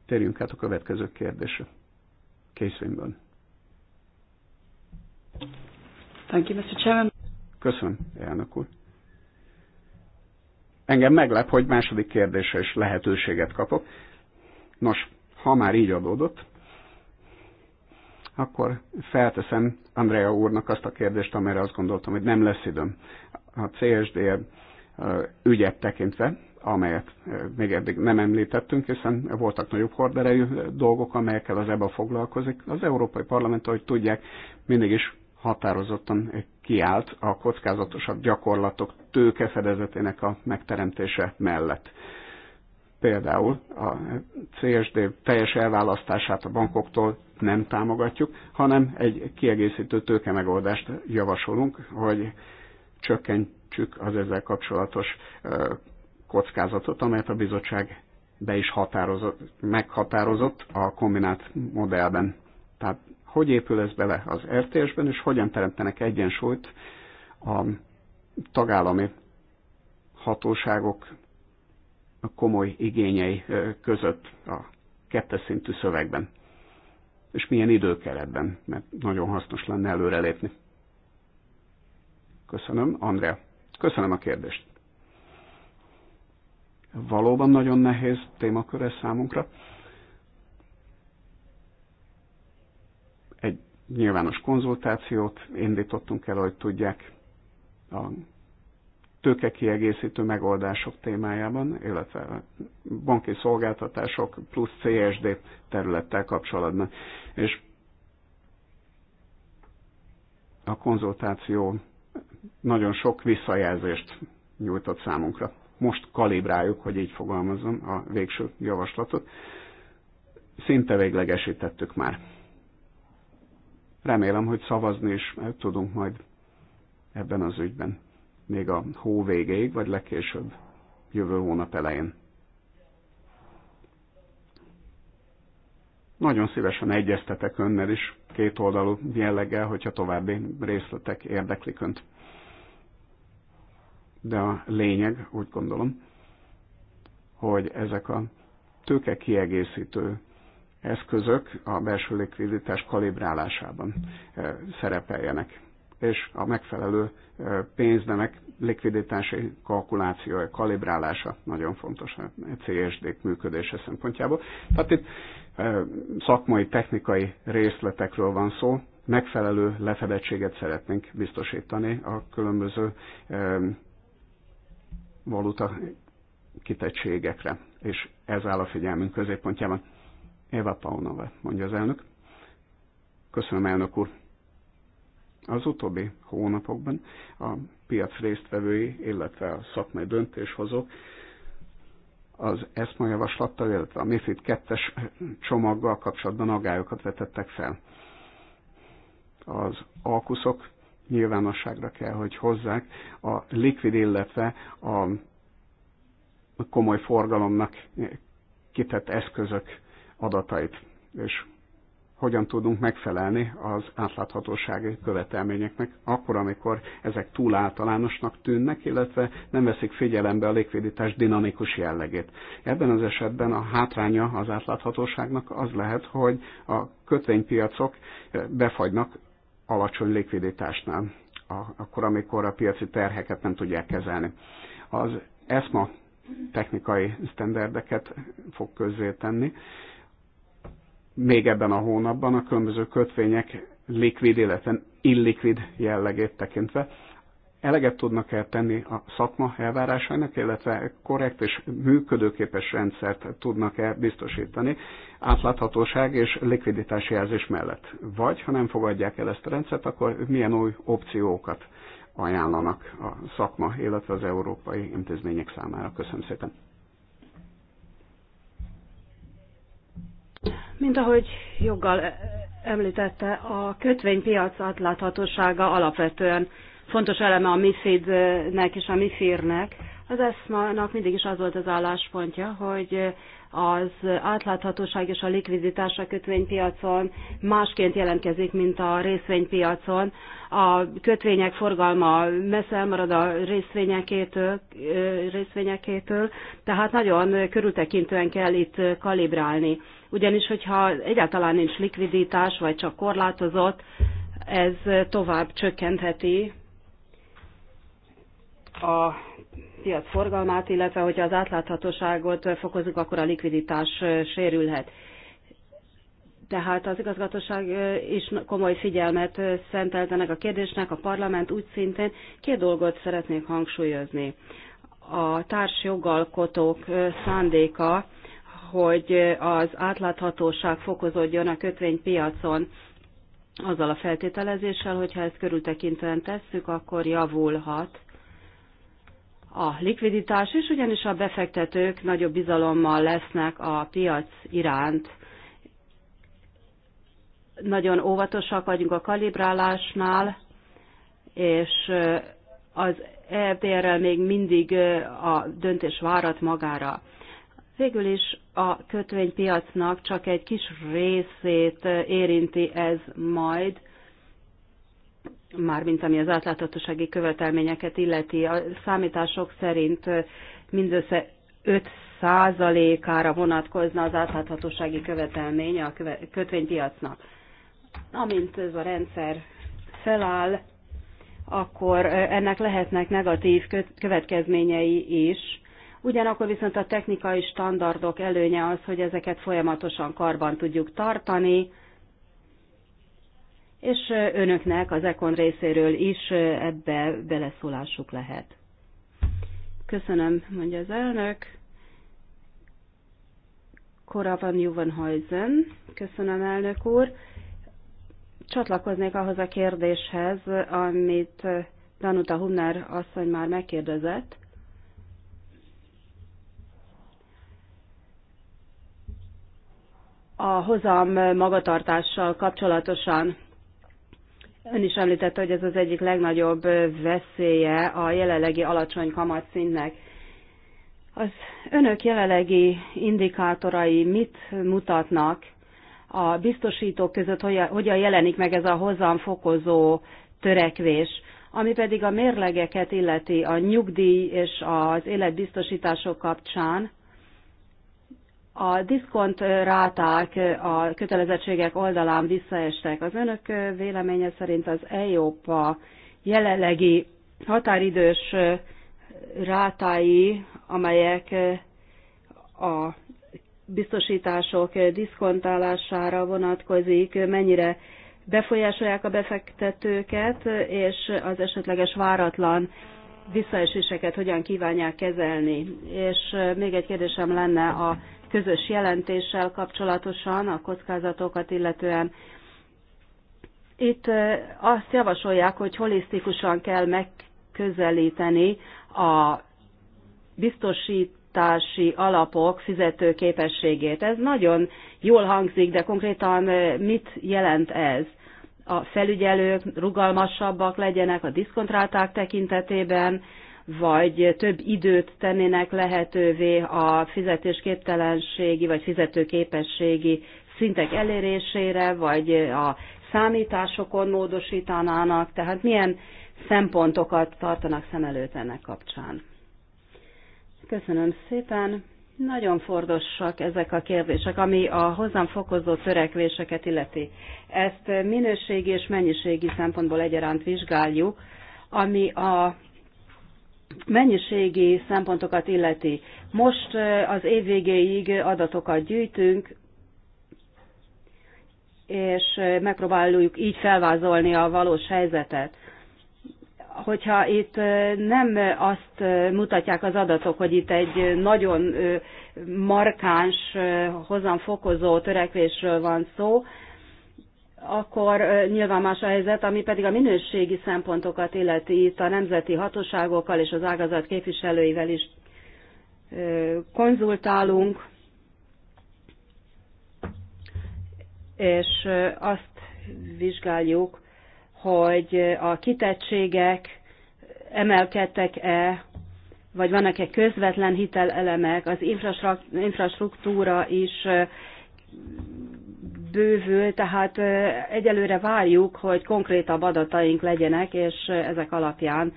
Térjünk át a következő kérdésre. Készvényből. Thank you, Mr. Chairman. Köszönöm, elnök úr. Engem meglep, hogy második kérdésre is lehetőséget kapok. Nos, ha már így adódott, akkor felteszem Andrea úrnak azt a kérdést, amire azt gondoltam, hogy nem lesz időm a CSD ügyet tekintve, amelyet még eddig nem említettünk, hiszen voltak nagyobb horderejű dolgok, amelyekkel az EBA foglalkozik. Az Európai Parlament, ahogy tudják, mindig is határozottan kiállt a kockázatosabb gyakorlatok tőkefedezetének a megteremtése mellett. Például a CSD teljes elválasztását a bankoktól nem támogatjuk, hanem egy kiegészítő tőke megoldást javasolunk, hogy csökkentsük az ezzel kapcsolatos kockázatot, amelyet a bizottság be is határozott, meghatározott a kombinált modellben. Tehát hogy épül ez bele az RTS-ben, és hogyan teremtenek egyensúlyt a tagállami hatóságok komoly igényei között a kettes szintű szövegben. És milyen idő kell ebben, mert nagyon hasznos lenne előrelépni. Köszönöm, Andrea. Köszönöm a kérdést. Valóban nagyon nehéz témakör ez számunkra. Egy nyilvános konzultációt indítottunk el, hogy tudják a kiegészítő megoldások témájában, illetve banki szolgáltatások plusz CSD területtel kapcsolatban. És a konzultáció nagyon sok visszajelzést nyújtott számunkra. Most kalibráljuk, hogy így fogalmazom, a végső javaslatot. Szinte véglegesítettük már. Remélem, hogy szavazni is tudunk majd ebben az ügyben. Még a hó végéig, vagy legkésőbb jövő hónap elején. Nagyon szívesen egyeztetek önnel is, kétoldalú jelleggel, hogyha további részletek érdeklik önt de a lényeg úgy gondolom, hogy ezek a tőke kiegészítő eszközök a belső likviditás kalibrálásában eh, szerepeljenek, és a megfelelő eh, pénznemek likviditási kalkulációja, kalibrálása nagyon fontos a csd működése szempontjából. Tehát itt eh, szakmai, technikai részletekről van szó, megfelelő lefedettséget szeretnénk biztosítani a különböző valuta kitettségekre, és ez áll a figyelmünk középpontjában. Eva Paunova, mondja az elnök. Köszönöm, elnök úr. Az utóbbi hónapokban a piac résztvevői, illetve a szakmai döntéshozók az ESMA javaslattal, illetve a MIFID 2-es csomaggal kapcsolatban agályokat vetettek fel. Az alkuszok nyilvánosságra kell, hogy hozzák a likvid, illetve a komoly forgalomnak kitett eszközök adatait, és hogyan tudunk megfelelni az átláthatósági követelményeknek, akkor, amikor ezek túl általánosnak tűnnek, illetve nem veszik figyelembe a likviditás dinamikus jellegét. Ebben az esetben a hátránya az átláthatóságnak az lehet, hogy a kötvénypiacok befagynak alacsony likviditásnál, akkor, amikor a piaci terheket nem tudják kezelni. Az ESMA technikai sztenderdeket fog közzétenni. Még ebben a hónapban a különböző kötvények likvid, illetve illikvid jellegét tekintve eleget tudnak eltenni tenni a szakma elvárásainak, illetve korrekt és működőképes rendszert tudnak el biztosítani átláthatóság és likviditási jelzés mellett. Vagy, ha nem fogadják el ezt a rendszert, akkor milyen új opciókat ajánlanak a szakma, illetve az európai intézmények számára. Köszönöm szépen. Mint ahogy joggal említette, a kötvénypiac átláthatósága alapvetően fontos eleme a MIFID-nek és a MIFIR-nek. Az ESMA-nak mindig is az volt az álláspontja, hogy az átláthatóság és a likviditás a kötvénypiacon másként jelentkezik, mint a részvénypiacon. A kötvények forgalma messze elmarad a részvényekétől, részvényekétől tehát nagyon körültekintően kell itt kalibrálni. Ugyanis, hogyha egyáltalán nincs likviditás, vagy csak korlátozott, ez tovább csökkentheti a piac forgalmát, illetve hogyha az átláthatóságot fokozunk, akkor a likviditás sérülhet. Tehát az igazgatóság is komoly figyelmet szentelt ennek a kérdésnek, a parlament úgy szintén. Két dolgot szeretnék hangsúlyozni. A jogalkotók szándéka, hogy az átláthatóság fokozódjon a kötvénypiacon, azzal a feltételezéssel, hogyha ezt körültekintően tesszük, akkor javulhat a likviditás is, ugyanis a befektetők nagyobb bizalommal lesznek a piac iránt. Nagyon óvatosak vagyunk a kalibrálásnál, és az efdr rel még mindig a döntés várat magára. Végül is a kötvénypiacnak csak egy kis részét érinti ez majd, mármint ami az átláthatósági követelményeket illeti, a számítások szerint mindössze 5 százalékára vonatkozna az átláthatósági követelmény a kötvénypiacnak. Amint ez a rendszer feláll, akkor ennek lehetnek negatív következményei is. Ugyanakkor viszont a technikai standardok előnye az, hogy ezeket folyamatosan karban tudjuk tartani, és önöknek az EKON részéről is ebbe beleszólásuk lehet. Köszönöm, mondja az elnök. Kora van Juvenhuizen. Köszönöm, elnök úr. Csatlakoznék ahhoz a kérdéshez, amit Danuta Humner asszony már megkérdezett. A hozam magatartással kapcsolatosan Ön is említette, hogy ez az egyik legnagyobb veszélye a jelenlegi alacsony kamatszintnek. Az önök jelenlegi indikátorai mit mutatnak a biztosítók között, hogyan jelenik meg ez a hozamfokozó törekvés, ami pedig a mérlegeket illeti a nyugdíj és az életbiztosítások kapcsán? a diszkont ráták a kötelezettségek oldalán visszaestek. Az önök véleménye szerint az EIOPA jelenlegi határidős rátái, amelyek a biztosítások diszkontálására vonatkozik, mennyire befolyásolják a befektetőket, és az esetleges váratlan visszaeséseket hogyan kívánják kezelni. És még egy kérdésem lenne a közös jelentéssel kapcsolatosan, a kockázatokat illetően. Itt azt javasolják, hogy holisztikusan kell megközelíteni a biztosítási alapok fizetőképességét. Ez nagyon jól hangzik, de konkrétan mit jelent ez? a felügyelők rugalmasabbak legyenek a diszkontrálták tekintetében, vagy több időt tennének lehetővé a fizetésképtelenségi vagy fizetőképességi szintek elérésére, vagy a számításokon módosítanának, tehát milyen szempontokat tartanak szem előtt ennek kapcsán. Köszönöm szépen! Nagyon fordosak ezek a kérdések, ami a hozzám fokozó törekvéseket illeti. Ezt minőségi és mennyiségi szempontból egyaránt vizsgáljuk, ami a mennyiségi szempontokat illeti. Most az év végéig adatokat gyűjtünk, és megpróbáljuk így felvázolni a valós helyzetet hogyha itt nem azt mutatják az adatok, hogy itt egy nagyon markáns, hozamfokozó törekvésről van szó, akkor nyilván más a helyzet, ami pedig a minőségi szempontokat illeti itt a nemzeti hatóságokkal és az ágazat képviselőivel is konzultálunk, és azt vizsgáljuk, hogy a kitettségek emelkedtek-e, vagy vannak-e közvetlen hitelelemek, az infrastruktúra is bővül, tehát egyelőre várjuk, hogy konkrétabb adataink legyenek, és ezek alapján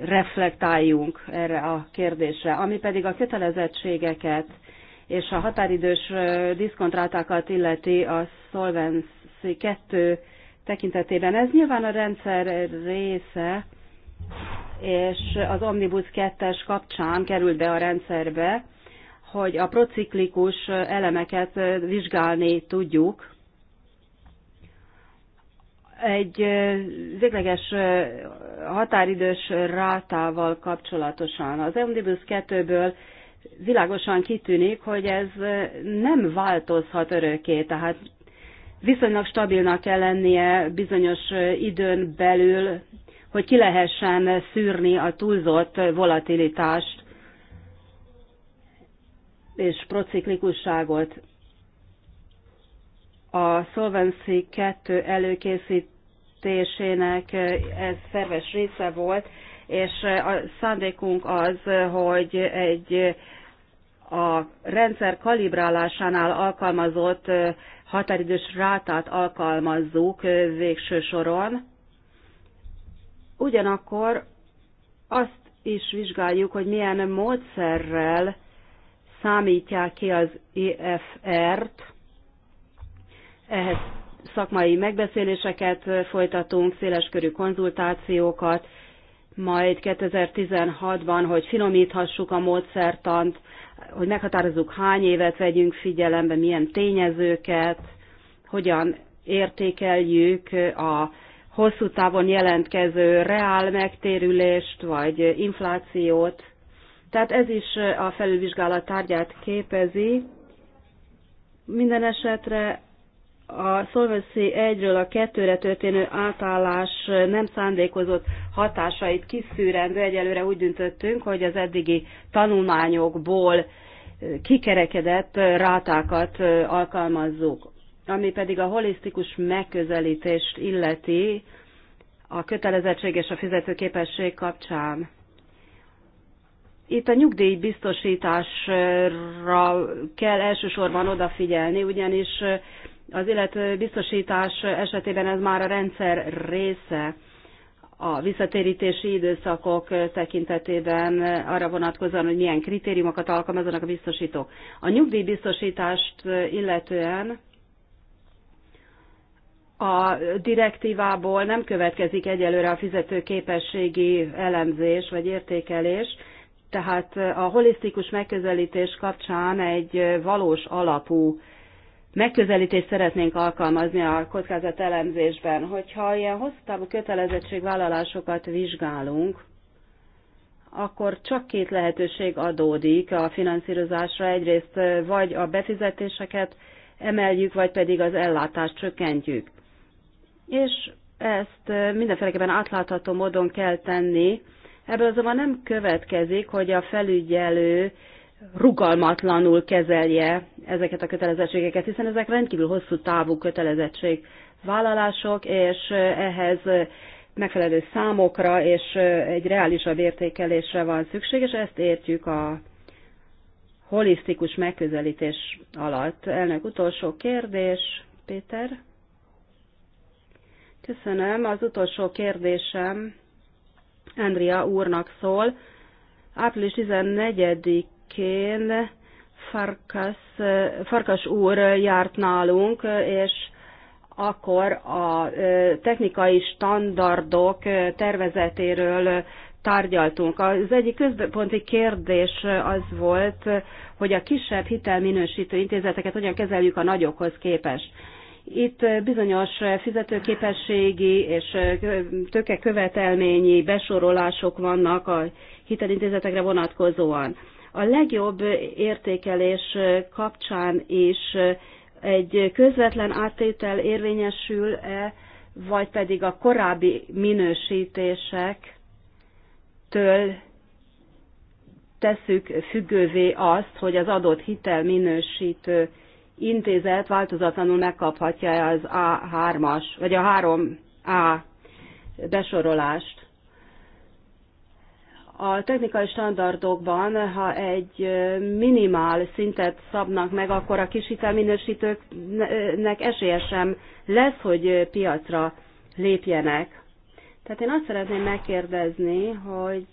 reflektáljunk erre a kérdésre. Ami pedig a kötelezettségeket és a határidős diszkontrátákat illeti a Solvency 2 tekintetében. Ez nyilván a rendszer része, és az Omnibus 2-es kapcsán került be a rendszerbe, hogy a prociklikus elemeket vizsgálni tudjuk. Egy végleges határidős rátával kapcsolatosan. Az Omnibus 2-ből világosan kitűnik, hogy ez nem változhat örökké, tehát viszonylag stabilnak kell lennie bizonyos időn belül, hogy ki lehessen szűrni a túlzott volatilitást és prociklikusságot. A Solvency 2 előkészítésének ez szerves része volt, és a szándékunk az, hogy egy a rendszer kalibrálásánál alkalmazott határidős rátát alkalmazzuk végső soron. Ugyanakkor azt is vizsgáljuk, hogy milyen módszerrel számítják ki az EFR-t. Ehhez szakmai megbeszéléseket folytatunk, széleskörű konzultációkat, majd 2016-ban, hogy finomíthassuk a módszertant, hogy meghatározzuk hány évet vegyünk figyelembe, milyen tényezőket, hogyan értékeljük a hosszú távon jelentkező reál megtérülést vagy inflációt. Tehát ez is a felülvizsgálat tárgyát képezi. Minden esetre a Solvency 1-ről a 2-re történő átállás nem szándékozott hatásait kiszűrendő, egyelőre úgy döntöttünk, hogy az eddigi tanulmányokból kikerekedett rátákat alkalmazzuk. Ami pedig a holisztikus megközelítést illeti a kötelezettség és a fizetőképesség kapcsán. Itt a nyugdíjbiztosításra kell elsősorban odafigyelni, ugyanis az életbiztosítás esetében ez már a rendszer része a visszatérítési időszakok tekintetében arra vonatkozóan, hogy milyen kritériumokat alkalmazanak a biztosítók. A nyugdíjbiztosítást illetően a direktívából nem következik egyelőre a fizetőképességi elemzés vagy értékelés, tehát a holisztikus megközelítés kapcsán egy valós alapú megközelítést szeretnénk alkalmazni a kockázat elemzésben. Hogyha ilyen hosszú távú kötelezettségvállalásokat vizsgálunk, akkor csak két lehetőség adódik a finanszírozásra. Egyrészt vagy a befizetéseket emeljük, vagy pedig az ellátást csökkentjük. És ezt mindenféleképpen átlátható módon kell tenni. Ebből azonban nem következik, hogy a felügyelő rugalmatlanul kezelje ezeket a kötelezettségeket, hiszen ezek rendkívül hosszú távú kötelezettségvállalások, és ehhez megfelelő számokra és egy reálisabb értékelésre van szükség, és ezt értjük a holisztikus megközelítés alatt. Elnök utolsó kérdés, Péter. Köszönöm. Az utolsó kérdésem Andrea úrnak szól. Április 14 környékén Farkas, Farkas úr járt nálunk, és akkor a technikai standardok tervezetéről tárgyaltunk. Az egyik központi kérdés az volt, hogy a kisebb hitelminősítő intézeteket hogyan kezeljük a nagyokhoz képest. Itt bizonyos fizetőképességi és tökekövetelményi besorolások vannak a hitelintézetekre vonatkozóan a legjobb értékelés kapcsán is egy közvetlen áttétel érvényesül-e, vagy pedig a korábbi minősítésektől tesszük függővé azt, hogy az adott hitel minősítő intézet változatlanul megkaphatja az A3-as, vagy a 3A besorolást. A technikai standardokban, ha egy minimál szintet szabnak meg, akkor a kis hitelminősítőknek esélye sem lesz, hogy piacra lépjenek. Tehát én azt szeretném megkérdezni, hogy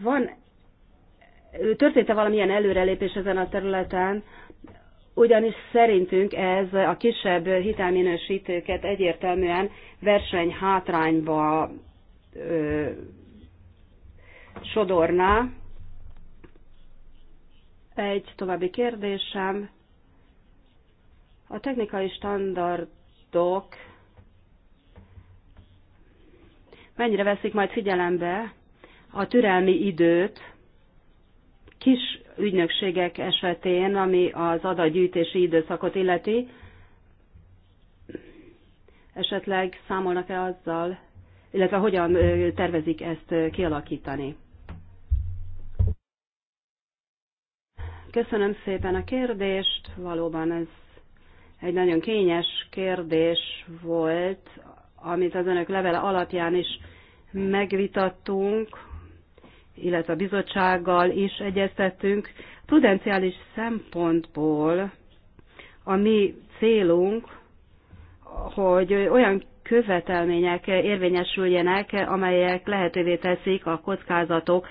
van, történt-e valamilyen előrelépés ezen a területen, ugyanis szerintünk ez a kisebb hitelminősítőket egyértelműen versenyhátrányba sodorná. Egy további kérdésem. A technikai standardok mennyire veszik majd figyelembe a türelmi időt kis ügynökségek esetén, ami az adatgyűjtési időszakot illeti, esetleg számolnak-e azzal, illetve hogyan tervezik ezt kialakítani. Köszönöm szépen a kérdést, valóban ez egy nagyon kényes kérdés volt, amit az önök levele alapján is megvitattunk, illetve a bizottsággal is egyeztettünk. Prudenciális szempontból a mi célunk, hogy olyan követelmények érvényesüljenek, amelyek lehetővé teszik a kockázatok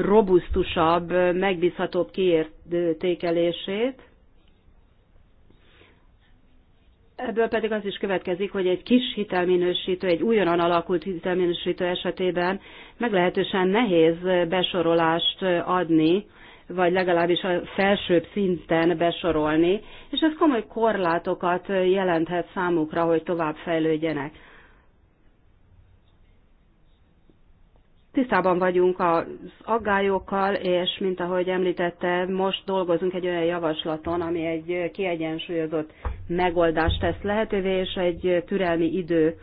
robusztusabb, megbízhatóbb kiértékelését. Ebből pedig az is következik, hogy egy kis hitelminősítő, egy újonnan alakult hitelminősítő esetében meglehetősen nehéz besorolást adni vagy legalábbis a felsőbb szinten besorolni, és ez komoly korlátokat jelenthet számukra, hogy tovább fejlődjenek. Tisztában vagyunk az aggályokkal, és mint ahogy említette, most dolgozunk egy olyan javaslaton, ami egy kiegyensúlyozott megoldást tesz lehetővé, és egy türelmi idő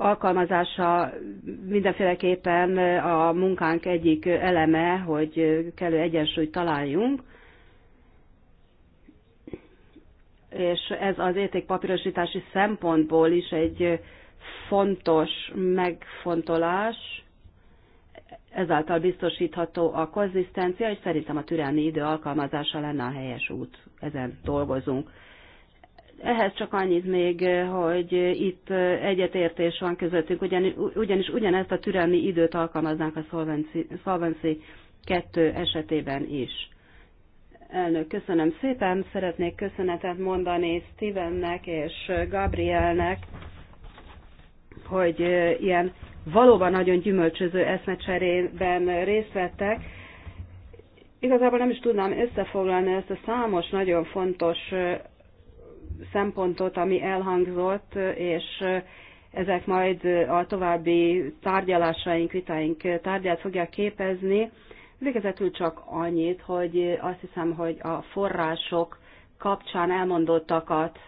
alkalmazása mindenféleképpen a munkánk egyik eleme, hogy kellő egyensúlyt találjunk, és ez az értékpapírosítási szempontból is egy fontos megfontolás, ezáltal biztosítható a konzisztencia, és szerintem a türelmi idő alkalmazása lenne a helyes út, ezen dolgozunk. Ehhez csak annyit még, eh, hogy eh, itt eh, egyetértés van közöttünk, ugyan, ugyanis ugyanezt a türelmi időt alkalmaznánk a Solvency, Solvency 2 esetében is. Elnök, köszönöm szépen, szeretnék köszönetet mondani Stevennek és Gabrielnek, hogy ilyen valóban nagyon gyümölcsöző eszmecserében részt vettek. Igazából nem is tudnám összefoglalni ezt a számos nagyon fontos szempontot, ami elhangzott, és ezek majd a további tárgyalásaink, vitáink tárgyát fogják képezni. Végezetül csak annyit, hogy azt hiszem, hogy a források kapcsán elmondottakat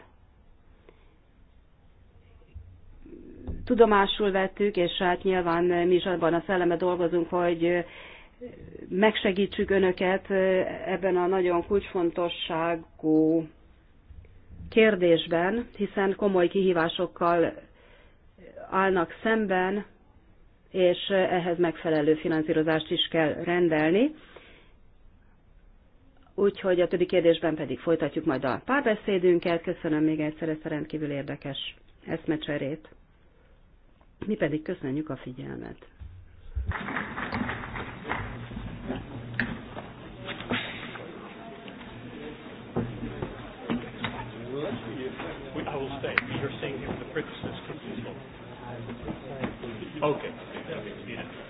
tudomásul vettük, és hát nyilván mi is abban a szelleme dolgozunk, hogy megsegítsük önöket ebben a nagyon kulcsfontosságú kérdésben, hiszen komoly kihívásokkal állnak szemben, és ehhez megfelelő finanszírozást is kell rendelni. Úgyhogy a többi kérdésben pedig folytatjuk majd a párbeszédünket. Köszönöm még egyszer ezt a rendkívül érdekes eszmecserét. Mi pedig köszönjük a figyelmet. will stay. You're staying here for the purposes of this law. Okay.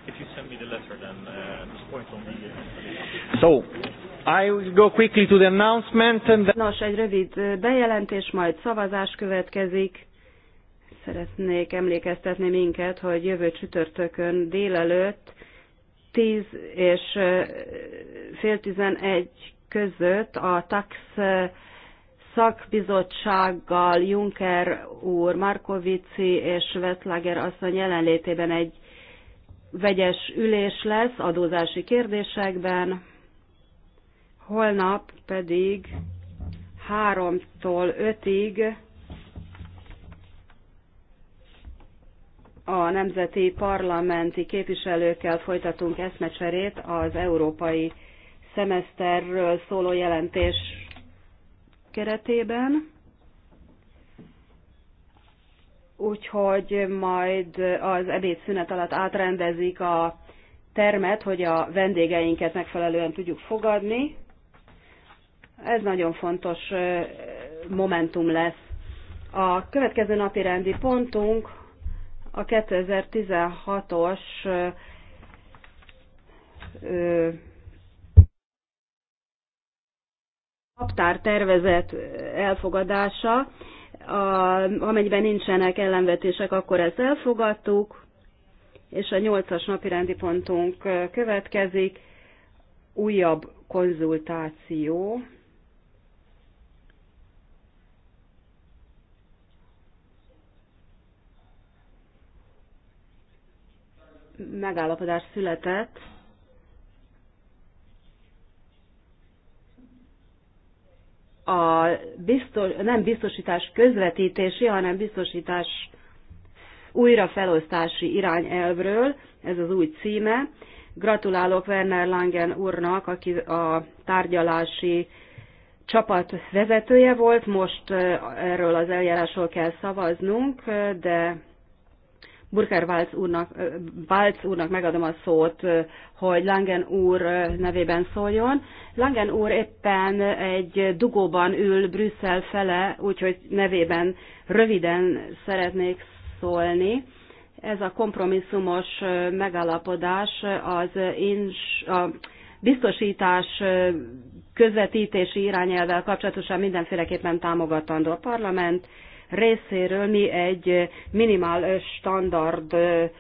If you send me the letter, then uh, this point on the. So. I will go quickly to the announcement and the... Nos, egy rövid uh, bejelentés, majd szavazás következik. Szeretnék emlékeztetni minket, hogy jövő csütörtökön délelőtt 10 és uh, fél 11 között a TAX uh, szakbizottsággal Juncker úr, Markovici és Veszlager asszony jelenlétében egy vegyes ülés lesz adózási kérdésekben, holnap pedig 3-tól 5-ig a nemzeti parlamenti képviselőkkel folytatunk eszmecserét az európai szemeszterről szóló jelentés keretében. Úgyhogy majd az ebédszünet alatt átrendezik a termet, hogy a vendégeinket megfelelően tudjuk fogadni. Ez nagyon fontos momentum lesz. A következő napi rendi pontunk a 2016-os naptár tervezet elfogadása, a, amennyiben nincsenek ellenvetések, akkor ezt elfogadtuk, és a nyolcas rendi pontunk következik, újabb konzultáció. Megállapodás született a biztos, nem biztosítás közvetítési, hanem biztosítás újrafelosztási irányelvről, ez az új címe. Gratulálok Werner Langen úrnak, aki a tárgyalási csapat vezetője volt, most eh, erről az eljárásról kell szavaznunk, eh, de Burker Walz úrnak, Walz úrnak megadom a szót, hogy Langen úr nevében szóljon. Langen úr éppen egy dugóban ül Brüsszel fele, úgyhogy nevében röviden szeretnék szólni. Ez a kompromisszumos megállapodás az ins, a biztosítás közvetítési irányelvvel kapcsolatosan mindenféleképpen támogatandó a parlament részéről mi egy minimál standardot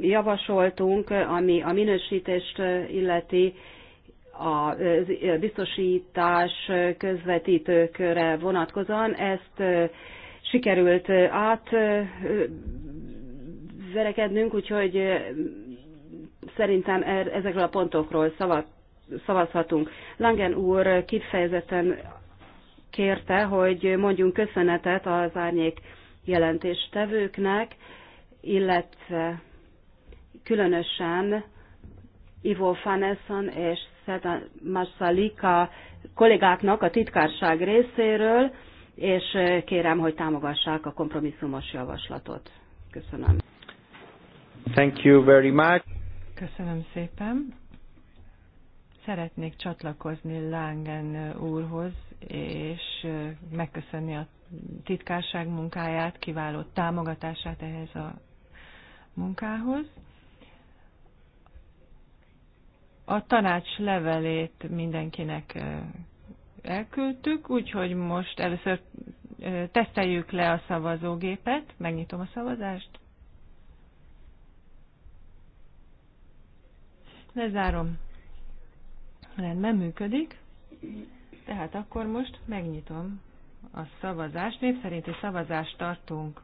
javasoltunk, ami a minősítést illeti, a biztosítás közvetítőkre vonatkozóan. Ezt sikerült átverekednünk, úgyhogy szerintem er- ezekről a pontokról szavazhatunk. Langen úr kifejezetten kérte, hogy mondjunk köszönetet az árnyék jelentéstevőknek, illetve különösen Ivo Faneson és Szeda Masalika kollégáknak a titkárság részéről, és kérem, hogy támogassák a kompromisszumos javaslatot. Köszönöm. Thank you very much. Köszönöm szépen. Szeretnék csatlakozni Lángen úrhoz, és megköszönni a titkárság munkáját, kiváló támogatását ehhez a munkához. A tanács levelét mindenkinek elküldtük, úgyhogy most először teszteljük le a szavazógépet, megnyitom a szavazást. Lezárom. Rendben, működik. Tehát akkor most megnyitom a szavazást. Név szerinti szavazást tartunk.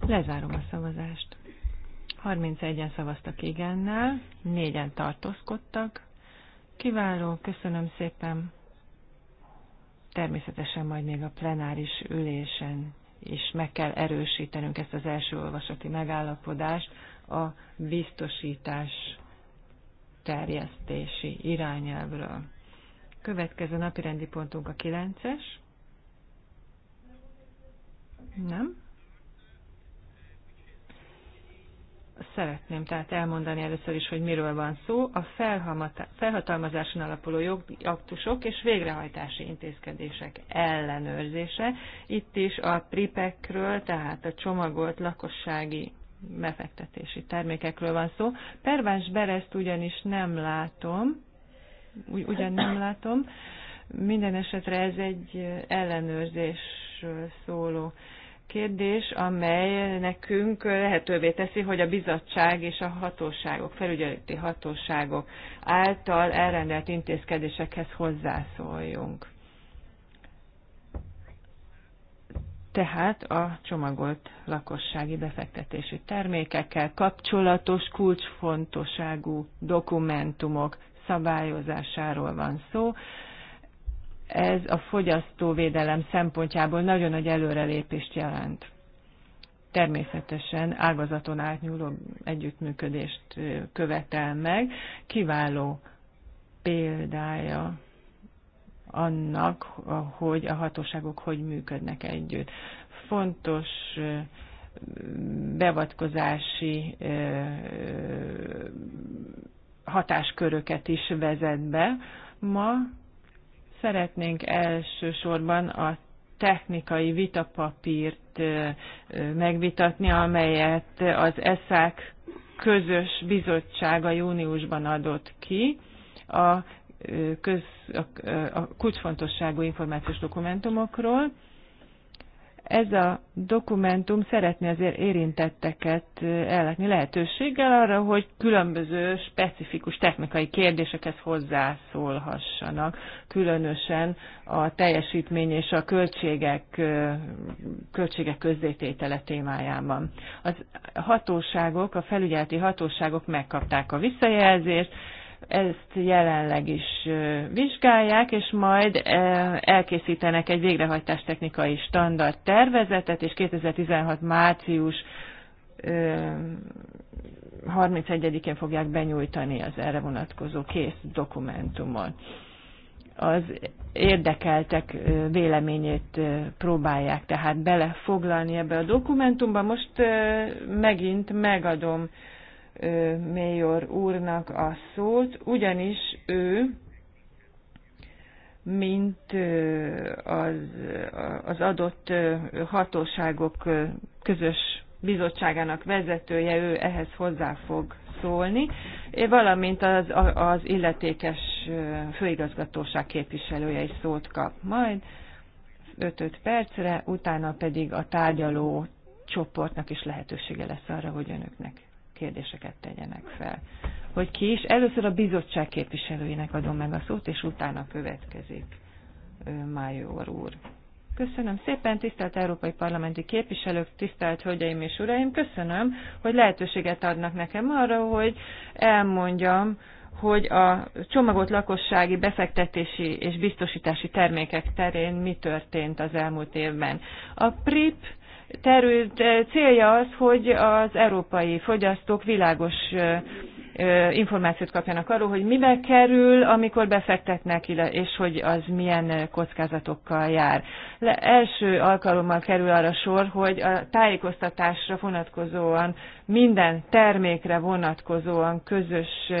Lezárom a szavazást. 31-en szavaztak igennel, 4-en tartózkodtak. Kiváló, köszönöm szépen. Természetesen majd még a plenáris ülésen és meg kell erősítenünk ezt az első olvasati megállapodást a biztosítás terjesztési irányelvről. Következő napi rendi pontunk a 9-es. Nem? Szeretném tehát elmondani először is, hogy miről van szó. A felhatalmazáson alapuló jogaktusok és végrehajtási intézkedések ellenőrzése. Itt is a pripekről, tehát a csomagolt lakossági befektetési termékekről van szó. Pervás Berezt ugyanis nem látom, ugyan nem látom. Minden esetre ez egy ellenőrzésről szóló kérdés, amely nekünk lehetővé teszi, hogy a bizottság és a hatóságok, felügyeleti hatóságok által elrendelt intézkedésekhez hozzászóljunk. Tehát a csomagolt lakossági befektetési termékekkel kapcsolatos kulcsfontosságú dokumentumok szabályozásáról van szó, ez a fogyasztóvédelem szempontjából nagyon nagy előrelépést jelent. Természetesen ágazaton átnyúló együttműködést követel meg. Kiváló példája annak, hogy a hatóságok hogy működnek együtt. Fontos beavatkozási hatásköröket is vezet be ma, Szeretnénk elsősorban a technikai vitapapírt megvitatni, amelyet az ESZÁK közös bizottsága júniusban adott ki. A, köz, a, a kulcsfontosságú információs dokumentumokról ez a dokumentum szeretné azért érintetteket eh, ellátni lehetőséggel arra, hogy különböző specifikus technikai kérdésekhez hozzászólhassanak, különösen a teljesítmény és a költségek, eh, költségek közzététele témájában. Az hatóságok, a felügyeleti hatóságok megkapták a visszajelzést, ezt jelenleg is vizsgálják, és majd elkészítenek egy végrehajtás technikai standard tervezetet, és 2016 március 31-én fogják benyújtani az erre vonatkozó kész dokumentumot. Az érdekeltek véleményét próbálják tehát belefoglalni ebbe a dokumentumba. Most megint megadom Mayor úrnak a szót, ugyanis ő mint az, az adott hatóságok közös bizottságának vezetője, ő ehhez hozzá fog szólni, valamint az, az illetékes főigazgatóság képviselője is szót kap majd 5-5 percre, utána pedig a tárgyaló csoportnak is lehetősége lesz arra, hogy önöknek kérdéseket tegyenek fel. Hogy ki is? Először a bizottság képviselőinek adom meg a szót, és utána következik Májor úr. Köszönöm szépen, tisztelt Európai Parlamenti képviselők, tisztelt Hölgyeim és Uraim, köszönöm, hogy lehetőséget adnak nekem arra, hogy elmondjam, hogy a csomagot lakossági befektetési és biztosítási termékek terén mi történt az elmúlt évben. A PRIP terület célja az, hogy az európai fogyasztók világos információt kapjanak arról, hogy mibe kerül, amikor befektetnek, és hogy az milyen kockázatokkal jár. Le, első alkalommal kerül arra sor, hogy a tájékoztatásra vonatkozóan minden termékre vonatkozóan közös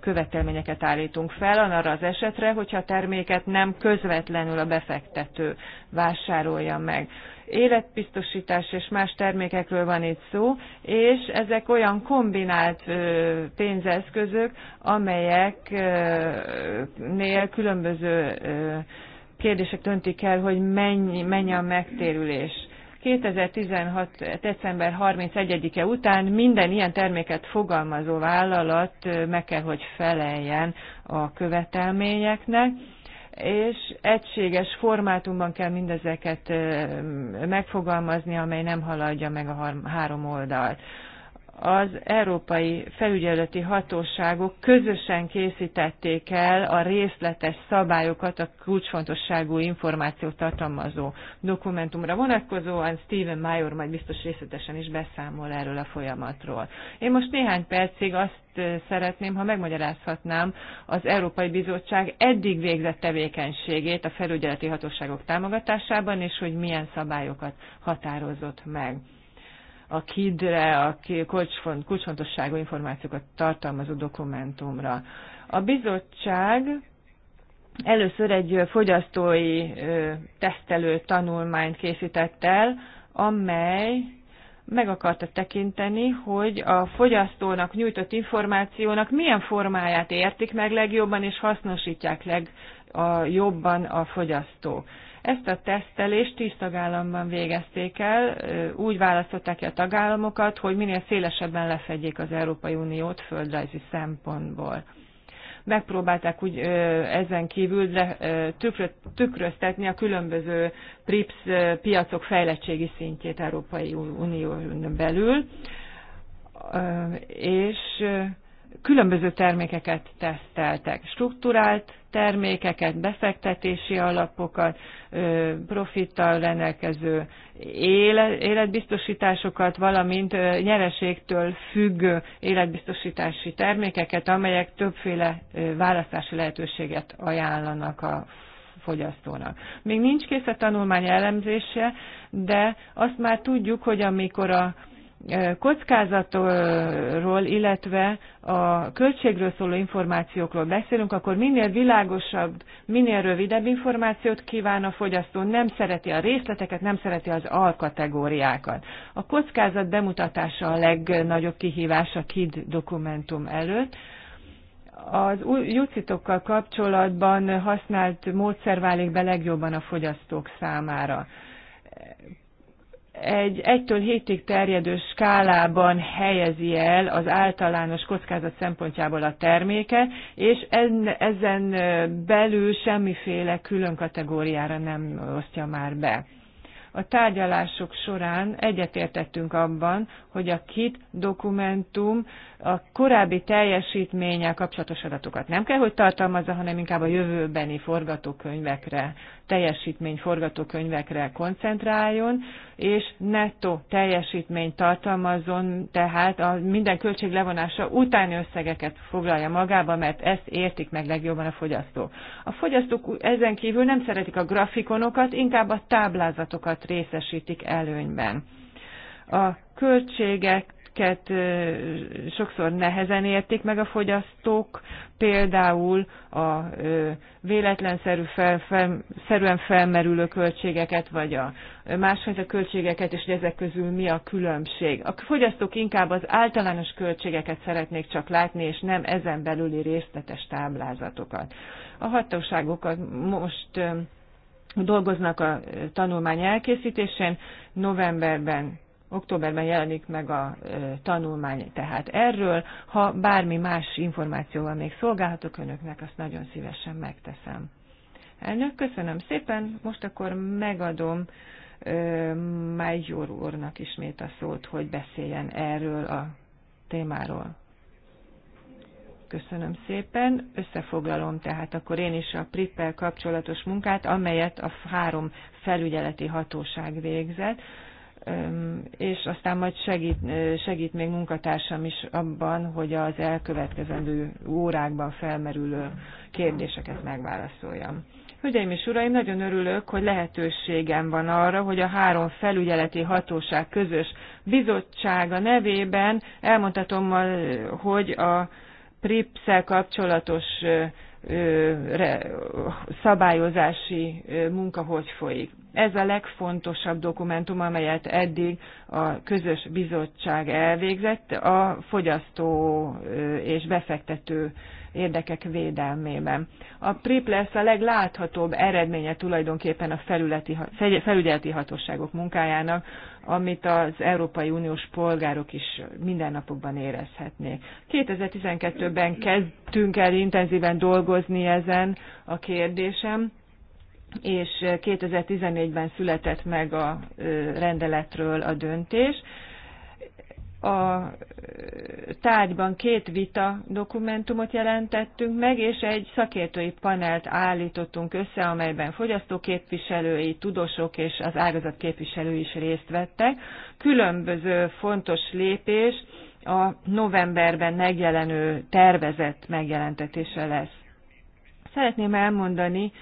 követelményeket állítunk fel, arra az esetre, hogyha a terméket nem közvetlenül a befektető vásárolja meg életbiztosítás és más termékekről van itt szó, és ezek olyan kombinált pénzeszközök, amelyeknél különböző kérdések döntik el, hogy mennyi, mennyi a megtérülés. 2016. december 31-e után minden ilyen terméket fogalmazó vállalat meg kell, hogy feleljen a követelményeknek és egységes formátumban kell mindezeket megfogalmazni, amely nem haladja meg a három oldalt az európai felügyeleti hatóságok közösen készítették el a részletes szabályokat a kulcsfontosságú információt tartalmazó dokumentumra vonatkozóan. Steven Major majd biztos részletesen is beszámol erről a folyamatról. Én most néhány percig azt szeretném, ha megmagyarázhatnám az Európai Bizottság eddig végzett tevékenységét a felügyeleti hatóságok támogatásában, és hogy milyen szabályokat határozott meg a KID-re, a kulcsfontosságú információkat tartalmazó dokumentumra. A bizottság először egy fogyasztói tesztelő tanulmányt készített el, amely meg akarta tekinteni, hogy a fogyasztónak nyújtott információnak milyen formáját értik meg legjobban, és hasznosítják legjobban a fogyasztók ezt a tesztelést tíz tagállamban végezték el, úgy választották ki a tagállamokat, hogy minél szélesebben lefedjék az Európai Uniót földrajzi szempontból. Megpróbálták úgy ezen kívül le, tükrö, tükröztetni a különböző PRIPS piacok fejlettségi szintjét Európai Unión belül, és különböző termékeket teszteltek, strukturált termékeket, befektetési alapokat, profittal rendelkező életbiztosításokat, valamint nyereségtől függő életbiztosítási termékeket, amelyek többféle választási lehetőséget ajánlanak a fogyasztónak. Még nincs kész a tanulmány elemzése, de azt már tudjuk, hogy amikor a kockázatról, illetve a költségről szóló információkról beszélünk, akkor minél világosabb, minél rövidebb információt kíván a fogyasztó, nem szereti a részleteket, nem szereti az alkategóriákat. A kockázat bemutatása a legnagyobb kihívás a KID dokumentum előtt, az jucitokkal kapcsolatban használt módszer válik be legjobban a fogyasztók számára egy egytől hétig terjedő skálában helyezi el az általános kockázat szempontjából a terméke, és ezen belül semmiféle külön kategóriára nem osztja már be. A tárgyalások során egyetértettünk abban, hogy a KIT dokumentum a korábbi teljesítménnyel kapcsolatos adatokat nem kell, hogy tartalmazza, hanem inkább a jövőbeni forgatókönyvekre, teljesítmény forgatókönyvekre koncentráljon, és nettó teljesítmény tartalmazzon, tehát a minden költség levonása utáni összegeket foglalja magába, mert ezt értik meg legjobban a fogyasztók. A fogyasztók ezen kívül nem szeretik a grafikonokat, inkább a táblázatokat részesítik előnyben. A költségek amiket sokszor nehezen értik meg a fogyasztók, például a véletlenszerű fel, fel, szerűen felmerülő költségeket, vagy a másfajta költségeket, és ezek közül mi a különbség. A fogyasztók inkább az általános költségeket szeretnék csak látni, és nem ezen belüli részletes táblázatokat. A hatóságokat most dolgoznak a tanulmány elkészítésén, novemberben októberben jelenik meg a tanulmány tehát erről. Ha bármi más információval még szolgálhatok önöknek, azt nagyon szívesen megteszem. Elnök, köszönöm szépen. Most akkor megadom Májor úrnak ismét a szót, hogy beszéljen erről a témáról. Köszönöm szépen. Összefoglalom tehát akkor én is a PRIP-el kapcsolatos munkát, amelyet a három felügyeleti hatóság végzett és aztán majd segít, segít még munkatársam is abban, hogy az elkövetkezendő órákban felmerülő kérdéseket megválaszoljam. Hölgyeim és uraim, nagyon örülök, hogy lehetőségem van arra, hogy a három felügyeleti hatóság közös bizottsága nevében elmondhatom, hogy a PRIPS-szel kapcsolatos szabályozási munka hogy folyik. Ez a legfontosabb dokumentum, amelyet eddig a közös bizottság elvégzett a fogyasztó és befektető érdekek védelmében. A PRIP lesz a legláthatóbb eredménye tulajdonképpen a felületi, felügyeleti hatóságok munkájának, amit az Európai Uniós polgárok is mindennapokban érezhetnék. 2012-ben kezdtünk el intenzíven dolgozni ezen a kérdésem, és 2014-ben született meg a rendeletről a döntés a tárgyban két vita dokumentumot jelentettünk meg, és egy szakértői panelt állítottunk össze, amelyben fogyasztóképviselői, tudósok és az ágazat képviselői is részt vettek. Különböző fontos lépés a novemberben megjelenő tervezet megjelentetése lesz. Szeretném elmondani,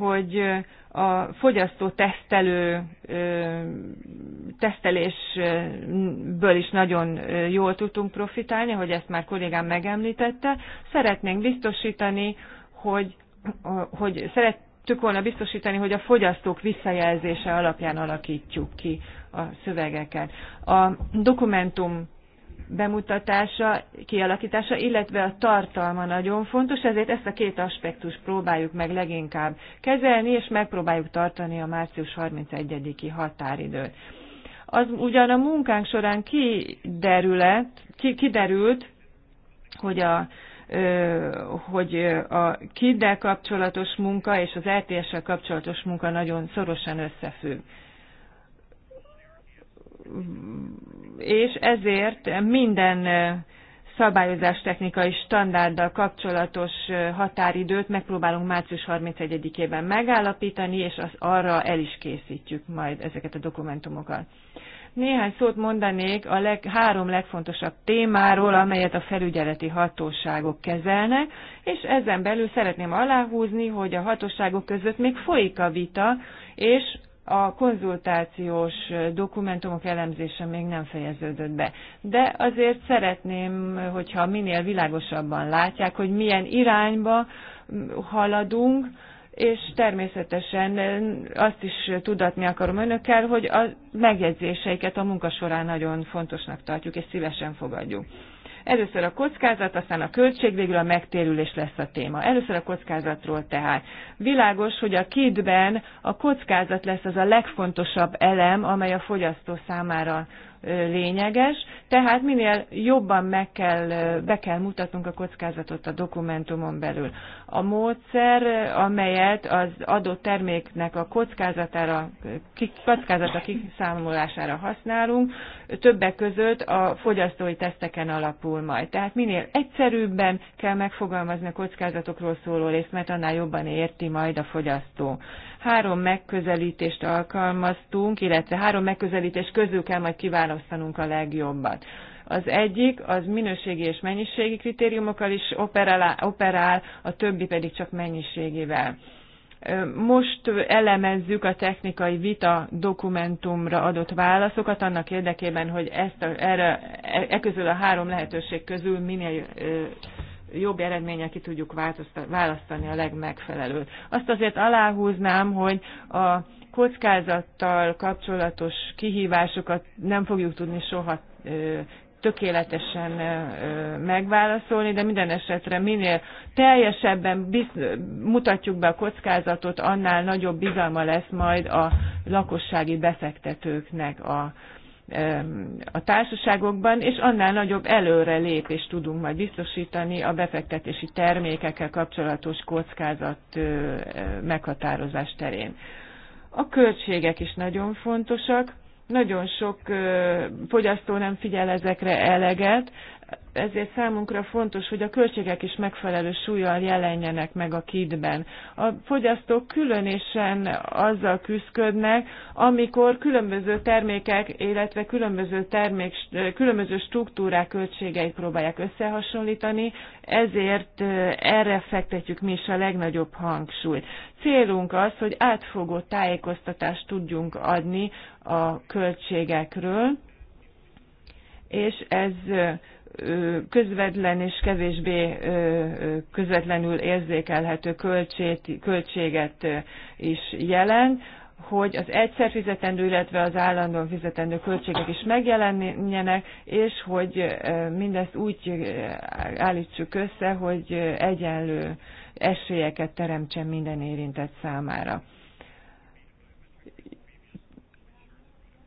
hogy a fogyasztó tesztelő tesztelésből is nagyon jól tudtunk profitálni, hogy ezt már kollégám megemlítette. Szeretnénk biztosítani, hogy, hogy szerettük volna biztosítani, hogy a fogyasztók visszajelzése alapján alakítjuk ki a szövegeket. A dokumentum bemutatása, kialakítása, illetve a tartalma nagyon fontos, ezért ezt a két aspektus próbáljuk meg leginkább kezelni, és megpróbáljuk tartani a március 31-i határidőt. Az ugyan a munkánk során kiderület, ki, kiderült, hogy a, hogy a kiddel kapcsolatos munka és az RTS-sel kapcsolatos munka nagyon szorosan összefügg és ezért minden szabályozás technikai standarddal kapcsolatos határidőt megpróbálunk március 31-ében megállapítani, és az arra el is készítjük majd ezeket a dokumentumokat. Néhány szót mondanék a leg, három legfontosabb témáról, amelyet a felügyeleti hatóságok kezelnek, és ezen belül szeretném aláhúzni, hogy a hatóságok között még folyik a vita, és a konzultációs dokumentumok elemzése még nem fejeződött be. De azért szeretném, hogyha minél világosabban látják, hogy milyen irányba haladunk, és természetesen azt is tudatni akarom önökkel, hogy a megjegyzéseiket a munka során nagyon fontosnak tartjuk, és szívesen fogadjuk. Először a kockázat, aztán a költség, végül a megtérülés lesz a téma. Először a kockázatról tehát. Világos, hogy a kidben a kockázat lesz az a legfontosabb elem, amely a fogyasztó számára lényeges, tehát minél jobban meg kell, be kell mutatnunk a kockázatot a dokumentumon belül. A módszer, amelyet az adott terméknek a kockázatára, kockázata kiszámolására használunk, többek között a fogyasztói teszteken alapul majd. Tehát minél egyszerűbben kell megfogalmazni a kockázatokról szóló részt, mert annál jobban érti majd a fogyasztó. Három megközelítést alkalmaztunk, illetve három megközelítés közül kell majd kiválni választanunk a legjobbat. Az egyik az minőségi és mennyiségi kritériumokkal is operál, operál a többi pedig csak mennyiségével. Most elemezzük a technikai vita dokumentumra adott válaszokat annak érdekében, hogy ezt a, erre, e, e közül a három lehetőség közül minél jobb eredménye ki tudjuk választani a legmegfelelőt. Azt azért aláhúznám, hogy a kockázattal kapcsolatos kihívásokat nem fogjuk tudni soha tökéletesen megválaszolni, de minden esetre minél teljesebben biz, mutatjuk be a kockázatot, annál nagyobb bizalma lesz majd a lakossági befektetőknek a a társaságokban, és annál nagyobb előrelépést tudunk majd biztosítani a befektetési termékekkel kapcsolatos kockázat meghatározás terén. A költségek is nagyon fontosak, nagyon sok fogyasztó nem figyel ezekre eleget, ezért számunkra fontos, hogy a költségek is megfelelő súlyjal jelenjenek meg a kidben. A fogyasztók különösen azzal küzdködnek, amikor különböző termékek, illetve különböző, termék, különböző struktúrák költségeit próbálják összehasonlítani, ezért erre fektetjük mi is a legnagyobb hangsúlyt. Célunk az, hogy átfogó tájékoztatást tudjunk adni a költségekről, és ez közvetlen és kevésbé közvetlenül érzékelhető költsét, költséget is jelent, hogy az egyszer fizetendő, illetve az állandóan fizetendő költségek is megjelenjenek, és hogy mindezt úgy állítsuk össze, hogy egyenlő esélyeket teremtsen minden érintett számára.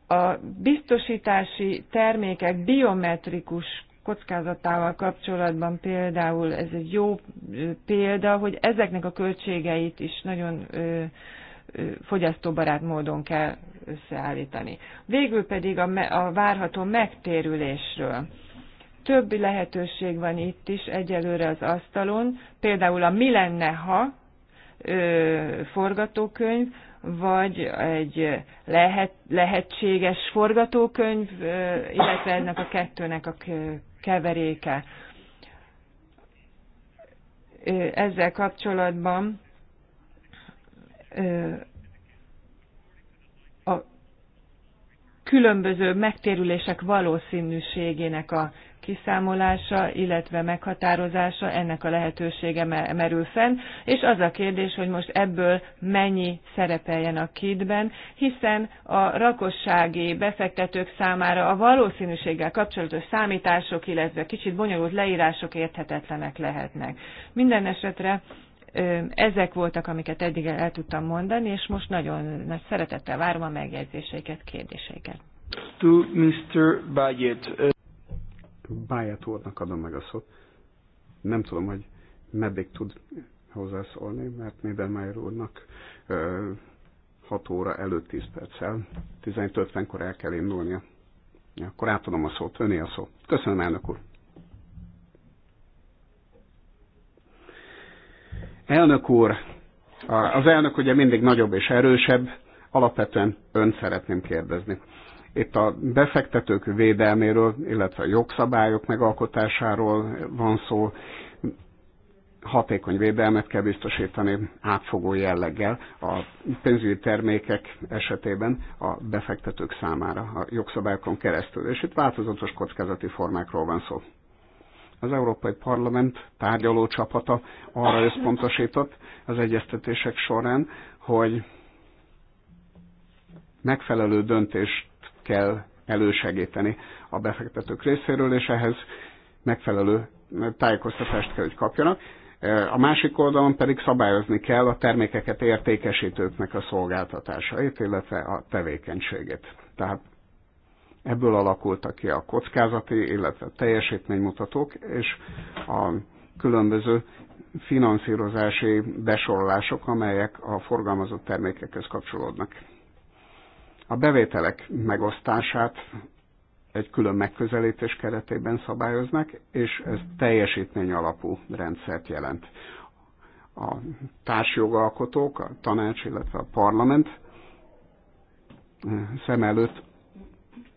a biztosítási termékek biometrikus kockázatával kapcsolatban például ez egy jó példa, hogy ezeknek a költségeit is nagyon fogyasztóbarát módon kell összeállítani. Végül pedig a, me, a várható megtérülésről. Több lehetőség van itt is egyelőre az asztalon, például a mi lenne, ha ö, forgatókönyv, vagy egy lehet, lehetséges forgatókönyv, illetve ennek a kettőnek a keveréke. Ezzel kapcsolatban a különböző megtérülések valószínűségének a kiszámolása, illetve meghatározása, ennek a lehetősége merül fenn, és az a kérdés, hogy most ebből mennyi szerepeljen a kidben, hiszen a rakossági befektetők számára a valószínűséggel kapcsolatos számítások, illetve kicsit bonyolult leírások érthetetlenek lehetnek. Minden esetre ezek voltak, amiket eddig el tudtam mondani, és most nagyon nagy szeretettel várom a megjegyzéseiket, kérdéseiket. To Mr. Budget bájátornak adom meg a szót. Nem tudom, hogy meddig tud hozzászólni, mert Niedermayer úrnak 6 óra előtt 10 perccel, 15.50-kor el kell indulnia. Ja, akkor átadom a szót, öné a szó. Köszönöm, elnök úr. Elnök úr, az elnök ugye mindig nagyobb és erősebb, alapvetően ön szeretném kérdezni. Itt a befektetők védelméről, illetve a jogszabályok megalkotásáról van szó, hatékony védelmet kell biztosítani átfogó jelleggel a pénzügyi termékek esetében a befektetők számára a jogszabályokon keresztül. És itt változatos kockázati formákról van szó. Az Európai Parlament tárgyaló csapata arra összpontosított az egyeztetések során, hogy megfelelő döntés kell elősegíteni a befektetők részéről, és ehhez megfelelő tájékoztatást kell, hogy kapjanak. E, a másik oldalon pedig szabályozni kell a termékeket értékesítőknek a szolgáltatásait, illetve a tevékenységét. Tehát ebből alakultak ki a kockázati, illetve a teljesítménymutatók, és a különböző finanszírozási besorolások, amelyek a forgalmazott termékekhez kapcsolódnak. A bevételek megosztását egy külön megközelítés keretében szabályoznak, és ez teljesítmény alapú rendszert jelent. A társjogalkotók, a tanács, illetve a parlament eh, szem előtt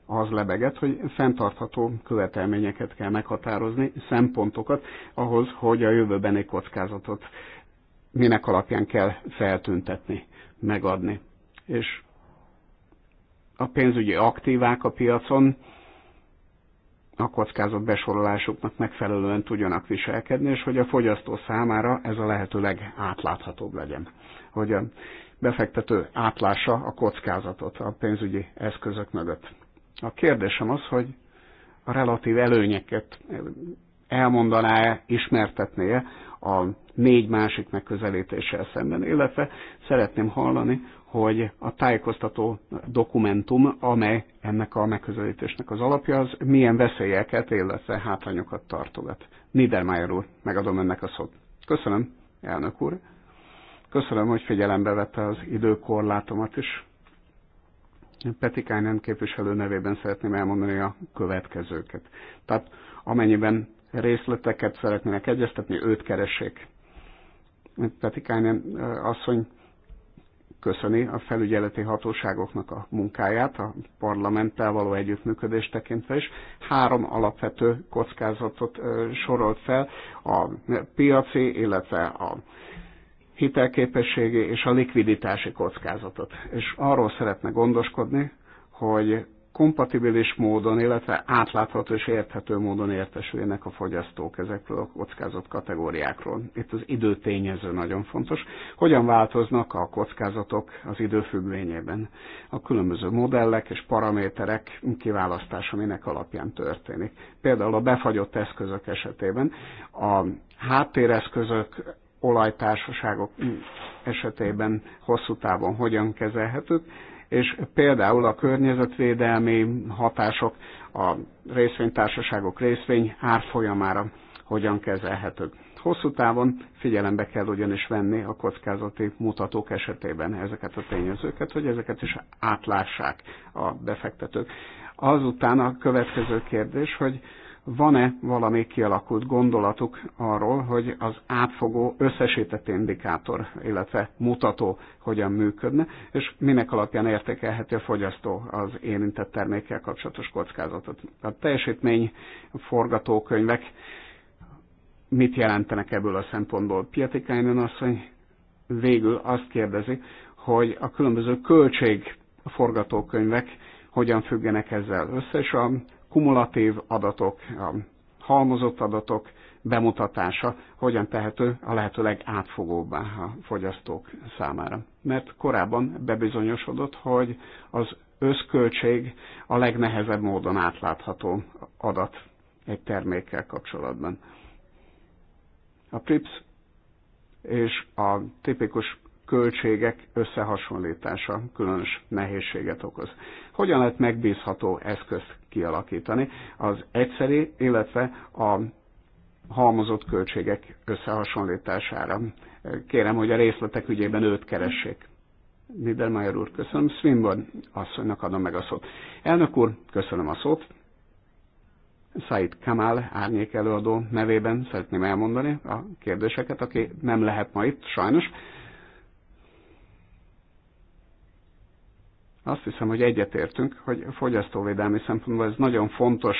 az lebeget, hogy fenntartható követelményeket kell meghatározni, szempontokat ahhoz, hogy a jövőbeni kockázatot minek alapján kell feltüntetni, megadni. És a pénzügyi aktívák a piacon a kockázat besorolásuknak megfelelően tudjanak viselkedni, és hogy a fogyasztó számára ez a lehető legátláthatóbb legyen. Hogy a befektető átlása a kockázatot a pénzügyi eszközök mögött. A kérdésem az, hogy a relatív előnyeket elmondaná-e, ismertetné-e a négy másik megközelítéssel szemben, illetve szeretném hallani, hogy a tájékoztató dokumentum, amely ennek a megközelítésnek az alapja, az milyen veszélyeket, illetve hátrányokat tartogat. Niedermayer úr, megadom ennek a szót. Köszönöm, elnök úr. Köszönöm, hogy figyelembe vette az időkorlátomat is. Peti Kájnen képviselő nevében szeretném elmondani a következőket. Tehát amennyiben részleteket szeretnének egyeztetni, őt keressék. Petikánen asszony köszöni a felügyeleti hatóságoknak a munkáját, a parlamenttel való együttműködést tekintve is. Három alapvető kockázatot sorolt fel, a piaci, illetve a hitelképességi és a likviditási kockázatot. És arról szeretne gondoskodni, hogy kompatibilis módon, illetve átlátható és érthető módon értesüljenek a fogyasztók ezekről a kockázat kategóriákról. Itt az időtényező nagyon fontos. Hogyan változnak a kockázatok az időfüggvényében? A különböző modellek és paraméterek kiválasztása minek alapján történik. Például a befagyott eszközök esetében a háttéreszközök olajtársaságok esetében hosszú távon hogyan kezelhetők, és például a környezetvédelmi hatások a részvénytársaságok részvény árfolyamára hogyan kezelhetők. Hosszú távon figyelembe kell ugyanis venni a kockázati mutatók esetében ezeket a tényezőket, hogy ezeket is átlássák a befektetők. Azután a következő kérdés, hogy van-e valami kialakult gondolatuk arról, hogy az átfogó összesített indikátor, illetve mutató hogyan működne, és minek alapján értékelheti a fogyasztó az érintett termékkel kapcsolatos kockázatot. A teljesítmény forgatókönyvek mit jelentenek ebből a szempontból? Piatikainen asszony végül azt kérdezi, hogy a különböző költség forgatókönyvek hogyan függenek ezzel össze, és a kumulatív adatok, a halmozott adatok bemutatása hogyan tehető a lehető legátfogóbbá a fogyasztók számára. Mert korábban bebizonyosodott, hogy az összköltség a legnehezebb módon átlátható adat egy termékkel kapcsolatban. A PRIPS és a tipikus költségek összehasonlítása különös nehézséget okoz. Hogyan lehet megbízható eszközt kialakítani az egyszeri, illetve a halmozott költségek összehasonlítására? Kérem, hogy a részletek ügyében őt keressék. Niedermayer úr, köszönöm. Swinburne asszonynak adom meg a szót. Elnök úr, köszönöm a szót. Said Kamal árnyék előadó nevében szeretném elmondani a kérdéseket, aki nem lehet ma itt, sajnos. Azt hiszem, hogy egyetértünk, hogy fogyasztóvédelmi szempontból ez nagyon fontos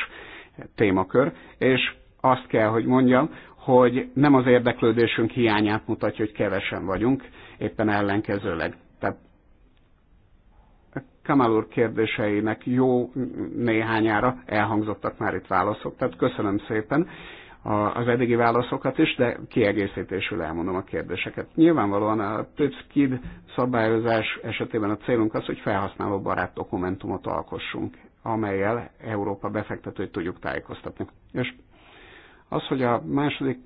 témakör, és azt kell, hogy mondjam, hogy nem az érdeklődésünk hiányát mutatja, hogy kevesen vagyunk, éppen ellenkezőleg. Tehát Kamal úr kérdéseinek jó néhányára elhangzottak már itt válaszok, tehát köszönöm szépen az eddigi válaszokat is, de kiegészítésül elmondom a kérdéseket. Nyilvánvalóan a TÜCKID szabályozás esetében a célunk az, hogy felhasználó barát dokumentumot alkossunk, amelyel Európa befektetőt tudjuk tájékoztatni. És az, hogy a második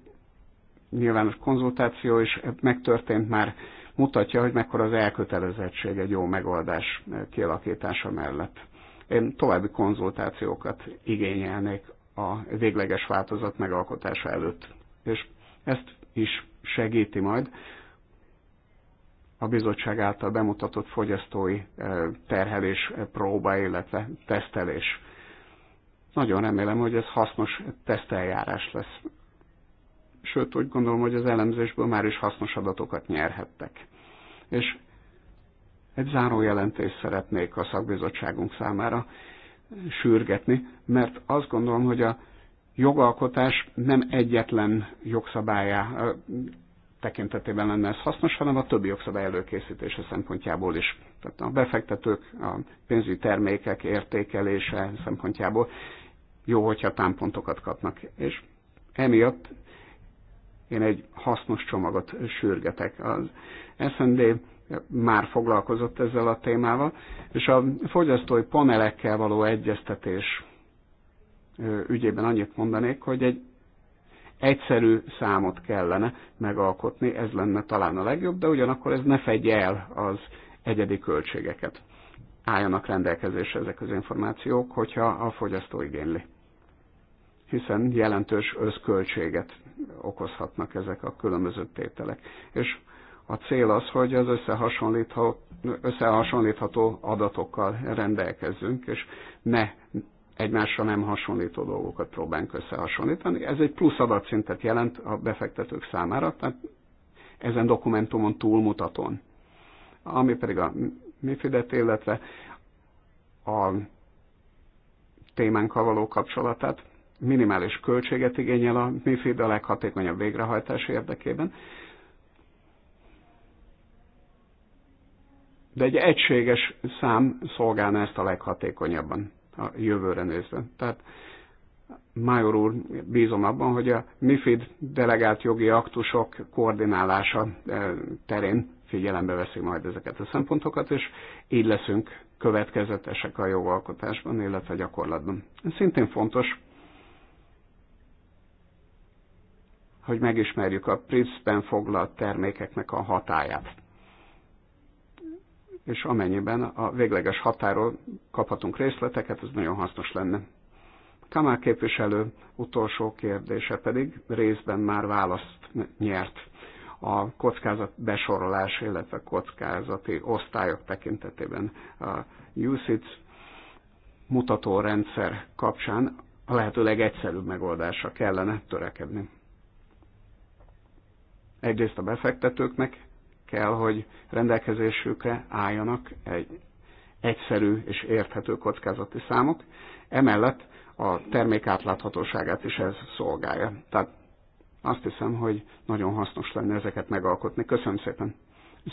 nyilvános konzultáció is megtörtént már, mutatja, hogy mekkora az elkötelezettség egy jó megoldás kialakítása mellett. Én további konzultációkat igényelnék a végleges változat megalkotása előtt. És ezt is segíti majd a bizottság által bemutatott fogyasztói e, terhelés próba, illetve tesztelés. Nagyon remélem, hogy ez hasznos teszteljárás lesz. Sőt, úgy gondolom, hogy az elemzésből már is hasznos adatokat nyerhettek. És egy záró jelentést szeretnék a szakbizottságunk számára sürgetni, mert azt gondolom, hogy a jogalkotás nem egyetlen jogszabályá tekintetében lenne ez hasznos, hanem a többi jogszabály előkészítése szempontjából is. Tehát a befektetők, a pénzügyi termékek értékelése szempontjából jó, hogyha támpontokat kapnak. És emiatt én egy hasznos csomagot sürgetek. Az SND már foglalkozott ezzel a témával, és a fogyasztói panelekkel való egyeztetés ügyében annyit mondanék, hogy egy egyszerű számot kellene megalkotni, ez lenne talán a legjobb, de ugyanakkor ez ne fedje el az egyedi költségeket. Álljanak rendelkezésre ezek az információk, hogyha a fogyasztó igényli. Hiszen jelentős összköltséget okozhatnak ezek a különböző tételek. És a cél az, hogy az összehasonlítható, összehasonlítható adatokkal rendelkezzünk, és ne egymásra nem hasonlító dolgokat próbálunk összehasonlítani. Ez egy plusz adatszintet jelent a befektetők számára, tehát ezen dokumentumon túlmutatón. Ami pedig a MIFID-et, illetve a témánkkal való kapcsolatát, minimális költséget igényel a MIFID a leghatékonyabb végrehajtás érdekében, De egy egységes szám szolgálna ezt a leghatékonyabban a jövőre nézve. Tehát Major úr, bízom abban, hogy a MIFID delegált jogi aktusok koordinálása eh, terén figyelembe veszi majd ezeket a szempontokat, és így leszünk következetesek a jogalkotásban, illetve gyakorlatban. Ez szintén fontos, hogy megismerjük a PRISZ-ben foglalt termékeknek a hatáját és amennyiben a végleges határól kaphatunk részleteket, ez nagyon hasznos lenne. Kamál képviselő utolsó kérdése pedig részben már választ nyert a kockázat besorolás, illetve kockázati osztályok tekintetében a USITS mutatórendszer kapcsán a lehető legegyszerűbb megoldásra kellene törekedni. Egyrészt a befektetőknek, kell, hogy rendelkezésükre álljanak egy egyszerű és érthető kockázati számok. Emellett a termék átláthatóságát is ez szolgálja. Tehát azt hiszem, hogy nagyon hasznos lenne ezeket megalkotni. Köszönöm szépen.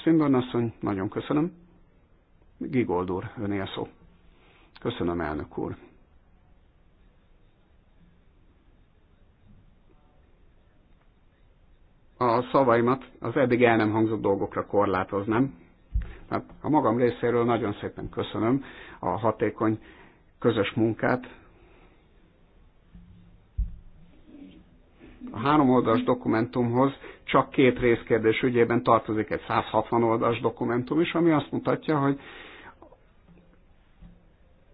Swinburne asszony, nagyon köszönöm. Gigold úr, önél szó. Köszönöm, elnök úr. a szavaimat az eddig el nem hangzott dolgokra korlátoznám. Hát a magam részéről nagyon szépen köszönöm a hatékony közös munkát. A három oldalas dokumentumhoz csak két részkérdés ügyében tartozik egy 160 oldalas dokumentum is, ami azt mutatja, hogy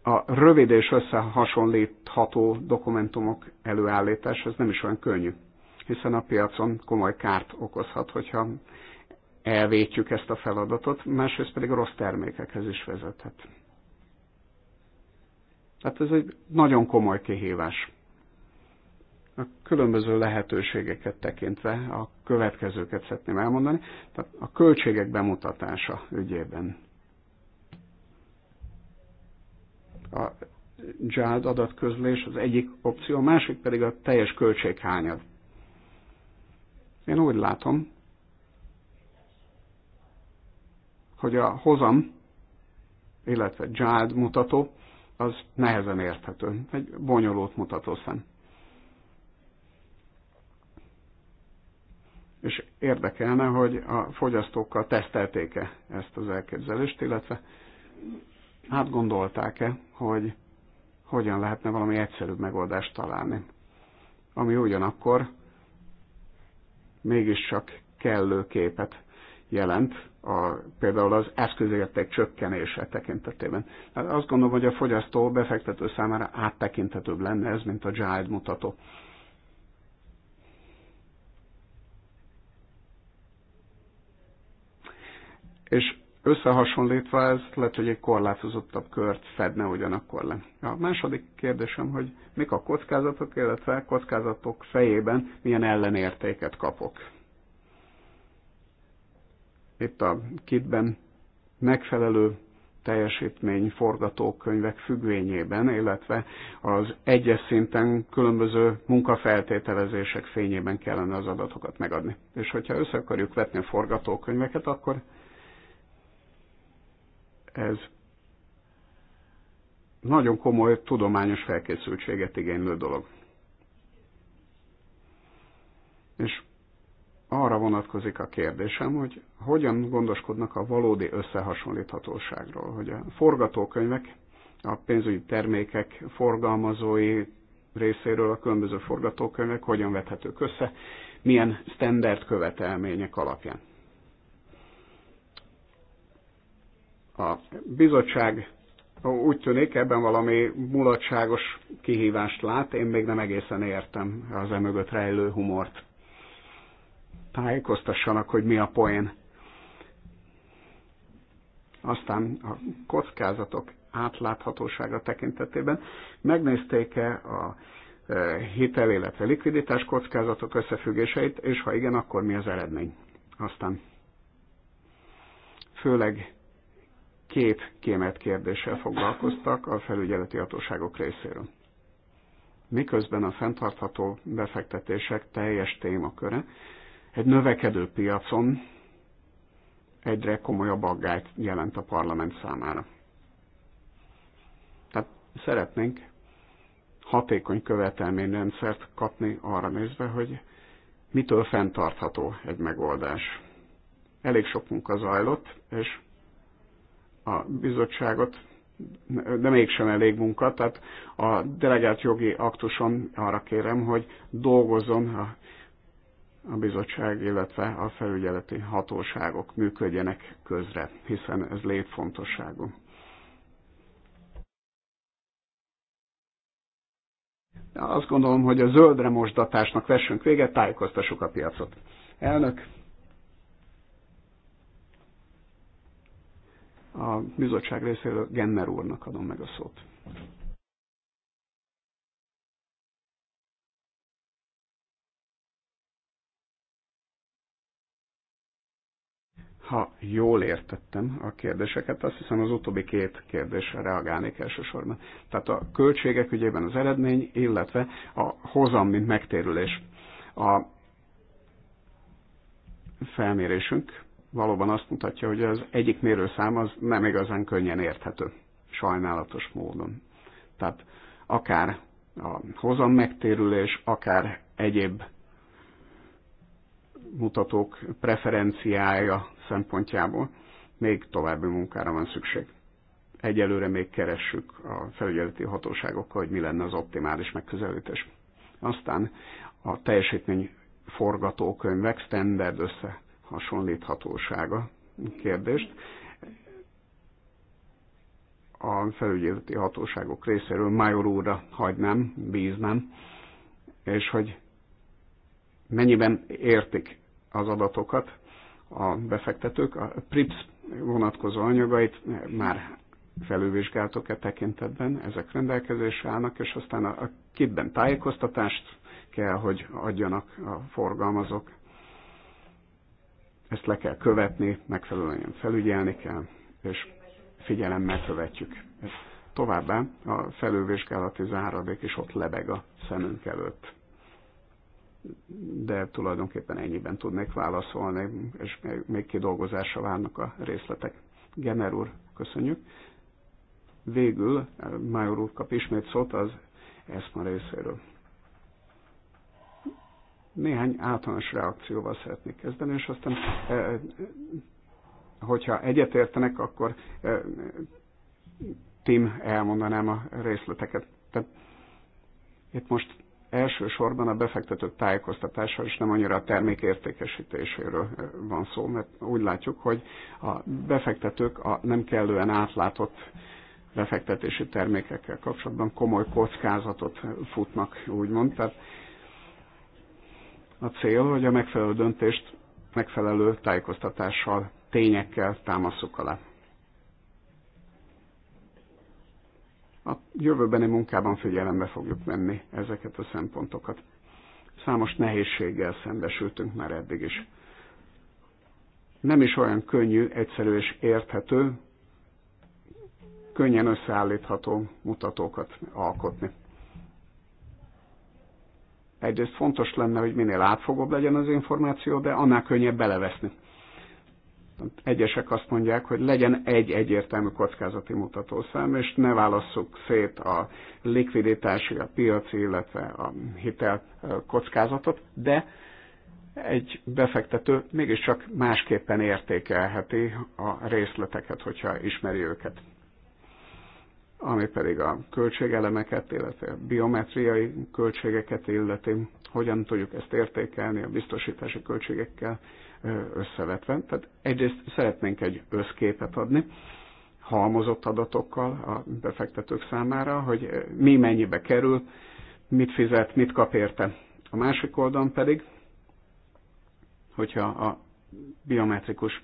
a rövid és összehasonlítható dokumentumok előállítása ez nem is olyan könnyű hiszen a piacon komoly kárt okozhat, hogyha elvétjük ezt a feladatot, másrészt pedig rossz termékekhez is vezethet. Tehát ez egy nagyon komoly kihívás. A különböző lehetőségeket tekintve a következőket szeretném elmondani. Tehát a költségek bemutatása ügyében. A JAD adatközlés az egyik opció, a másik pedig a teljes költséghányad én úgy látom, hogy a hozam, illetve jád mutató, az nehezen érthető, egy bonyolult mutató szem. És érdekelne, hogy a fogyasztókkal tesztelték-e ezt az elképzelést, illetve hát gondolták e hogy hogyan lehetne valami egyszerűbb megoldást találni, ami ugyanakkor mégiscsak kellő képet jelent, a, például az eszközértek csökkenése tekintetében. Hát azt gondolom, hogy a fogyasztó befektető számára áttekintetőbb lenne ez, mint a Jide mutató. És összehasonlítva ez lehet, hogy egy korlátozottabb kört fedne ugyanakkor le. A második kérdésem, hogy mik a kockázatok, illetve kockázatok fejében milyen ellenértéket kapok. Itt a kitben megfelelő teljesítmény forgatókönyvek függvényében, illetve az egyes szinten különböző munkafeltételezések fényében kellene az adatokat megadni. És hogyha össze akarjuk vetni a forgatókönyveket, akkor ez nagyon komoly tudományos felkészültséget igénylő dolog. És arra vonatkozik a kérdésem, hogy hogyan gondoskodnak a valódi összehasonlíthatóságról, hogy a forgatókönyvek, a pénzügyi termékek forgalmazói részéről a különböző forgatókönyvek hogyan vethetők össze, milyen standard követelmények alapján. A bizottság úgy tűnik, ebben valami mulatságos kihívást lát, én még nem egészen értem az emögött rejlő humort. Tájékoztassanak, hogy mi a poén. Aztán a kockázatok átláthatósága tekintetében megnézték-e a e, hitel, illetve likviditás kockázatok összefüggéseit, és ha igen, akkor mi az eredmény? Aztán főleg két kémet kérdéssel foglalkoztak a felügyeleti hatóságok részéről. Miközben a fenntartható befektetések teljes témaköre egy növekedő piacon egyre komolyabb aggályt jelent a parlament számára. Tehát szeretnénk hatékony követelményrendszert kapni arra nézve, hogy mitől fenntartható egy megoldás. Elég sok munka zajlott, és a bizottságot, de mégsem elég munka, tehát a delegált jogi aktuson arra kérem, hogy dolgozzon a, a bizottság, illetve a felügyeleti hatóságok működjenek közre, hiszen ez létfontosságú. Azt gondolom, hogy a zöldre mosdatásnak vessünk véget, tájékoztassuk a piacot. Elnök! A bizottság részéről Genner úrnak adom meg a szót. ha jól értettem a kérdéseket, azt hiszem az utóbbi két kérdésre reagálnék elsősorban. Tehát a költségek ügyében az eredmény, illetve a hozam, mint megtérülés. A felmérésünk valóban azt mutatja, hogy az egyik mérőszám az nem igazán könnyen érthető, sajnálatos módon. Tehát akár a hozam megtérülés, akár egyéb mutatók preferenciája szempontjából még további munkára van szükség. Egyelőre még keressük a felügyeleti hatóságokkal, hogy mi lenne az optimális megközelítés. Aztán a teljesítmény forgatókönyvek, standard össze hasonlíthatósága kérdést. A felügyeleti hatóságok részéről Major úrra hagynám, bíznám, és hogy mennyiben értik az adatokat a befektetők. A PRIPS vonatkozó anyagait már felülvizsgáltok-e tekintetben, ezek rendelkezésre állnak, és aztán a kitben tájékoztatást kell, hogy adjanak a forgalmazók ezt le kell követni, megfelelően felügyelni kell, és figyelemmel követjük. Továbbá a felülvizsgálati záradék is ott lebeg a szemünk előtt. De tulajdonképpen ennyiben tudnék válaszolni, és még kidolgozásra várnak a részletek. Gener úr, köszönjük. Végül eh, Major úr kap ismét szót az ESMA részéről. Néhány általános reakcióval szeretnék kezdeni, és aztán, eh, eh, hogyha egyetértenek, akkor eh, Tim elmondanám a részleteket. Tehát itt most elsősorban a befektetők tájékoztatása, és nem annyira a termék értékesítéséről van szó, mert úgy látjuk, hogy a befektetők a nem kellően átlátott befektetési termékekkel kapcsolatban komoly kockázatot futnak, úgymond. Tehát a cél, hogy a megfelelő döntést megfelelő tájékoztatással, tényekkel támaszuk alá. A jövőbeni munkában figyelembe fogjuk venni ezeket a szempontokat. Számos nehézséggel szembesültünk már eddig is. Nem is olyan könnyű, egyszerű és érthető, könnyen összeállítható mutatókat alkotni egyrészt fontos lenne, hogy minél átfogóbb legyen az információ, de annál könnyebb beleveszni. Egyesek azt mondják, hogy legyen egy egyértelmű kockázati mutatószám, és ne válasszuk szét a likviditási, a piaci, illetve a hitel kockázatot, de egy befektető mégiscsak másképpen értékelheti a részleteket, hogyha ismeri őket ami pedig a költségelemeket, illetve a biometriai költségeket illeti, hogyan tudjuk ezt értékelni a biztosítási költségekkel összevetve. Tehát egyrészt szeretnénk egy összképet adni, halmozott adatokkal a befektetők számára, hogy mi mennyibe kerül, mit fizet, mit kap érte. A másik oldalon pedig, hogyha a biometrikus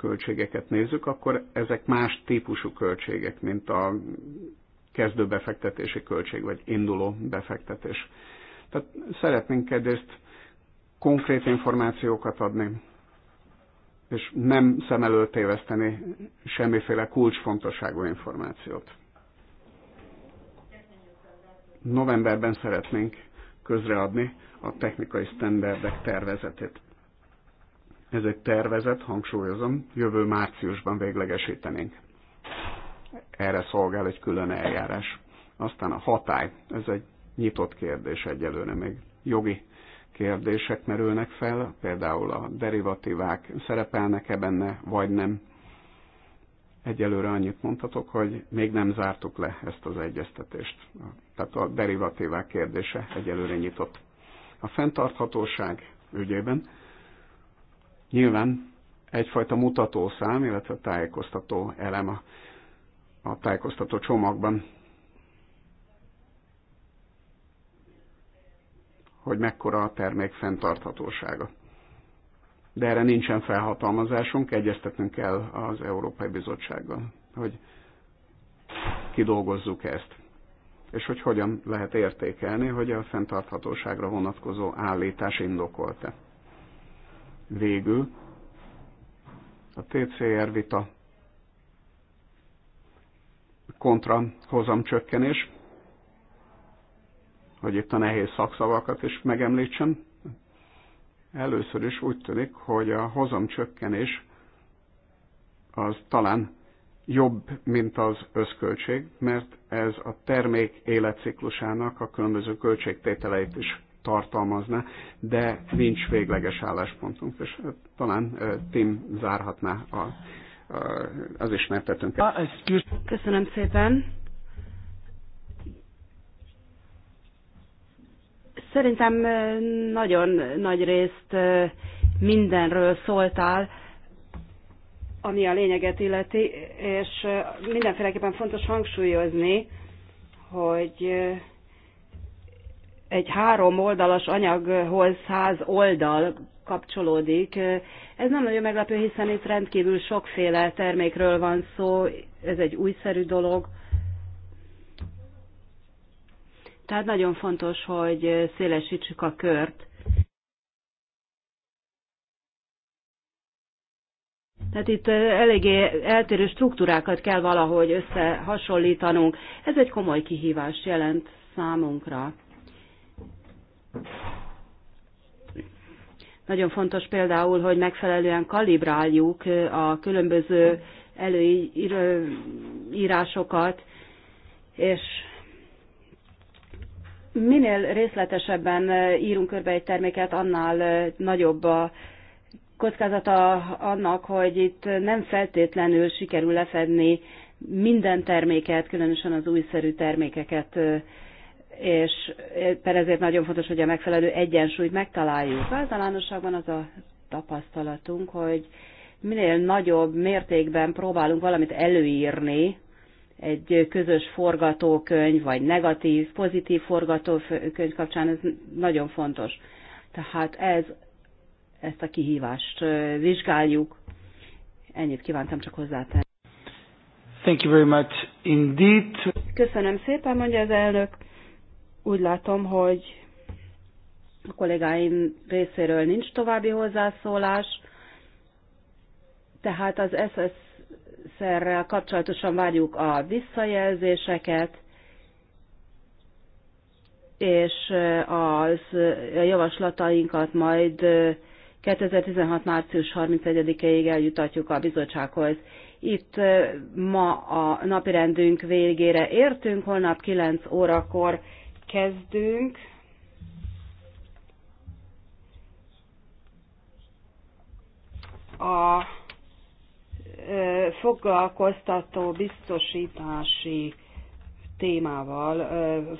költségeket nézzük, akkor ezek más típusú költségek, mint a kezdő befektetési költség, vagy induló befektetés. Tehát szeretnénk egyrészt konkrét információkat adni, és nem szem előtt téveszteni semmiféle kulcsfontosságú információt. Novemberben szeretnénk közreadni a technikai standardek tervezetét. Ez egy tervezet, hangsúlyozom, jövő márciusban véglegesítenénk. Erre szolgál egy külön eljárás. Aztán a hatály, ez egy nyitott kérdés egyelőre még. Jogi kérdések merülnek fel, például a derivatívák szerepelnek-e benne, vagy nem. Egyelőre annyit mondhatok, hogy még nem zártuk le ezt az egyeztetést. Tehát a derivatívák kérdése egyelőre nyitott. A fenntarthatóság ügyében Nyilván egyfajta mutatószám, illetve tájékoztató elem a, a tájékoztató csomagban, hogy mekkora a termék fenntarthatósága. De erre nincsen felhatalmazásunk, egyeztetnünk kell az Európai Bizottsággal, hogy kidolgozzuk ezt és hogy hogyan lehet értékelni, hogy a fenntarthatóságra vonatkozó állítás indokolta. -e. Végül a TCR vita kontra hozamcsökkenés, hogy itt a nehéz szakszavakat is megemlítsem. Először is úgy tűnik, hogy a hozamcsökkenés az talán jobb, mint az összköltség, mert ez a termék életciklusának a különböző költségtételeit is tartalmazna, de nincs végleges álláspontunk, és eh, talán eh, Tim zárhatná a, a, az ismertetőnket. Ah, Köszönöm szépen. Szerintem eh, nagyon nagy részt mindenről szóltál, ami a lényeget illeti, és mindenféleképpen fontos hangsúlyozni, hogy egy három oldalas anyaghoz száz oldal kapcsolódik. Ez nem nagyon meglepő, hiszen itt rendkívül sokféle termékről van szó, ez egy újszerű dolog. Tehát nagyon fontos, hogy szélesítsük a kört. Tehát itt eléggé eltérő struktúrákat kell valahogy összehasonlítanunk. Ez egy komoly kihívás jelent számunkra. Nagyon fontos például, hogy megfelelően kalibráljuk a különböző előírásokat, és minél részletesebben írunk körbe egy terméket, annál nagyobb a kockázata annak, hogy itt nem feltétlenül sikerül lefedni minden terméket, különösen az újszerű termékeket és éppen ezért nagyon fontos, hogy a megfelelő egyensúlyt megtaláljuk. Általánosságban az a tapasztalatunk, hogy minél nagyobb mértékben próbálunk valamit előírni, egy közös forgatókönyv, vagy negatív, pozitív forgatókönyv kapcsán, ez nagyon fontos. Tehát ez, ezt a kihívást vizsgáljuk. Ennyit kívántam csak hozzátenni. Thank you very much indeed. Köszönöm szépen, mondja az elnök. Úgy látom, hogy a kollégáim részéről nincs további hozzászólás, tehát az ssz rel kapcsolatosan várjuk a visszajelzéseket, és az a javaslatainkat majd 2016. március 31-ig eljutatjuk a bizottsághoz. Itt ma a napirendünk végére értünk, holnap 9 órakor kezdünk. A foglalkoztató biztosítási témával